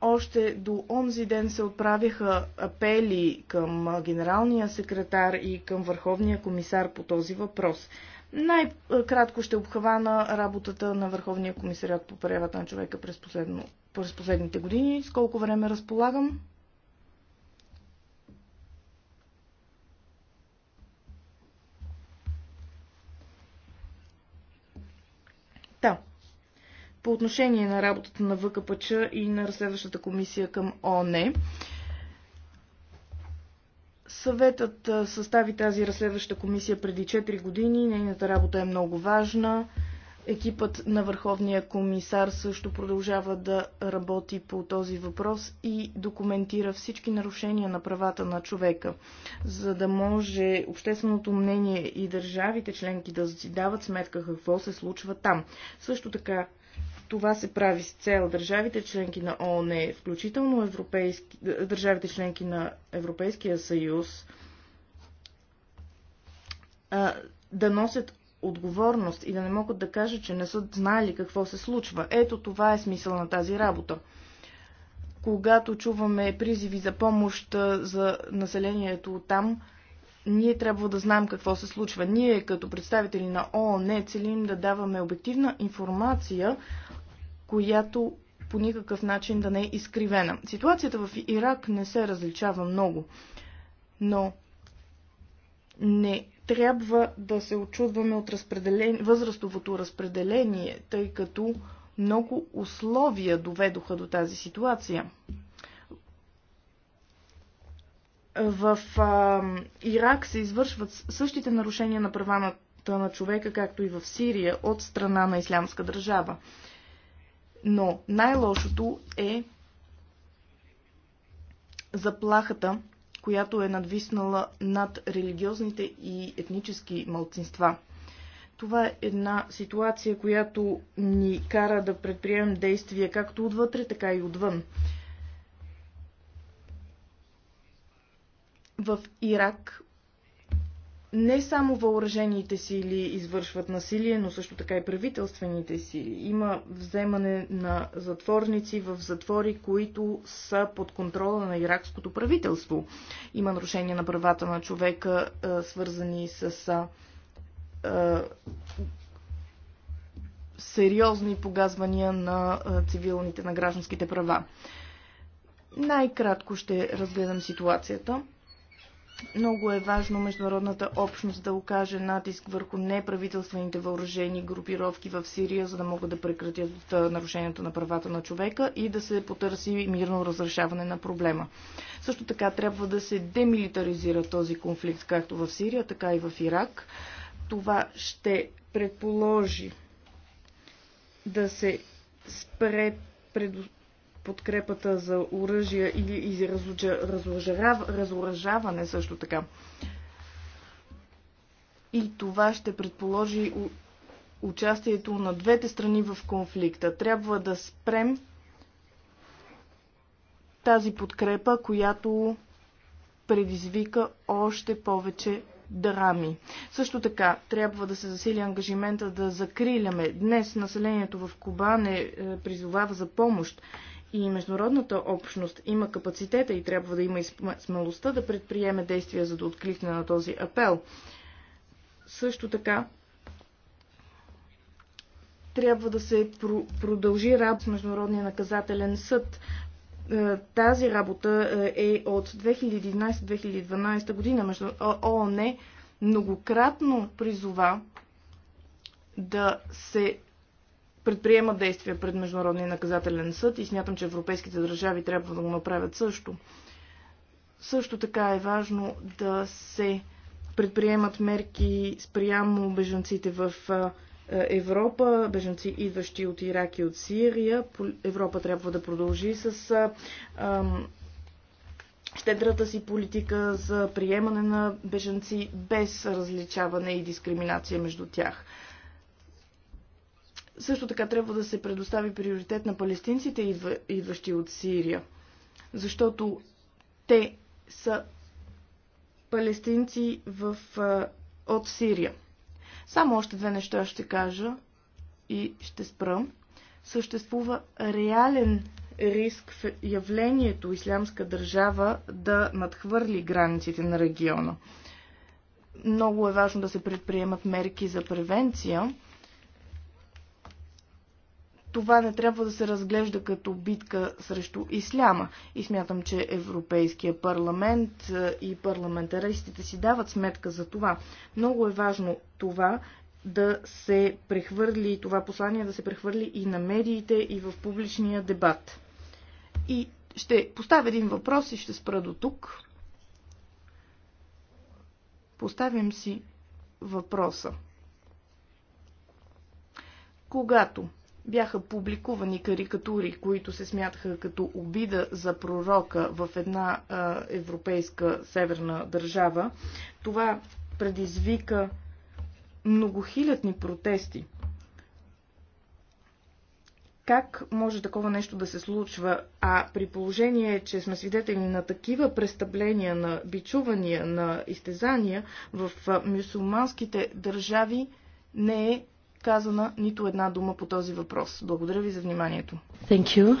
Още до онзи ден се отправиха апели към генералния секретар и към върховния комисар по този въпрос. Най-кратко ще обхвана работата на Върховния комисариат по правата на човека през, последно, през последните години. С колко време разполагам? Та. Да. По отношение на работата на ВКПЧ и на разследващата комисия към ОНЕ, Съветът състави тази разследваща комисия преди 4 години. Нейната работа е много важна. Екипът на Върховния комисар също продължава да работи по този въпрос и документира всички нарушения на правата на човека, за да може общественото мнение и държавите членки да си дават сметка какво се случва там. Също така това се прави с цел държавите членки на ООН, включително европейски, държавите членки на Европейския съюз, да носят отговорност и да не могат да кажат, че не са знали какво се случва. Ето това е смисъл на тази работа. Когато чуваме призиви за помощ за населението там, ние трябва да знаем какво се случва. Ние, като представители на ООН, целим да даваме обективна информация която по никакъв начин да не е изкривена. Ситуацията в Ирак не се различава много, но не трябва да се очудваме от разпределение, възрастовото разпределение, тъй като много условия доведоха до тази ситуация. В а, Ирак се извършват същите нарушения на правата на човека, както и в Сирия, от страна на Ислямска държава. Но най-лошото е заплахата, която е надвиснала над религиозните и етнически малцинства. Това е една ситуация, която ни кара да предприемем действия както отвътре, така и отвън. В Ирак не само въоръжените сили извършват насилие, но също така и правителствените сили. Има вземане на затворници в затвори, които са под контрола на иракското правителство. Има нарушение на правата на човека, е, свързани с е, сериозни погазвания на е, цивилните, на гражданските права. Най-кратко ще разгледам ситуацията. Много е важно международната общност да окаже натиск върху неправителствените въоръжени групировки в Сирия, за да могат да прекратят нарушението на правата на човека и да се потърси мирно разрешаване на проблема. Също така трябва да се демилитаризира този конфликт, както в Сирия, така и в Ирак. Това ще предположи да се спре подкрепата за оръжия или и разоръжаване също така. И това ще предположи участието на двете страни в конфликта. Трябва да спрем тази подкрепа, която предизвика още повече драми. Също така трябва да се засили ангажимента да закриляме. Днес населението в Куба не е, призовава за помощ и международната общност има капацитета и трябва да има и смелостта да предприеме действия, за да откликне на този апел. Също така, трябва да се продължи работа с Международния наказателен съд. Е, тази работа е, е от 2011-2012 година. Между ООН многократно призова да се Предприема действия пред Международния наказателен съд и смятам, че европейските държави трябва да го направят също. Също така е важно да се предприемат мерки спрямо бежанците в Европа, бежанци идващи от Ирак и от Сирия. Европа трябва да продължи с щедрата си политика за приемане на бежанци без различаване и дискриминация между тях. Също така трябва да се предостави приоритет на палестинците, идва, идващи от Сирия, защото те са палестинци в, от Сирия. Само още две неща ще кажа и ще спра. Съществува реален риск в явлението Ислямска държава да надхвърли границите на региона. Много е важно да се предприемат мерки за превенция това не трябва да се разглежда като битка срещу исляма. И смятам, че Европейския парламент е, и парламентаристите си дават сметка за това. Много е важно това да се прехвърли, това послание да се прехвърли и на медиите, и в публичния дебат. И ще поставя един въпрос и ще спра до тук. Поставям си въпроса. Когато бяха публикувани карикатури, които се смятаха като обида за пророка в една а, европейска северна държава. Това предизвика многохилядни протести. Как може такова нещо да се случва, а при положение, че сме свидетели на такива престъпления, на бичувания, на изтезания в мюсулманските държави, не е казана нито една дума по този въпрос. Благодаря ви за вниманието. Thank you,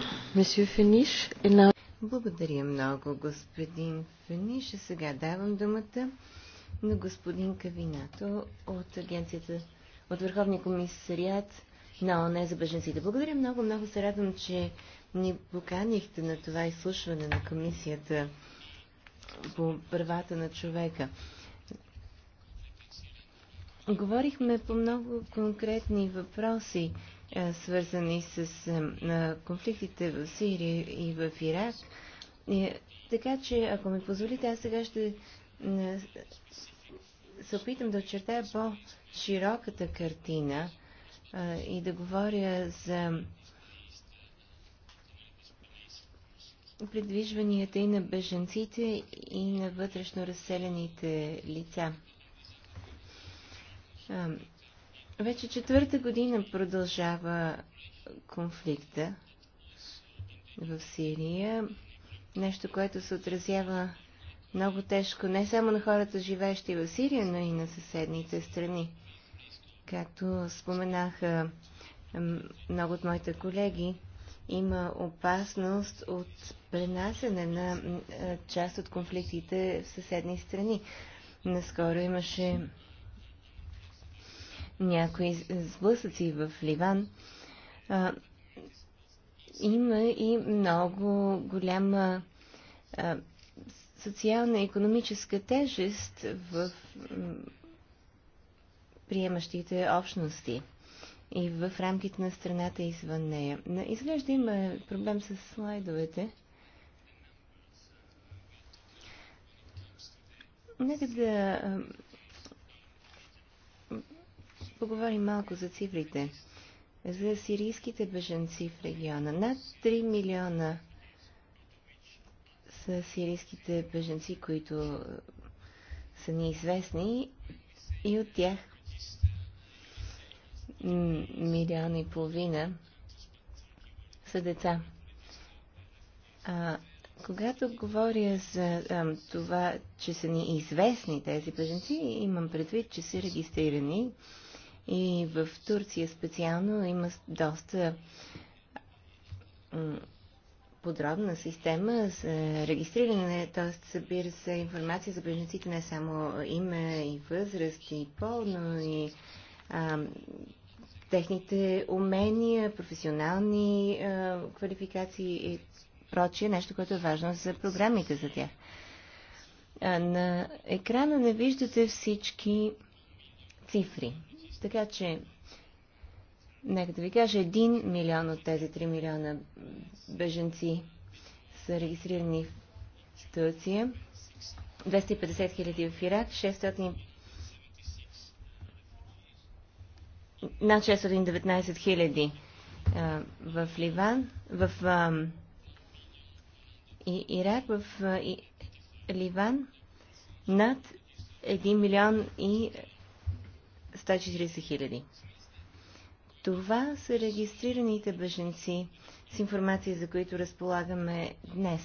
Finish. Now... Благодаря много, господин Фениш. Сега давам думата на господин Кавинато от агенцията, от Върховния комисариат на ОНЕ за беженците. Благодаря много, много се радвам, че ни поканихте на това изслушване на комисията по правата на човека. Говорихме по много конкретни въпроси, свързани с конфликтите в Сирия и в Ирак. Така че, ако ми позволите, аз сега ще се опитам да очертая по-широката картина и да говоря за придвижванията и на беженците, и на вътрешно разселените лица. Вече четвърта година продължава конфликта в Сирия. Нещо, което се отразява много тежко не само на хората, живеещи в Сирия, но и на съседните страни. Както споменаха много от моите колеги, има опасност от пренасене на част от конфликтите в съседни страни. Наскоро имаше някои сблъсъци в Ливан, а, има и много голяма социална и економическа тежест в приемащите общности и в рамките на страната извън нея. Изглежда има проблем с слайдовете. Нека да поговорим малко за цифрите. За сирийските беженци в региона. Над 3 милиона са сирийските беженци, които са неизвестни и от тях милиона и половина са деца. А, когато говоря за а, това, че са ни известни тези беженци, имам предвид, че са регистрирани и в Турция специално има доста подробна система за регистриране, т.е. събира се информация за бежанците не само име и възраст и пол, но и а, техните умения, професионални а, квалификации и прочие, нещо, което е важно за програмите за тях. А, на екрана не виждате всички цифри. Така че, нека да ви кажа, 1 милион от тези 3 милиона беженци са регистрирани в Турция, 250 хиляди в Ирак, 600 над 619 хиляди в Ливан, в а, и, Ирак, в а, и, Ливан, над 1 милион и 140 хиляди. Това са регистрираните беженци с информация, за които разполагаме днес.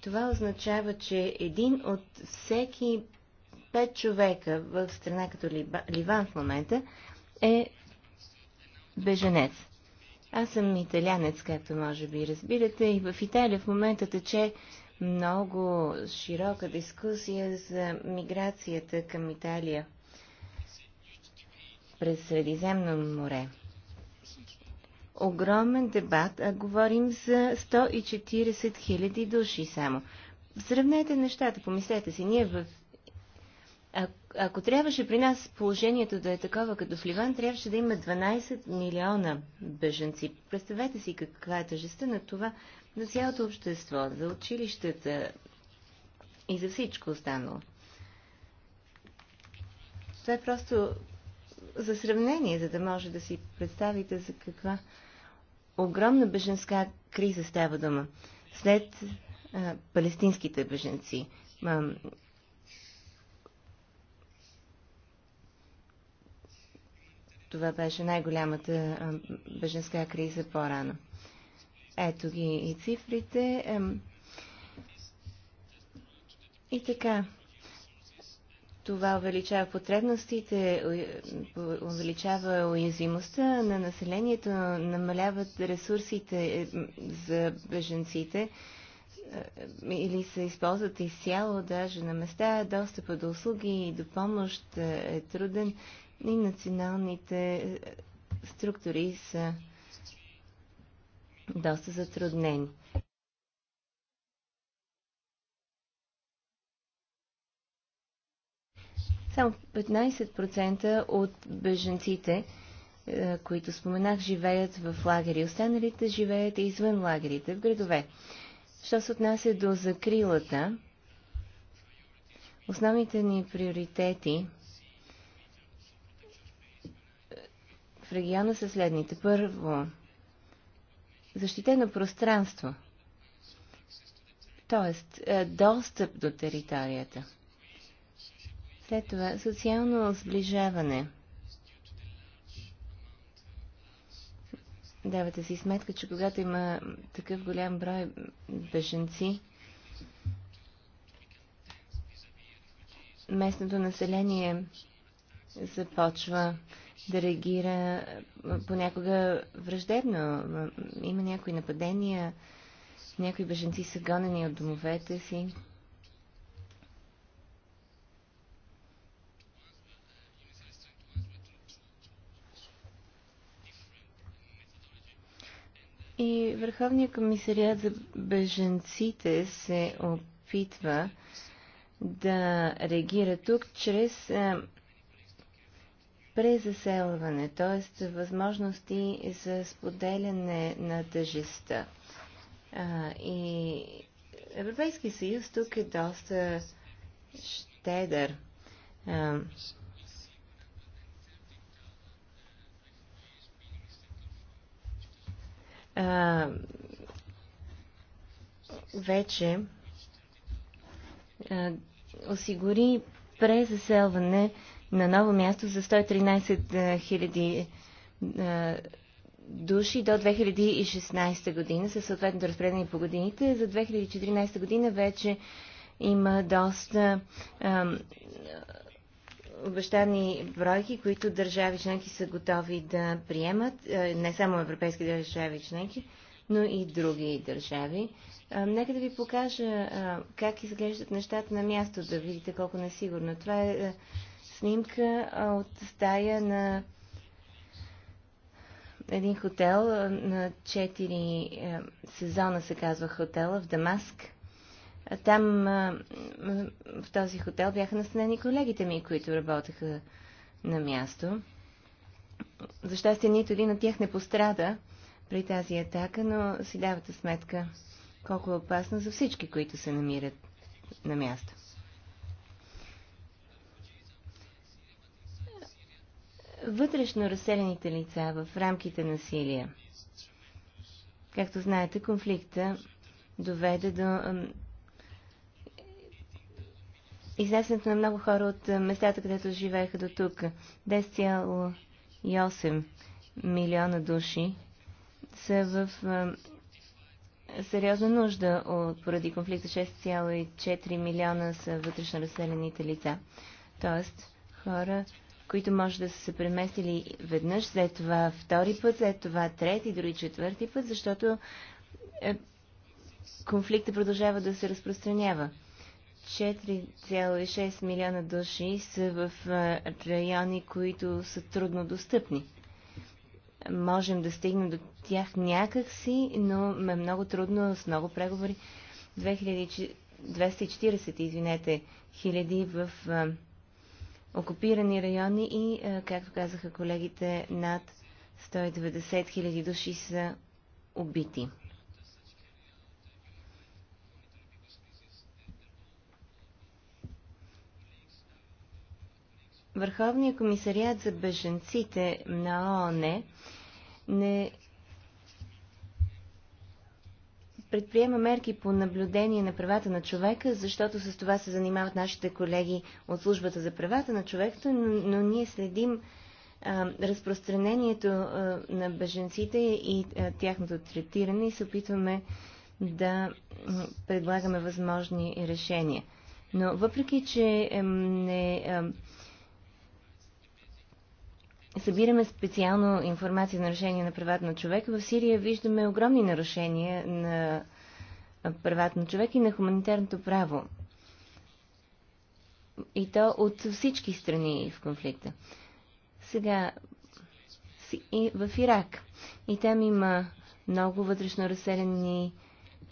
Това означава, че един от всеки пет човека в страна като Ливан в момента е беженец. Аз съм италянец, както може би разбирате, и в Италия в момента тече много широка дискусия за миграцията към Италия през Средиземно море. Огромен дебат, а говорим за 140 000 души само. Сравнете нещата, помислете си, ние в... А, ако трябваше при нас положението да е такова като в Ливан, трябваше да има 12 милиона беженци. Представете си каква е тъжестта на това на цялото общество, за училищата и за всичко останало. Това е просто за сравнение, за да може да си представите за каква огромна беженска криза става дума. След а, палестинските беженци, а, това беше най-голямата беженска криза по-рано. Ето ги и цифрите. А, и така, това увеличава потребностите, увеличава уязвимостта на населението, намаляват ресурсите е, за беженците е, или се използват изцяло даже на места. Достъпа до услуги и до помощ е, е труден и националните структури са доста затруднени. Само 15% от беженците, е, които споменах, живеят в лагери. Останалите живеят извън лагерите, в градове. Що се отнася до закрилата, основните ни приоритети в региона са следните. Първо, защитено пространство, т.е. Е, достъп до територията – след това социално сближаване. Давате си сметка, че когато има такъв голям брой беженци, местното население започва да реагира понякога враждебно. Има някои нападения, някои беженци са гонени от домовете си. И Върховният комисариат за беженците се опитва да реагира тук чрез е, презаселване, т.е. възможности за споделяне на тъжеста. И Европейски съюз тук е доста щедър. а, вече а, осигури презаселване на ново място за 113 хиляди души до 2016 година, със съответното разпределение по годините. За 2014 година вече има доста обещани бройки, които държави членки са готови да приемат, е, не само европейски държави членки, но и други държави. Е, нека да ви покажа е, как изглеждат нещата на място, да видите колко несигурно. Това е снимка от стая на един хотел на четири сезона, се казва хотела в Дамаск. Там в този хотел бяха настанени колегите ми, които работеха на място. За щастие нито един от тях не пострада при тази атака, но си давате сметка колко е опасно за всички, които се намират на място. Вътрешно разселените лица в рамките на Сирия. Както знаете, конфликта доведе до изнасянето на много хора от местата, където живееха до тук. 10,8 милиона души са в сериозна нужда от, поради конфликта. 6,4 милиона са вътрешно разселените лица. Тоест, хора, които може да са се преместили веднъж, след това втори път, след това трети, други четвърти път, защото е, конфликта продължава да се разпространява. 4,6 милиона души са в райони, които са трудно достъпни. Можем да стигнем до тях някакси, но ме много трудно с много преговори. 240, извинете, хиляди в окупирани райони и, както казаха колегите, над 190 хиляди души са убити. Върховният комисариат за беженците на ООН не предприема мерки по наблюдение на правата на човека, защото с това се занимават нашите колеги от службата за правата на човека, но, но ние следим а, разпространението а, на беженците и а, тяхното третиране и се опитваме да предлагаме възможни решения. Но въпреки, че не събираме специално информация за нарушение на правата на човека, в Сирия виждаме огромни нарушения на правата на човека и на хуманитарното право. И то от всички страни в конфликта. Сега и в Ирак. И там има много вътрешно разселени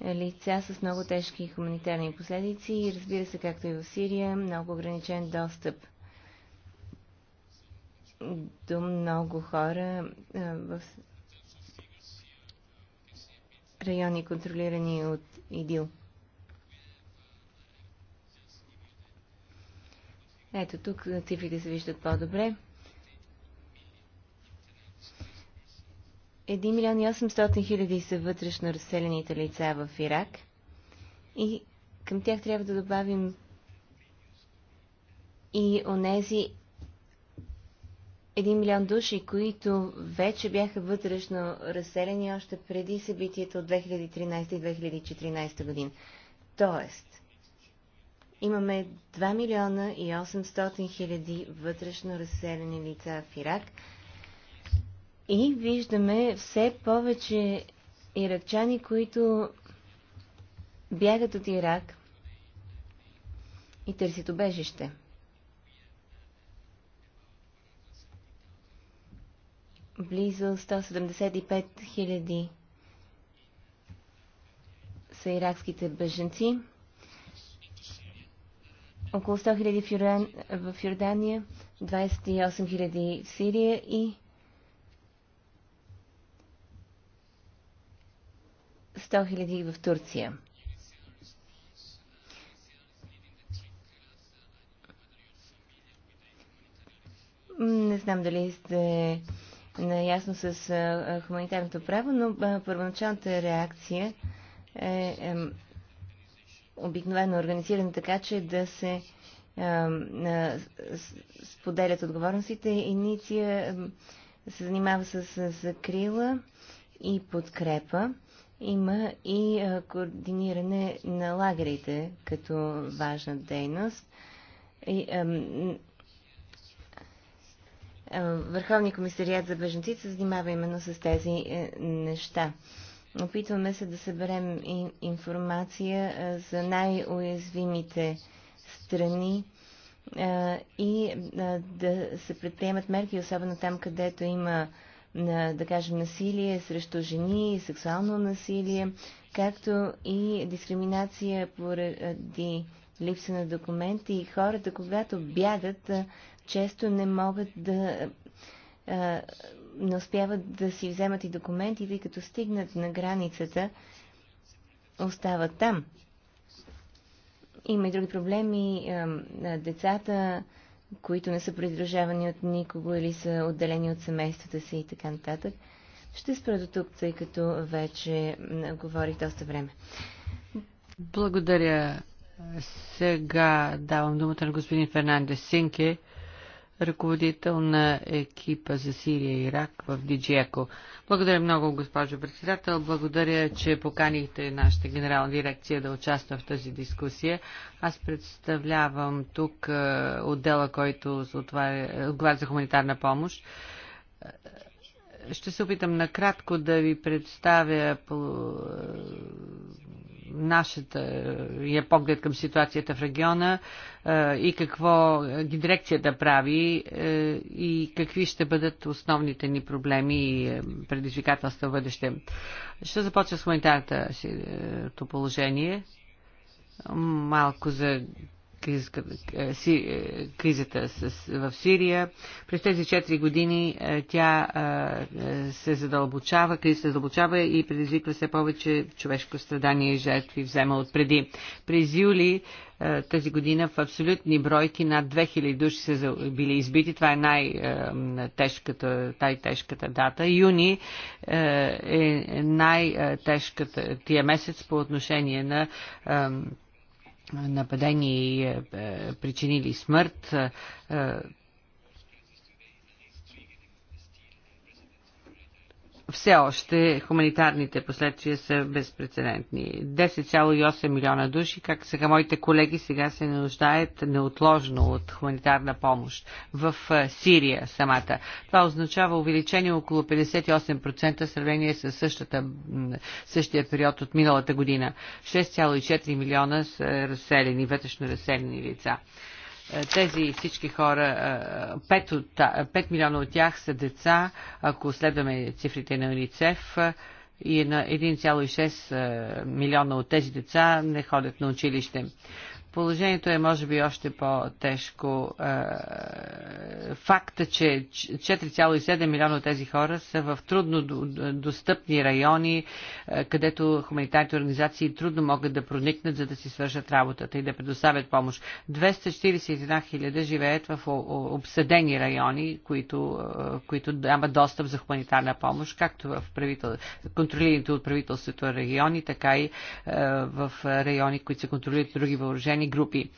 лица с много тежки хуманитарни последици и разбира се, както и в Сирия, много ограничен достъп до много хора е, в райони, контролирани от ИДИЛ. Ето тук цифрите се виждат по-добре. 1 милион и 800 хиляди са вътрешно разселените лица в Ирак. И към тях трябва да добавим и онези 1 милион души, които вече бяха вътрешно разселени още преди събитието от 2013 и 2014 година. Тоест, имаме 2 милиона и 800 хиляди вътрешно разселени лица в Ирак и виждаме все повече иракчани, които бягат от Ирак и търсят убежище. близо 175 000 са иракските беженци. Около 100 000 в, Йордания, 28 000 в Сирия и 100 хиляди в Турция. Не знам дали сте наясно с хуманитарното право, но първоначалната реакция е, обикновено организирана така, че да се споделят отговорностите. Иниция се занимава с закрила и подкрепа. Има и координиране на лагерите като важна дейност. И, е, Върховния комисариат за бежанците се занимава именно с тези е, неща. Опитваме се да съберем информация е, за най-уязвимите страни и да се предприемат мерки, особено там, където има да кажем, насилие срещу жени, сексуално насилие, както и дискриминация поради липса на документи и хората, когато бягат, често не могат да а, не успяват да си вземат и документи, тъй като стигнат на границата, остават там. Има и други проблеми. Децата, които не са придружавани от никого или са отделени от семействата си и така нататък. Ще спра до тук, тъй като вече говорих доста време. Благодаря. Сега давам думата на господин Фернандес Синке ръководител на екипа за Сирия и Ирак в Диджиеко. Благодаря много, госпожо председател. Благодаря, че поканихте нашата генерална дирекция да участва в тази дискусия. Аз представлявам тук е, отдела, който е, отговаря за хуманитарна помощ. Е, ще се опитам накратко да ви представя нашата я е, е поглед към ситуацията в региона е, и какво ги дирекцията прави и какви ще бъдат основните ни проблеми и предизвикателства в бъдеще. Ще започна с хуманитарното положение. Малко за е, е, кризата в Сирия. През тези 4 години е, тя се задълбочава, кризата се задълбочава и предизвиква все повече човешко страдание и жертви взема от преди. През юли тази година в абсолютни бройки над 2000 души са били избити. Това е най-тежката, най-тежката дата. Юни е най-тежката тия месец по отношение на Нападение и е, е, причинили смърт. Е, все още хуманитарните последствия са безпредседентни. 10,8 милиона души, как сега моите колеги сега се нуждаят неотложно от хуманитарна помощ в е, Сирия самата. Това означава увеличение около 58% в сравнение с същата, същия период от миналата година. 6,4 милиона са разселени, вътрешно разселени лица. Тези всички хора, 5, от, 5 милиона от тях са деца, ако следваме цифрите на УНИЦЕФ, и на 1,6 милиона от тези деца не ходят на училище. Положението е, може би, още по-тежко. Е, факта, че 4,7 милиона от тези хора са в трудно достъпни райони, е, където хуманитарните организации трудно могат да проникнат, за да си свършат работата и да предоставят помощ. 241 хиляда живеят в обсъдени райони, които, е, които нямат достъп за хуманитарна помощ, както в правител... контролираните от правителството региони, така и в райони, които се контролират други въоръжени определени групи,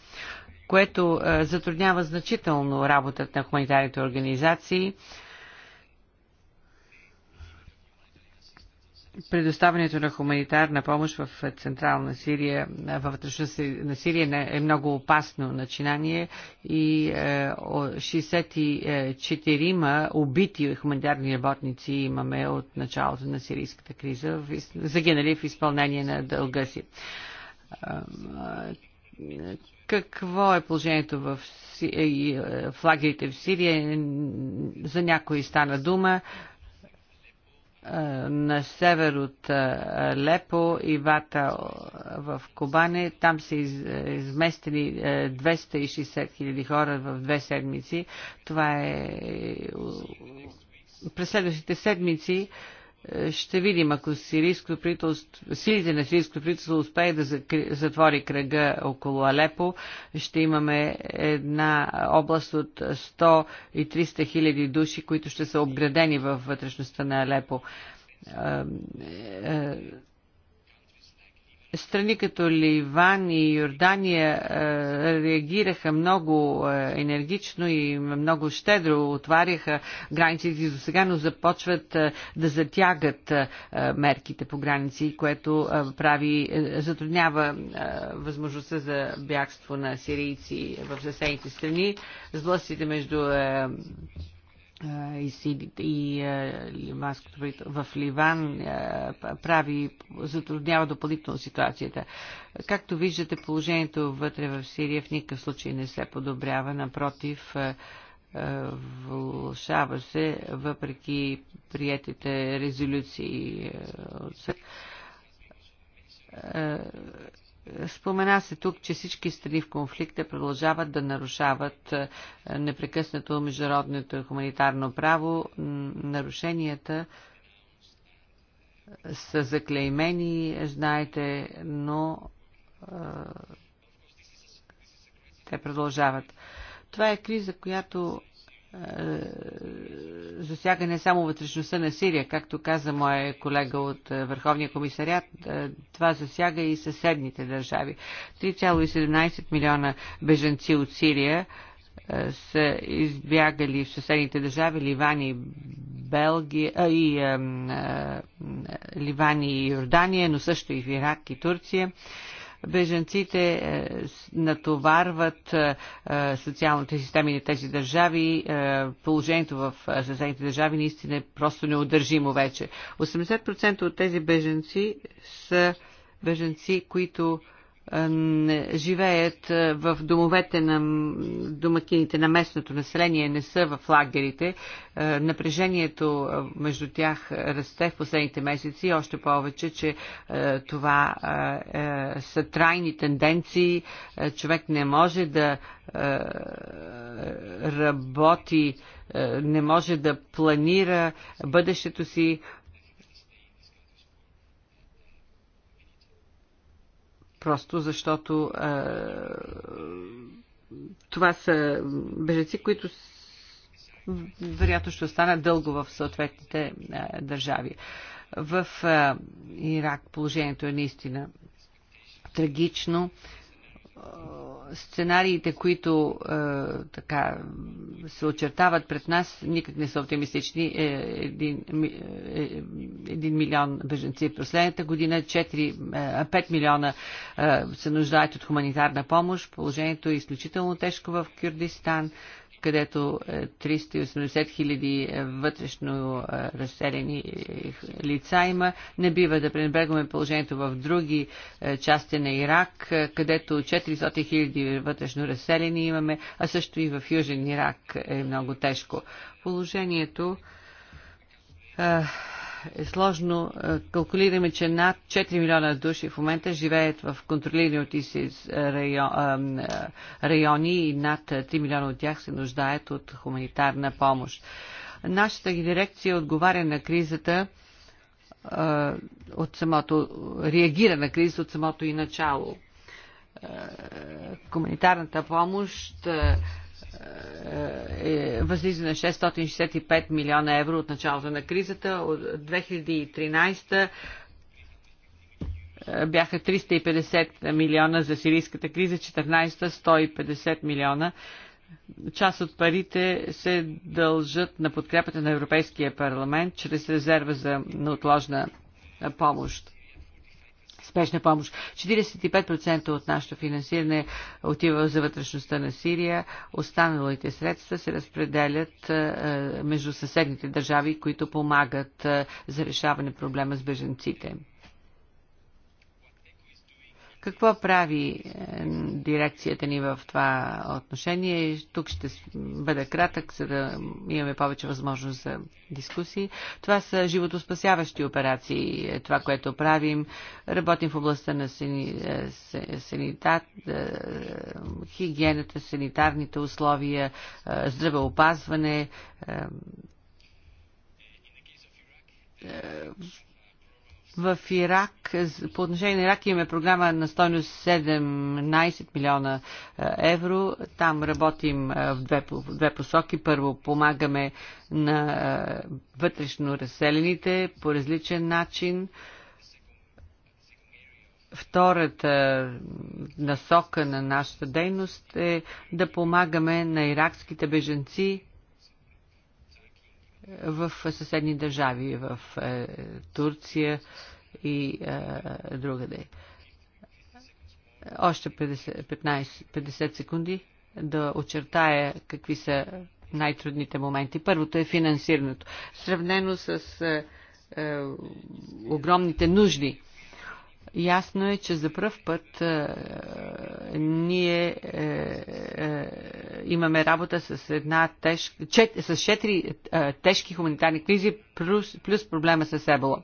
което е, затруднява значително работата на хуманитарните организации. предоставянето на хуманитарна помощ в Централна Сирия, е, във вътрешна на Сирия е много опасно начинание и 64-ма е, убити хуманитарни работници имаме от началото на сирийската криза, загинали в изпълнение на дълга си какво е положението в е, е, флагерите в Сирия? За някои стана дума е, на север от Лепо и Вата в Кобане. Там са изместили 260 хиляди хора в две седмици. Това е през следващите седмици е, ще видим, ако сирийско правителство, силите на сирийско правителство успее да затвори кръга около Алепо, ще имаме една област от 100 и 300 хиляди души, които ще са обградени във вътрешността на Алепо е, е, страни като Ливан и Йордания е, реагираха много е, енергично и много щедро, отваряха границите до сега, но започват е, да затягат мерките по граници, което прави, затруднява възможността за бягство на сирийци в съседните страни. Сблъсците между и, силите, и е, ливанското в Ливан е, прави, затруднява допълнително ситуацията. Както виждате, положението вътре в Сирия в никакъв случай не се подобрява, напротив, е, влушава се, въпреки приятите резолюции от Спомена се тук, че всички страни в конфликта продължават да нарушават е, непрекъснато международното хуманитарно право. Нарушенията е, са заклеймени, знаете, но е, те продължават. Това е криза, която е, засяга не само вътрешността на Сирия, както каза моя колега от е, Върховния комисарят, е, това засяга и съседните държави. 3,17 милиона беженци от Сирия са избягали в съседните държави Ливан и Белгия а, и а, Ливан и Йордания, но също и в Ирак и Турция беженците е, натоварват е, е, социалните системи на тези държави. Положението в съседните държави наистина е просто неудържимо вече. 80% от тези беженци са беженци, които живеят в домовете на домакините на местното население, не са в лагерите. Напрежението между тях расте в последните месеци, още повече, че това са трайни тенденции. Човек не може да работи, не може да планира бъдещето си просто защото а, е, това са бежеци, които вероятно ще останат дълго в съответните а, е, държави. В а, е, Ирак положението е наистина трагично сценариите, които е, така се очертават пред нас, никак не са оптимистични. Е, един, е, един милион беженци последната година, 4, 5 е, милиона е, се нуждаят от хуманитарна помощ. Положението е изключително тежко в Кюрдистан където 380 е, хиляди е, вътрешно е, разселени лица има. Не бива да пренебрегваме положението в други части на Ирак, където 400 хиляди вътрешно разселени имаме, а също и в Южен Ирак е много тежко. Положението е сложно. Е, калкулираме, че над 4 милиона души в момента живеят в контролирани от е, е, райони и над 3 милиона от тях се нуждаят от хуманитарна помощ. Нашата ги дирекция отговаря на кризата от самото, реагира на криза от самото и начало. Хуманитарната помощ е, е, възлиза на 665 милиона евро от началото на кризата. От 2013 е, бяха 350 милиона за сирийската криза, 14-та 150 милиона. Част от парите се дължат на подкрепата на Европейския парламент чрез резерва за неотложна помощ спешна помощ. 45% от нашето финансиране отива за вътрешността на Сирия. Останалите средства се разпределят е, между съседните държави, които помагат е, за решаване проблема с беженците. Какво прави е, дирекцията ни в това отношение? Тук ще бъда кратък, за да имаме повече възможност за дискусии. Това са животоспасяващи операции, е, това, което правим. Работим в областта на е, санитар, хигиената, санитарните условия, здравеопазване, в Ирак, по отношение на Ирак имаме програма на стойност 17 милиона е, евро. Там работим е, в две, в две посоки. Първо помагаме на е, вътрешно разселените по различен начин. Втората насока на нашата дейност е да помагаме на иракските беженци в съседни държави, в е, Турция и е, другаде. Още 50, 15, 50 секунди да очертая какви са най-трудните моменти. Първото е финансирането. Сравнено с е, е, огромните нужди Ясно е, че за пръв път е, ние е, е, имаме работа с една тежка, чет, с четири е, тежки хуманитарни кризи плюс, плюс проблема с Ебола.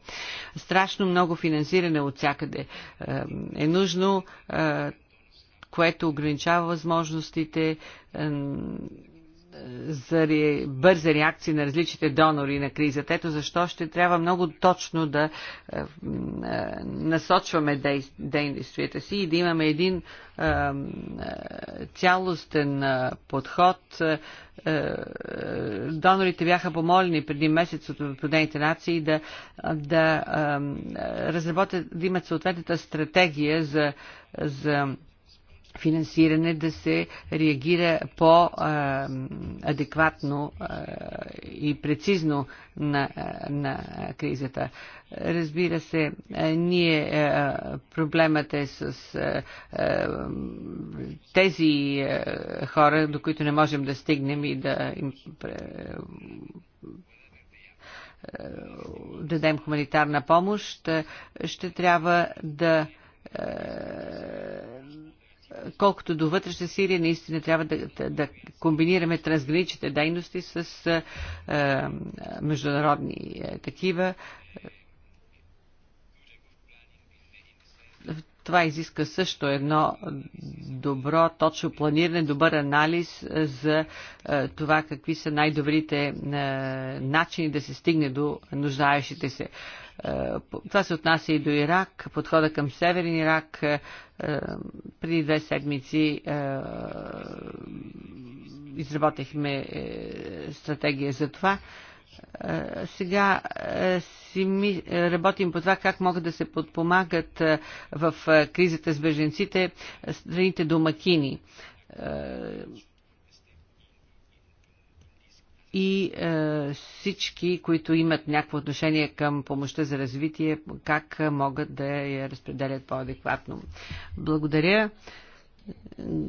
Страшно много финансиране от всякъде е, е нужно, е, което ограничава възможностите. Е, за ре, бърза реакция на различните донори на кризата. Ето защо ще трябва много точно да е, е, насочваме действията си и да имаме един е, цялостен подход. Донорите бяха помолени преди месец от Обединените нации да, да разработят, да имат съответната стратегия за, за финансиране да се реагира по-адекватно и прецизно на, на кризата. Разбира се, ние проблемът е с тези хора, до които не можем да стигнем и да им дадем хуманитарна помощ, ще трябва да колкото до вътрешна Сирия, наистина трябва да, да, да комбинираме трансграничните дейности с а, международни а, такива. Това изиска също едно добро, точно планиране, добър анализ за това какви са най-добрите начини да се стигне до нуждаещите се. Е, това се отнася и до Ирак, подхода към Северен Ирак. Е, е, преди две седмици изработихме стратегия за това. Сега си ми, работим по това как могат да се подпомагат в кризата с беженците страните домакини и е, всички, които имат някакво отношение към помощта за развитие, как е, могат да я разпределят по-адекватно. Благодаря.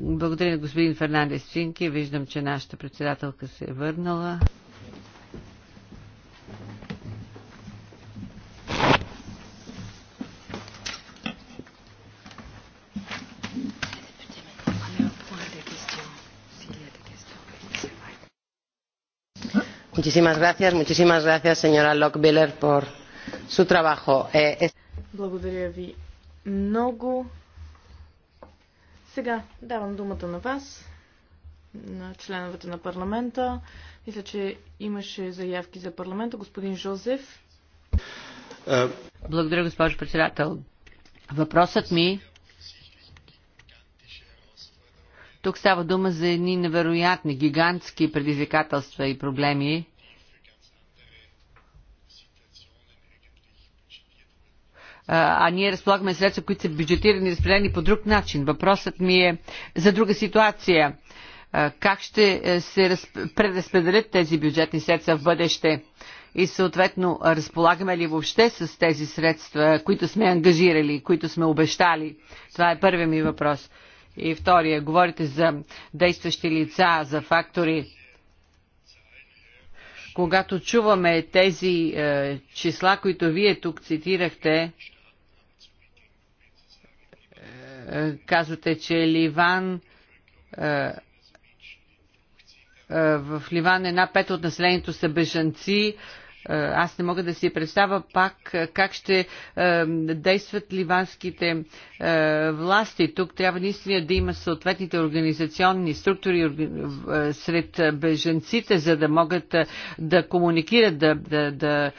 Благодаря на господин Фернандес Цинки. Виждам, че нашата председателка се е върнала. Muchísimas gracias, muchísimas gracias, señora Lockbiller, por su trabajo. Eh, благодаря ви много. Сега давам думата на вас, на членовете на парламента. Мисля, че имаше заявки за парламента. Господин Жозеф. Е, благодаря, госпожо председател. Въпросът ми тук става дума за едни невероятни, гигантски предизвикателства и проблеми, а ние разполагаме средства, които са бюджетирани и разпределени по друг начин. Въпросът ми е за друга ситуация. Как ще е, се преразпределят тези бюджетни средства в бъдеще? И съответно, разполагаме ли въобще с тези средства, които сме ангажирали, които сме обещали? Това е първият ми въпрос. И втория, говорите за действащи лица, за фактори когато чуваме тези е, числа, които вие тук цитирахте, е, казвате, че Ливан е, е, в Ливан една пета от населението са бежанци. Аз не мога да си представя пак как ще действат ливанските власти. Тук трябва наистина да има съответните организационни структури сред беженците, за да могат да комуникират, да, да, да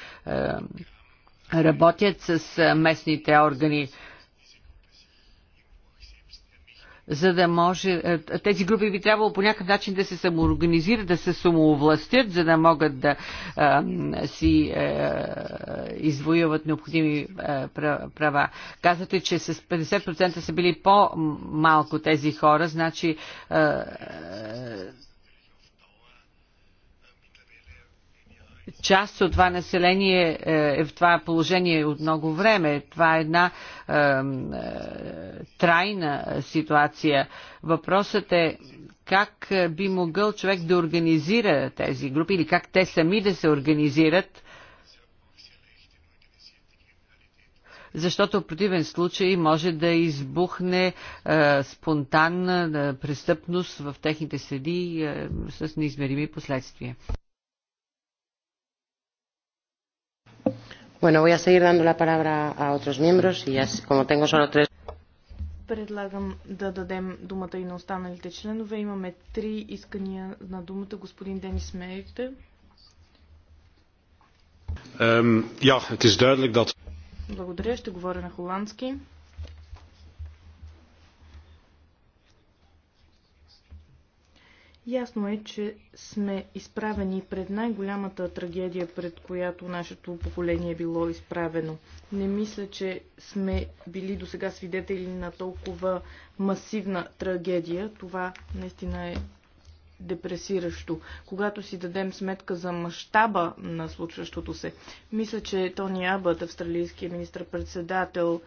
работят с местните органи за да може... Е, тези групи би трябвало по някакъв начин да се самоорганизират, да се самоовластят, за да могат да а, е, си а, е, извоюват необходими а, права. Казвате, че с 50% са били по-малко тези хора, значи... А, част от това население е, е в това положение от много време. Това е една е, е, трайна ситуация. Въпросът е как е, би могъл човек да организира тези групи или как те сами да се организират, защото в противен случай може да избухне е, спонтанна е, престъпност в техните среди е, с неизмерими последствия. Bueno, voy a seguir dando la palabra a otros miembros y ya, como tengo solo tres... Предлагам да дадем думата и на останалите членове. Имаме три искания на думата. Господин Денис Мейте. Um, ja, het is duidelijk dat... Благодаря, ще говоря на холандски. Ясно е, че сме изправени пред най-голямата трагедия, пред която нашето поколение е било изправено. Не мисля, че сме били до сега свидетели на толкова масивна трагедия. Това наистина е депресиращо, когато си дадем сметка за мащаба на случващото се. Мисля, че Тони Абът, австралийския министр-председател,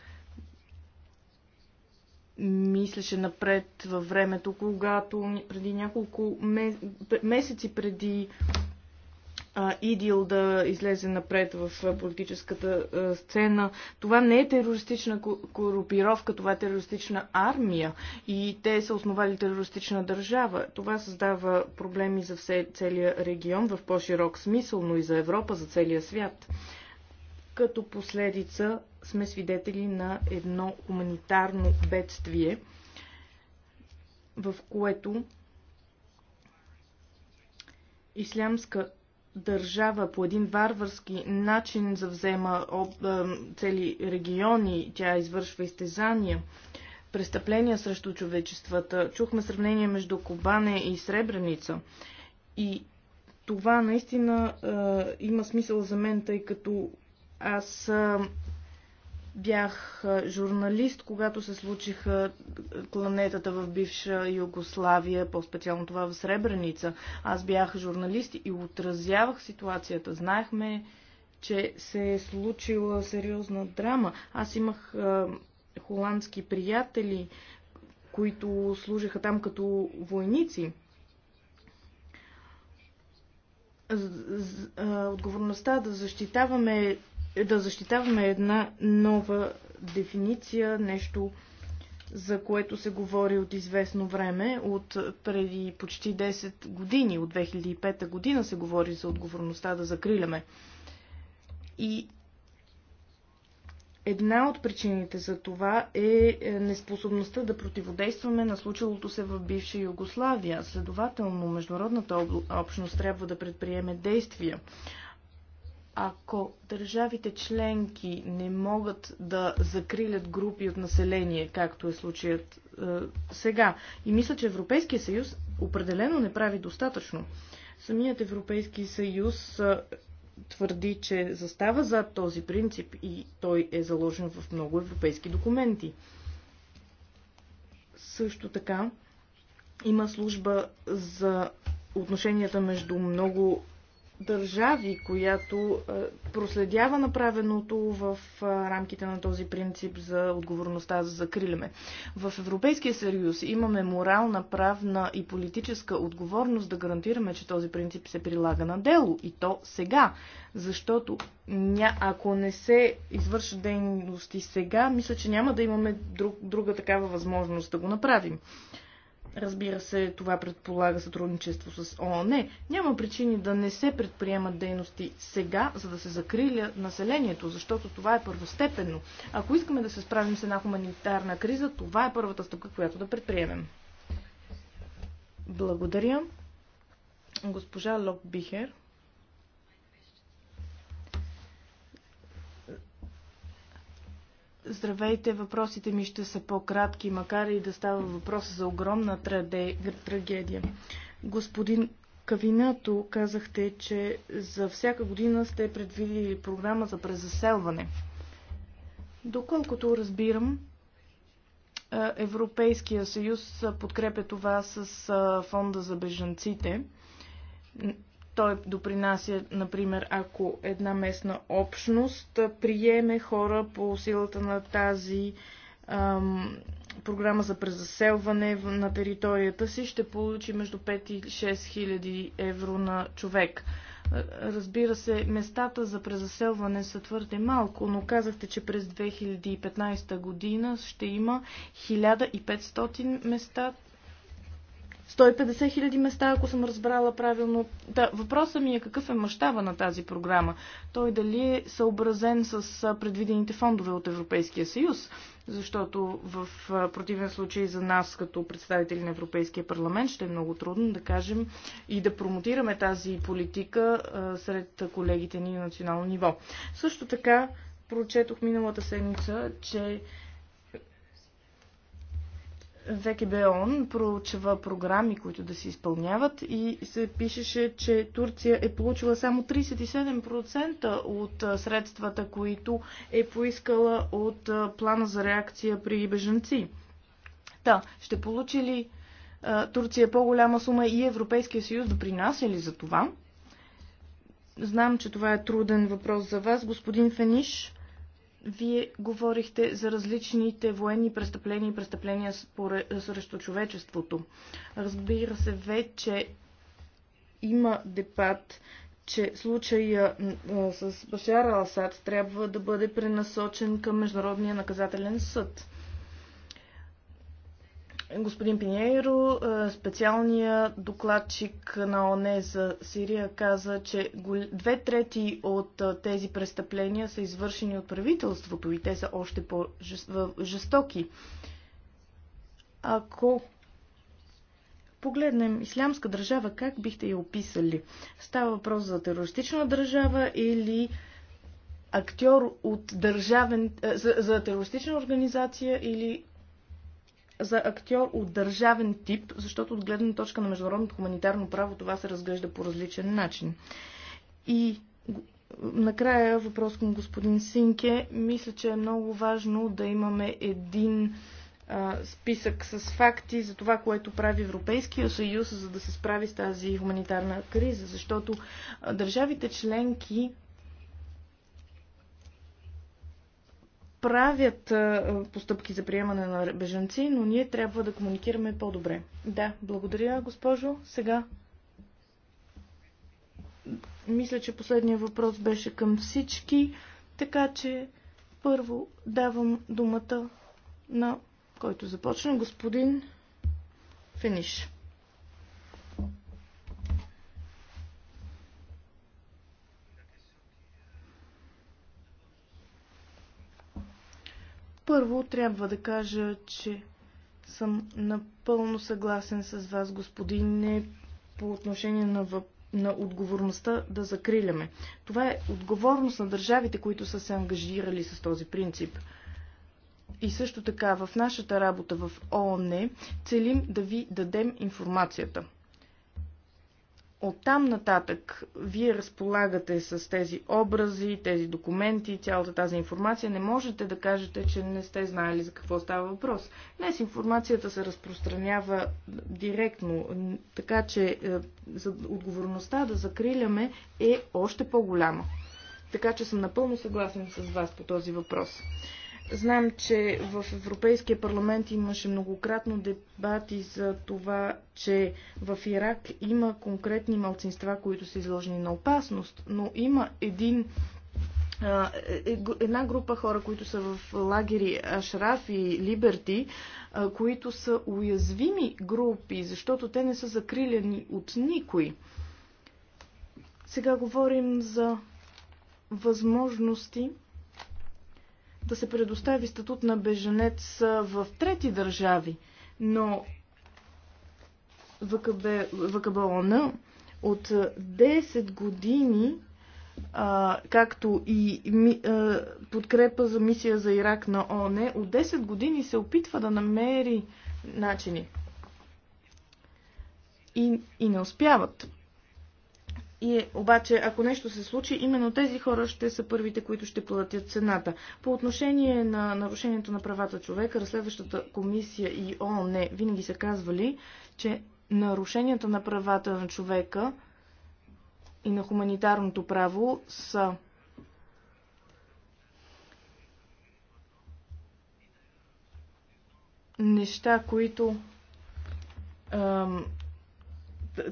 мислеше напред във времето, когато преди няколко месеци преди ИДИЛ да излезе напред в политическата сцена. Това не е терористична корупировка, това е терористична армия и те са основали терористична държава. Това създава проблеми за все, целия регион в по-широк смисъл, но и за Европа, за целия свят като последица сме свидетели на едно хуманитарно бедствие, в което ислямска държава по един варварски начин завзема цели региони, тя извършва изтезания, престъпления срещу човечествата. Чухме сравнение между Кобане и Сребреница. И това наистина е, има смисъл за мен, тъй като аз бях журналист, когато се случиха кланетата в бивша Югославия, по-специално това в Сребреница. Аз бях журналист и отразявах ситуацията. Знаехме, че се е случила сериозна драма. Аз имах холандски приятели, които служиха там като войници. Отговорността да защитаваме да защитаваме една нова дефиниция, нещо за което се говори от известно време, от преди почти 10 години, от 2005 година се говори за отговорността да закриляме. И една от причините за това е, е неспособността да противодействаме на случилото се в бивша Югославия. Следователно, международната общност трябва да предприеме действия. Ако държавите членки не могат да закрилят групи от население, както е случаят е, сега, и мисля, че Европейския съюз определено не прави достатъчно. Самият Европейски съюз е, твърди, че застава зад този принцип и той е заложен в много европейски документи. Също така има служба за отношенията между много държави, която е, проследява направеното в е, рамките на този принцип за отговорността за закриляме. В Европейския съюз имаме морална, правна и политическа отговорност да гарантираме, че този принцип се прилага на дело и то сега, защото ня... ако не се извършат дейности сега, мисля, че няма да имаме друг, друга такава възможност да го направим. Разбира се, това предполага сътрудничество с ООН. Няма причини да не се предприемат дейности сега, за да се закриля населението, защото това е първостепенно. Ако искаме да се справим с една хуманитарна криза, това е първата стъпка, която да предприемем. Благодаря. Госпожа Лок Бихер. Здравейте, въпросите ми ще са по-кратки, макар и да става въпрос за огромна трагедия. Господин Кавинато, казахте, че за всяка година сте предвидили програма за презаселване. Доколкото разбирам, Европейския съюз подкрепя това с фонда за бежанците. Той допринася, например, ако една местна общност приеме хора по силата на тази ам, програма за презаселване на територията си, ще получи между 5 и 6 хиляди евро на човек. Разбира се, местата за презаселване са твърде малко, но казахте, че през 2015 година ще има 1500 места 150 хиляди места, ако съм разбрала правилно. Да, въпросът ми е какъв е мащаба на тази програма. Той дали е съобразен с предвидените фондове от Европейския съюз, защото в противен случай за нас като представители на Европейския парламент ще е много трудно да кажем и да промотираме тази политика сред колегите ни на национално ниво. Също така, прочетох миналата седмица, че ВКБОН проучва програми, които да се изпълняват и се пишеше, че Турция е получила само 37% от средствата, които е поискала от плана за реакция при беженци. Та, да, ще получи ли Турция по-голяма сума и Европейския съюз да принася ли за това? Знам, че това е труден въпрос за вас, господин Фениш. Вие говорихте за различните военни престъпления и престъпления срещу човечеството. Разбира се, вече има дебат, че случая с Башара Асад трябва да бъде пренасочен към Международния наказателен съд. Господин Пиньейро, е, специалният докладчик на ОНЕ за Сирия каза, че две трети от е, тези престъпления са извършени от правителството и те са още по-жестоки. Ако погледнем ислямска държава, как бихте я описали? Става въпрос за терористична държава или актьор от държавен, е, за, за терористична организация или за актьор от държавен тип, защото от гледна точка на международното хуманитарно право това се разглежда по различен начин. И накрая въпрос към господин Синке. Мисля, че е много важно да имаме един а, списък с факти за това, което прави Европейския съюз, за да се справи с тази хуманитарна криза, защото държавите членки правят постъпки за приемане на бежанци, но ние трябва да комуникираме по-добре. Да, благодаря, госпожо. Сега. Мисля, че последният въпрос беше към всички, така че първо давам думата на който започна, господин Фениш. Първо трябва да кажа, че съм напълно съгласен с вас, господине, по отношение на, въп... на отговорността да закриляме. Това е отговорност на държавите, които са се ангажирали с този принцип. И също така в нашата работа в ООН целим да ви дадем информацията. Оттам нататък вие разполагате с тези образи, тези документи, цялата тази информация. Не можете да кажете, че не сте знаели за какво става въпрос. Днес информацията се разпространява директно, така че е, за отговорността да закриляме е още по-голяма. Така че съм напълно съгласен с вас по този въпрос. Знам, че в Европейския парламент имаше многократно дебати за това, че в Ирак има конкретни малцинства, които са изложени на опасност, но има един е, е, една група хора, които са в лагери Ашраф и Либерти, които са уязвими групи, защото те не са закриляни от никой. Сега говорим за възможности да се предостави статут на беженец в трети държави, но ВКБ, ОН от 10 години, а, както и ми, а, подкрепа за мисия за Ирак на ОН, от 10 години се опитва да намери начини. И, и не успяват. И обаче, ако нещо се случи, именно тези хора ще са първите, които ще платят цената. По отношение на нарушението на правата човека, разследващата комисия и ООН винаги са казвали, че нарушенията на правата на човека и на хуманитарното право са неща, които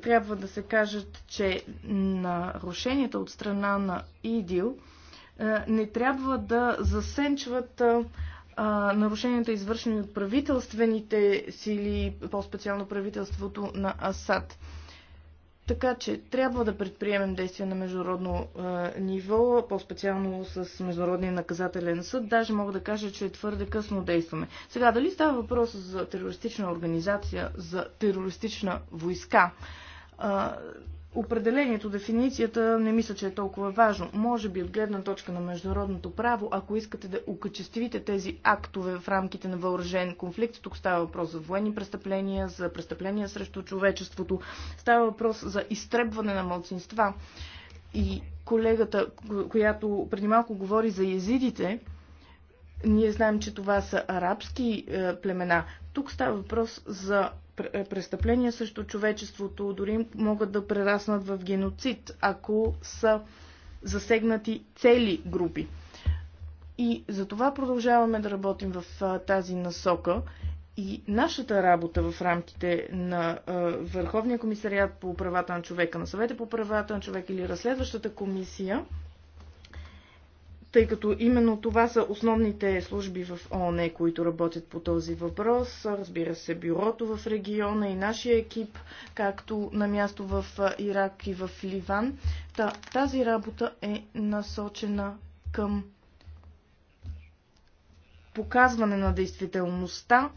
трябва да се кажат, че нарушенията от страна на ИДИЛ е, не трябва да засенчват е, нарушенията, извършени от правителствените сили, по-специално правителството на Асад. Така че трябва да предприемем действия на международно е, ниво, по-специално с Международния наказателен съд. Даже мога да кажа, че твърде късно действаме. Сега, дали става въпрос за терористична организация, за терористична войска? Е, Определението, дефиницията не мисля, че е толкова важно. Може би от гледна точка на международното право, ако искате да укачествите тези актове в рамките на въоръжен конфликт, тук става въпрос за военни престъпления, за престъпления срещу човечеството, става въпрос за изтребване на младсинства. И колегата, която преди малко говори за езидите, ние знаем, че това са арабски е, племена. Тук става въпрос за е, престъпления срещу човечеството дори могат да прераснат в геноцид, ако са засегнати цели групи. И за това продължаваме да работим в тази насока. И нашата работа в рамките на Върховния комисариат по правата на човека, на съвета по правата на човека или разследващата комисия тъй като именно това са основните служби в ООН, които работят по този въпрос. Разбира се, бюрото в региона и нашия екип, както на място в Ирак и в Ливан. Та, тази работа е насочена към показване на действителността,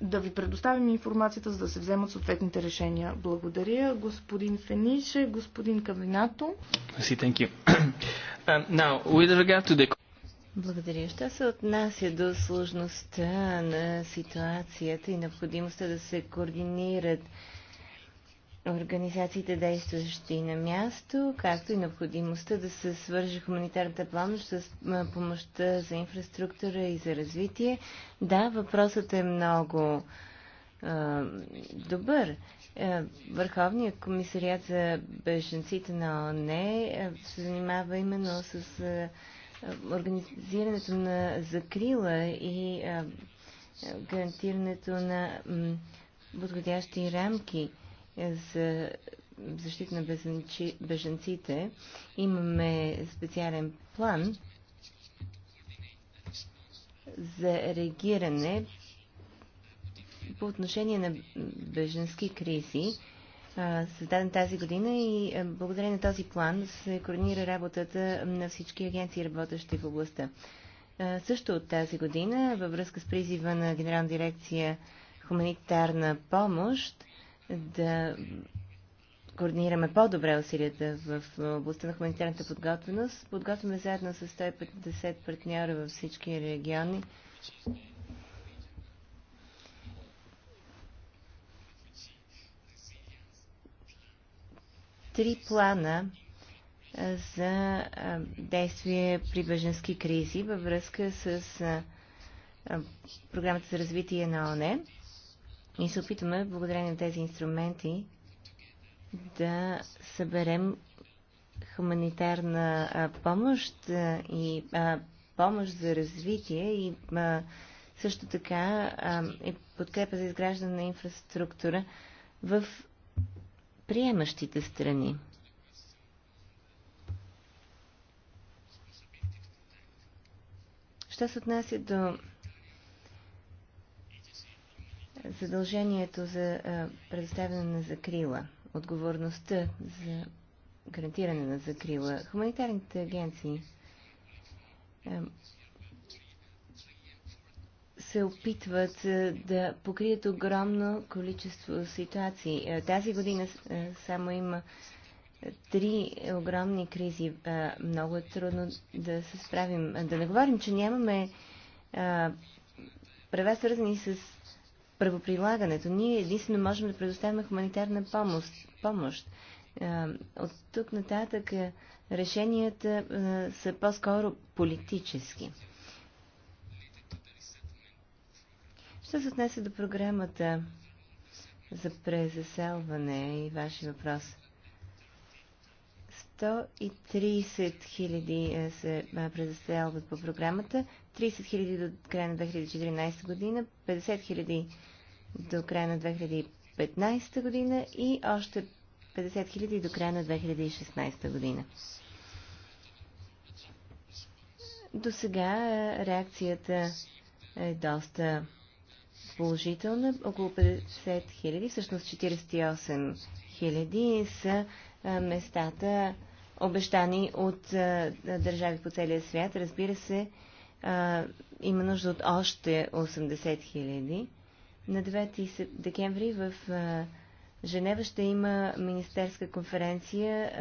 да ви предоставим информацията, за да се вземат съответните решения. Благодаря, господин Фенише, господин Кавинато. Си, thank you. Um, Благодаря. Що се отнася до сложността на ситуацията и необходимостта да се координират организациите, действащи на място, както и необходимостта да се свърже хуманитарната помощ с помощта за инфраструктура и за развитие. Да, въпросът е много е, добър. Е, Върховният комисариат за беженците на ОНЕ се занимава именно с е, организирането на закрила и е, гарантирането на подходящи рамки за защита на беженците. Имаме специален план за реагиране по отношение на беженски кризи, създаден тази година и благодарение на този план се координира работата на всички агенции, работещи в областта. Също от тази година, във връзка с призива на Генерална дирекция хуманитарна помощ, да координираме по-добре усилията в областта на хуманитарната подготвеност. Подготвяме заедно с 150 партньора във всички региони три плана за действие при беженски кризи във връзка с програмата за развитие на ОНЕ и се опитваме, благодарение на тези инструменти, да съберем хуманитарна помощ и помощ за развитие и също така и подкрепа за изграждане на инфраструктура в приемащите страни. Що се отнася до задължението за предоставяне на закрила, отговорността за гарантиране на закрила, хуманитарните агенции се опитват е, да покрият огромно количество ситуации. Е, тази година е, само има три огромни кризи. Много е трудно да се справим. Да не говорим, че нямаме права свързани с правоприлагането. Ние единствено можем да предоставяме хуманитарна помощ. помощ. От тук нататък решенията са по-скоро политически. Що се отнесе до програмата за презаселване и вашия въпрос? 130 000 е, се е, презаселват по програмата, 30 000 до края на 2014 година, 50 000 до края на 2015 година и още 50 000 до края на 2016 година. До сега е, реакцията е доста положителна. Около 50 хиляди, всъщност 48 хиляди са местата обещани от държави по целия свят. Разбира се, има нужда от още 80 хиляди. На 9 декември в Женева ще има министерска конференция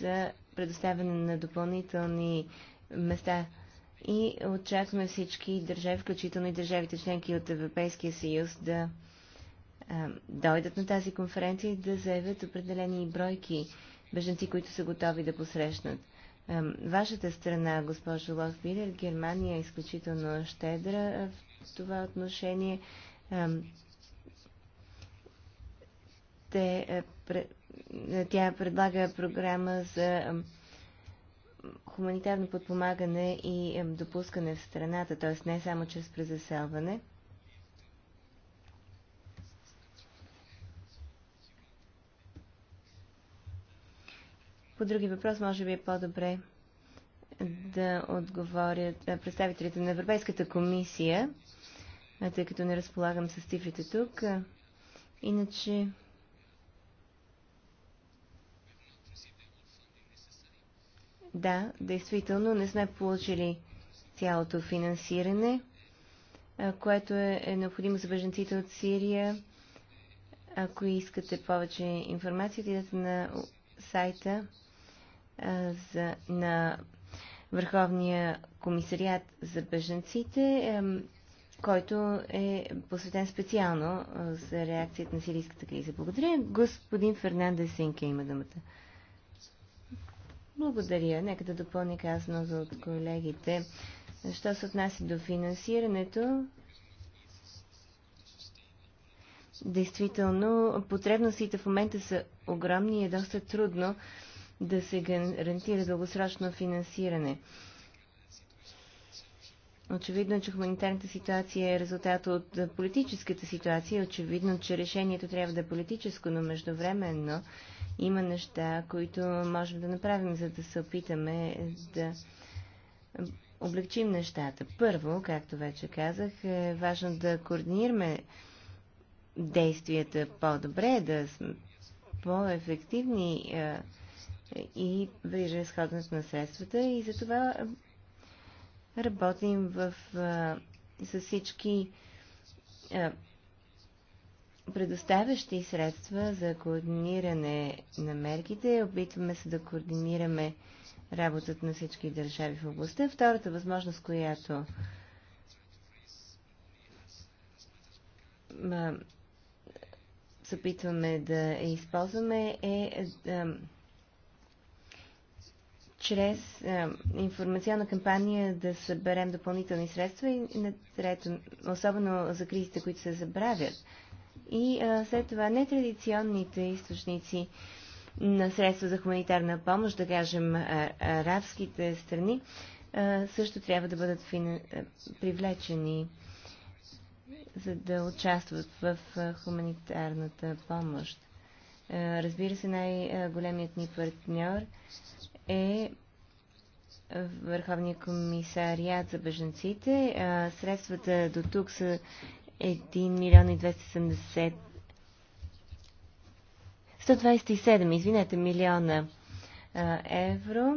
за предоставяне на допълнителни места и очакваме всички държави, включително и държавите членки от Европейския съюз да а, дойдат на тази конференция и да заявят определени бройки беженци, които са готови да посрещнат. А, вашата страна, госпожо Лохбидер, Германия е изключително щедра в това отношение. А, те, пре, тя предлага програма за хуманитарно подпомагане и допускане в страната, т.е. не само чрез презаселване. По други въпрос, може би е по-добре да отговорят е, представителите на Европейската комисия, е, тъй като не разполагам с цифрите тук. Е, иначе Да, действително не сме получили цялото финансиране, което е, е необходимо за беженците от Сирия. Ако искате повече информация, отидете на сайта за, на Върховния комисариат за беженците, който е посветен специално за реакцията на сирийската криза. Благодаря. Господин Фернандес Синке има думата. Благодаря. Нека да допълня за от колегите. Що се отнася до финансирането, действително потребностите в момента са огромни и е доста трудно да се гарантира дългосрочно финансиране. Очевидно, че хуманитарната ситуация е резултат от политическата ситуация. Очевидно, че решението трябва да е политическо, но междувременно има неща, които можем да направим, за да се опитаме да облегчим нещата. Първо, както вече казах, е важно да координираме действията по-добре, да сме по-ефективни е, и при разходност на средствата и за това работим в, а, с всички а, предоставящи средства за координиране на мерките. Опитваме се да координираме работата на всички държави в областта. Втората възможност, която се опитваме да използваме е чрез е, информационна кампания да съберем допълнителни средства и на трето, особено за кризите, които се забравят. И е, след това нетрадиционните източници на средства за хуманитарна помощ, да кажем е, арабските страни, е, също трябва да бъдат фин... Е, привлечени за да участват в е, хуманитарната помощ. Разбира се, най-големият ни партньор е Върховния комисариат за беженците. Средствата до тук са 1 милион и 270 127, извинете, милиона евро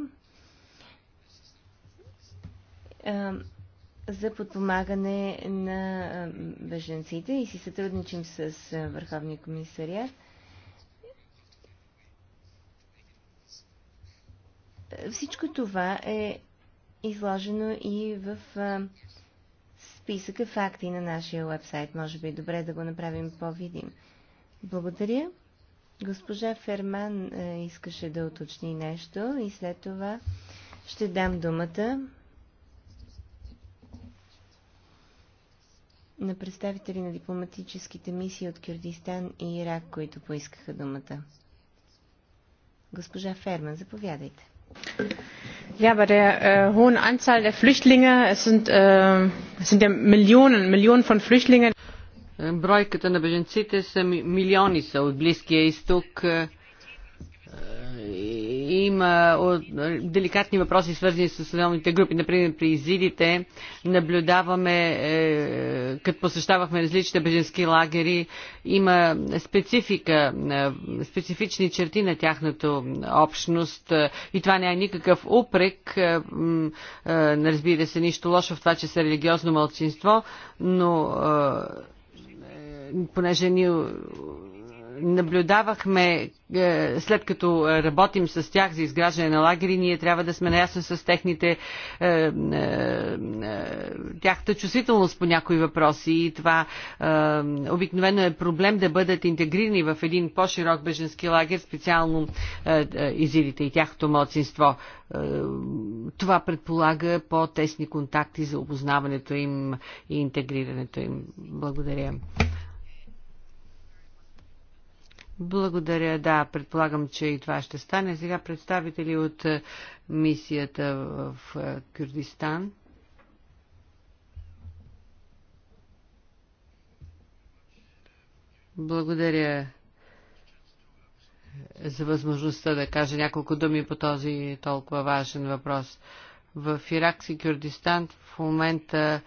за подпомагане на беженците и си сътрудничим с Върховния комисариат. Всичко това е изложено и в списъка факти на нашия вебсайт. Може би е добре да го направим по-видим. Благодаря. Госпожа Ферман искаше да уточни нещо и след това ще дам думата на представители на дипломатическите мисии от Кюрдистан и Ирак, които поискаха думата. Госпожа Ферман, заповядайте. Ja, bei der hohen Anzahl der Flüchtlinge, es sind, ja Millionen, Millionen von Flüchtlingen. Бройката на беженците са милиони са от Близкия има деликатни въпроси, свързани с отделните групи. Например, при изидите наблюдаваме, е, като посещавахме различните беженски лагери, има специфика, е, специфични черти на тяхната общност е, и това не е никакъв упрек. е, е не разбира се, нищо лошо в това, че са религиозно мълчинство, но е, е, понеже ние наблюдавахме, е, след като работим с тях за изграждане на лагери, ние трябва да сме наясно с техните е, е, тяхта чувствителност по някои въпроси и това обикновено е проблем да бъдат интегрирани в един по-широк беженски лагер, специално изидите и тяхното младсинство. Това предполага по-тесни контакти за обознаването им и интегрирането им. Благодаря. Благодаря, да, предполагам, че и това ще стане. Сега представители от е, мисията в е, Кюрдистан. Благодаря е, за възможността да кажа няколко думи по този толкова важен въпрос. В Ирак и Кюрдистан в момента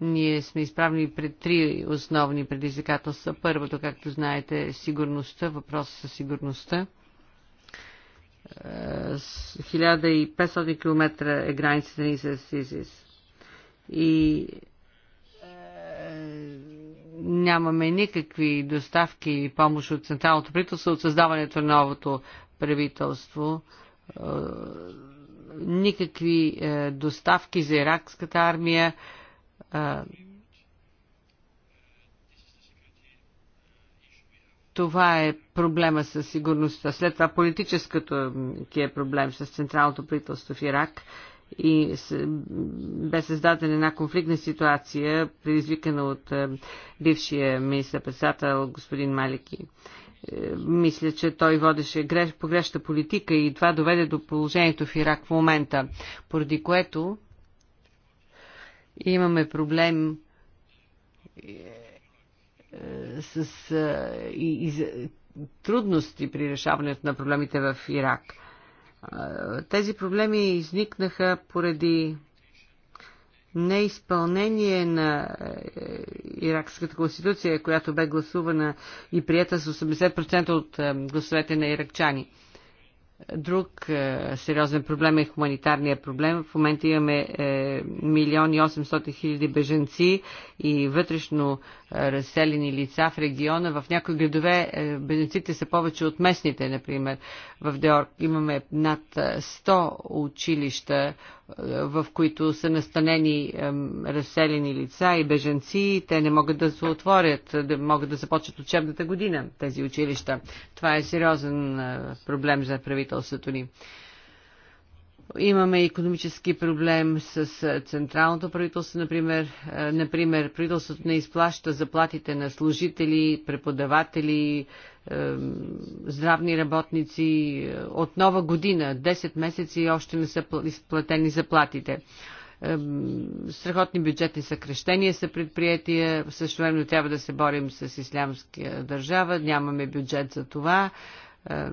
ние сме изправени пред три основни предизвикателства. Първото, както знаете, е сигурността, въпросът със сигурността. 1500 е, км е границата ни с ИСИС. И е, нямаме никакви доставки и помощ от Централното правителство от създаването на новото правителство. Е, никакви доставки за иракската армия а, това е проблема с сигурността. След това политическото ти е проблем с централното правителство в Ирак и бе създадена една конфликтна ситуация, предизвикана от бившия министър-председател господин Малики. Е, мисля, че той водеше погрешна политика и това доведе до положението в Ирак в момента, поради което Имаме проблем е, е, с е, и, и, трудности при решаването на проблемите в Ирак. Тези проблеми изникнаха поради неизпълнение на иракската конституция, която бе гласувана и прията с 80% от гласовете на иракчани. Друг е, сериозен проблем е хуманитарния проблем. В момента имаме е, милиони е, 800 хиляди беженци и вътрешно е, разселени лица в региона. В някои градове е, беженците са повече от местните, например. В Деорг имаме над 100 училища, в които са настанени разселени лица и бежанци, те не могат да се отворят, да могат да започнат учебната година тези училища. Това е сериозен е, проблем за правителството ни. Имаме економически проблем с централното правителство, например. Например, правителството не изплаща заплатите на служители, преподаватели, здравни работници от нова година, 10 месеца и още не са изплатени заплатите. Страхотни бюджетни съкрещения са предприятия, също време трябва да се борим с ислямска държава, нямаме бюджет за това е,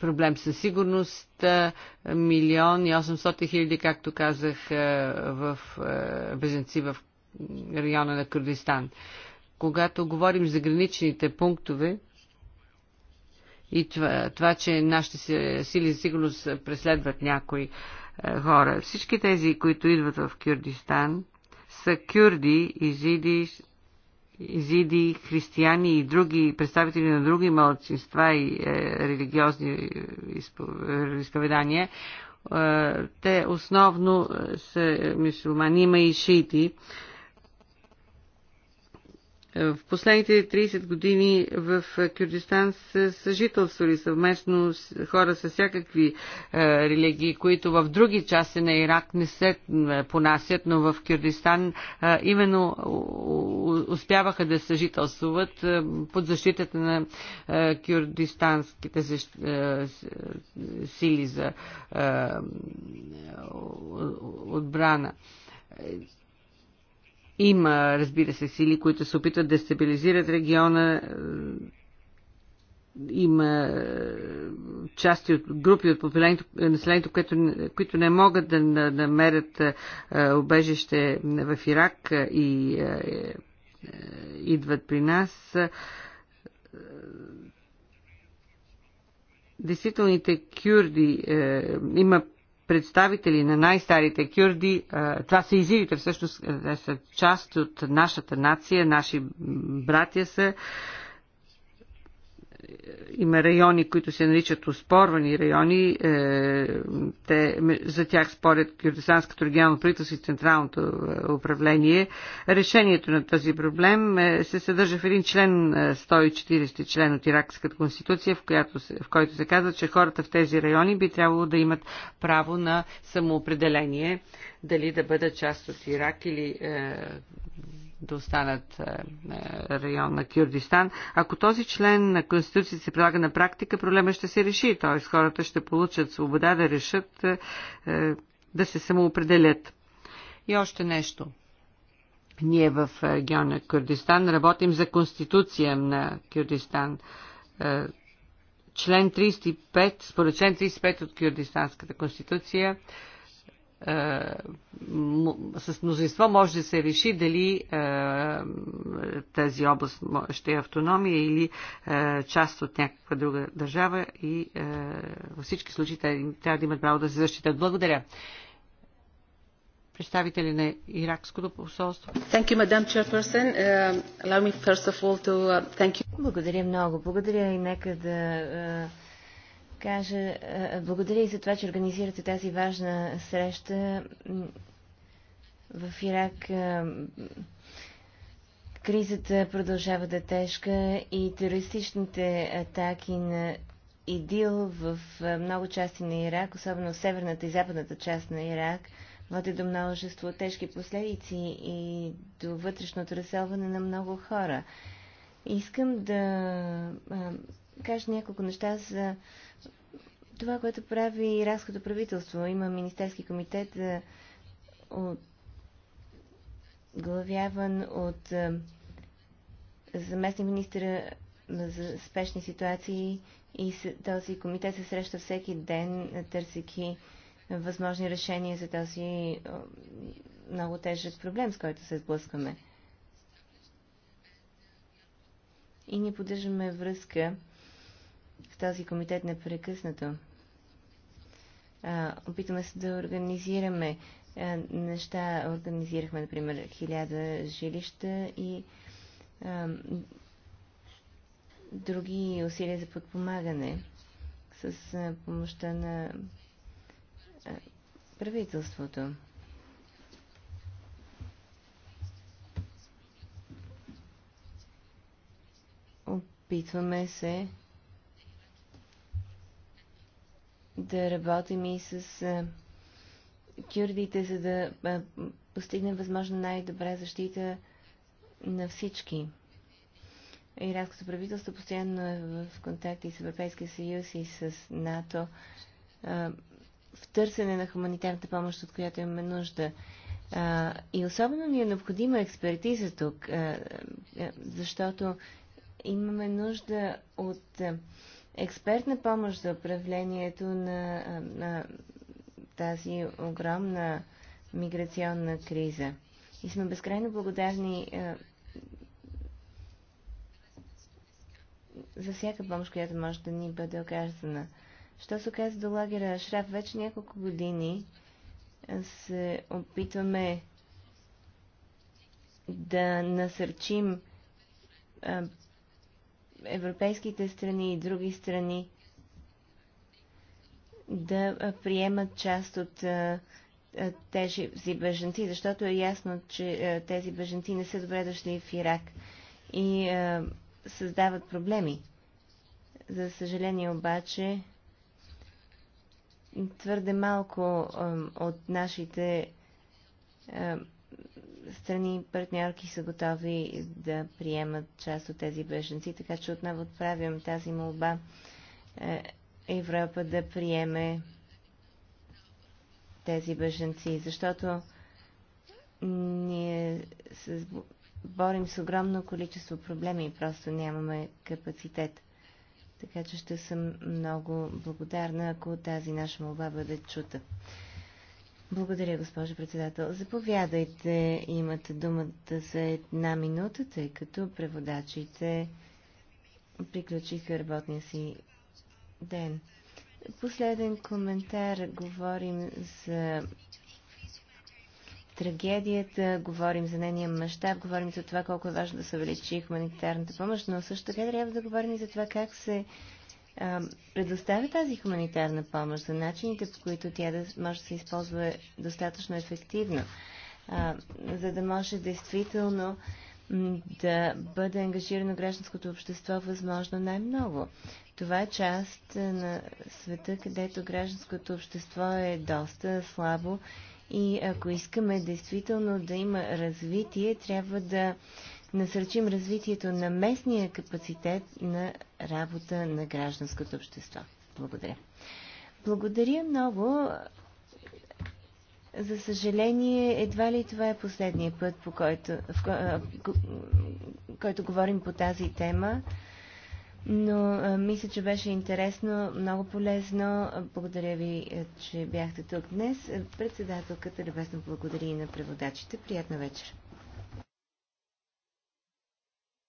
проблем със сигурност, е, милион и 800 хиляди, както казах, е, в беженци в района на Курдистан. Когато говорим за граничните пунктове, и това, това че нашите сили за сигурност преследват някои хора. Всички тези, които идват в Кюрдистан, са кюрди, изиди, езиди, християни и други представители на други малцинства и е, религиозни е, е, изповедания, е, те основно са мусулмани, има и шиити. В последните 30 години в Кюрдистан са съжителствали съвместно хора с всякакви е, религии, които в други части на Ирак не се е, понасят, но в Кюрдистан е, именно успяваха да съжителствуват е, под защитата на е, кюрдистанските защ... е, сили за е, отбрана има, разбира се, сили, които се опитват да стабилизират региона. Има е, части от групи от населението, което, които не могат да намерят обежище е, в Ирак и е, идват при нас. Действителните кюрди, има представители на най-старите кюрди, това са изирите, всъщност са част от нашата нация, наши братя са, има райони, които се наричат оспорвани райони. Е, те, за тях спорят Кюрдистанското регионално правителство и Централното е, управление. Решението на този проблем е, се съдържа в един член, 140 член от Иракската конституция, в, която, в който се казва, че хората в тези райони би трябвало да имат право на самоопределение дали да бъдат част от Ирак или да останат е, е, район на Кюрдистан. Ако този член на Конституцията се прилага на практика, проблема ще се реши, т.е. хората ще получат свобода да решат е, да се самоопределят. И още нещо. Ние в региона Кюрдистан работим за Конституция на Кюрдистан член 35, според член 35 от Кюрдистанската конституция, е, с мнозинство може да се реши дали е, тази област ще е автономия или е, част от някаква друга държава и във всички случаи трябва да имат право да се защитат. Благодаря. Представители на Иракското посолство. Благодаря много. Благодаря и нека да кажа, е, благодаря и за това, че организирате тази важна среща в Ирак. Е, кризата продължава да е тежка и терористичните атаки на ИДИЛ в е, много части на Ирак, особено в северната и западната част на Ирак, води до множество тежки последици и до вътрешното разселване на много хора. Искам да кажа няколко неща за това, което прави Иракското правителство. Има Министерски комитет, е, от, главяван от е, заместник министра за спешни ситуации и този комитет се среща всеки ден, е, търсяки възможни решения за този много тежък проблем, с който се сблъскваме. И ние поддържаме връзка този комитет непрекъснато. А, опитаме се да организираме а, неща. Организирахме, например, хиляда жилища и а, други усилия за подпомагане с а, помощта на а, правителството. Опитваме се да работим и с а, кюрдите, за да а, постигнем възможно най-добра защита на всички. Иракското правителство постоянно е в контакти с Европейския съюз и с НАТО а, в търсене на хуманитарната помощ, от която имаме нужда. А, и особено ни е необходима експертиза тук, а, защото имаме нужда от експертна помощ за управлението на, на тази огромна миграционна криза. И сме безкрайно благодарни е, за всяка помощ, която може да ни бъде оказана. Що се оказа до лагера Шраф, вече няколко години се опитваме да насърчим европейските страни и други страни да приемат част от тези беженци, защото е ясно, че тези беженци не са добре дошли в Ирак и създават проблеми. За съжаление обаче, твърде малко от нашите страни партньорки са готови да приемат част от тези беженци, така че отново отправям тази молба е, Европа да приеме тези беженци, защото ние се борим с огромно количество проблеми и просто нямаме капацитет. Така че ще съм много благодарна, ако тази наша молба бъде чута. Благодаря, госпожо председател. Заповядайте, имате думата за една минута, тъй като преводачите приключиха работния си ден. Последен коментар. Говорим за трагедията, говорим за нения мащаб, говорим за това колко е важно да се увеличи хуманитарната помощ, но също така трябва да говорим и за това как се предоставя тази хуманитарна помощ, за начините, по които тя да може да се използва достатъчно ефективно, а, за да може действително да бъде ангажирано гражданското общество възможно най-много. Това е част на света, където гражданското общество е доста слабо и ако искаме действително да има развитие, трябва да насърчим развитието на местния капацитет на работа на гражданското общество. Благодаря. Благодаря много. За съжаление, едва ли това е последния път, по който, в, в, който говорим по тази тема, но а, мисля, че беше интересно, много полезно. Благодаря ви, че бяхте тук днес. Председателката любезно благодари и на преводачите. Приятна вечер!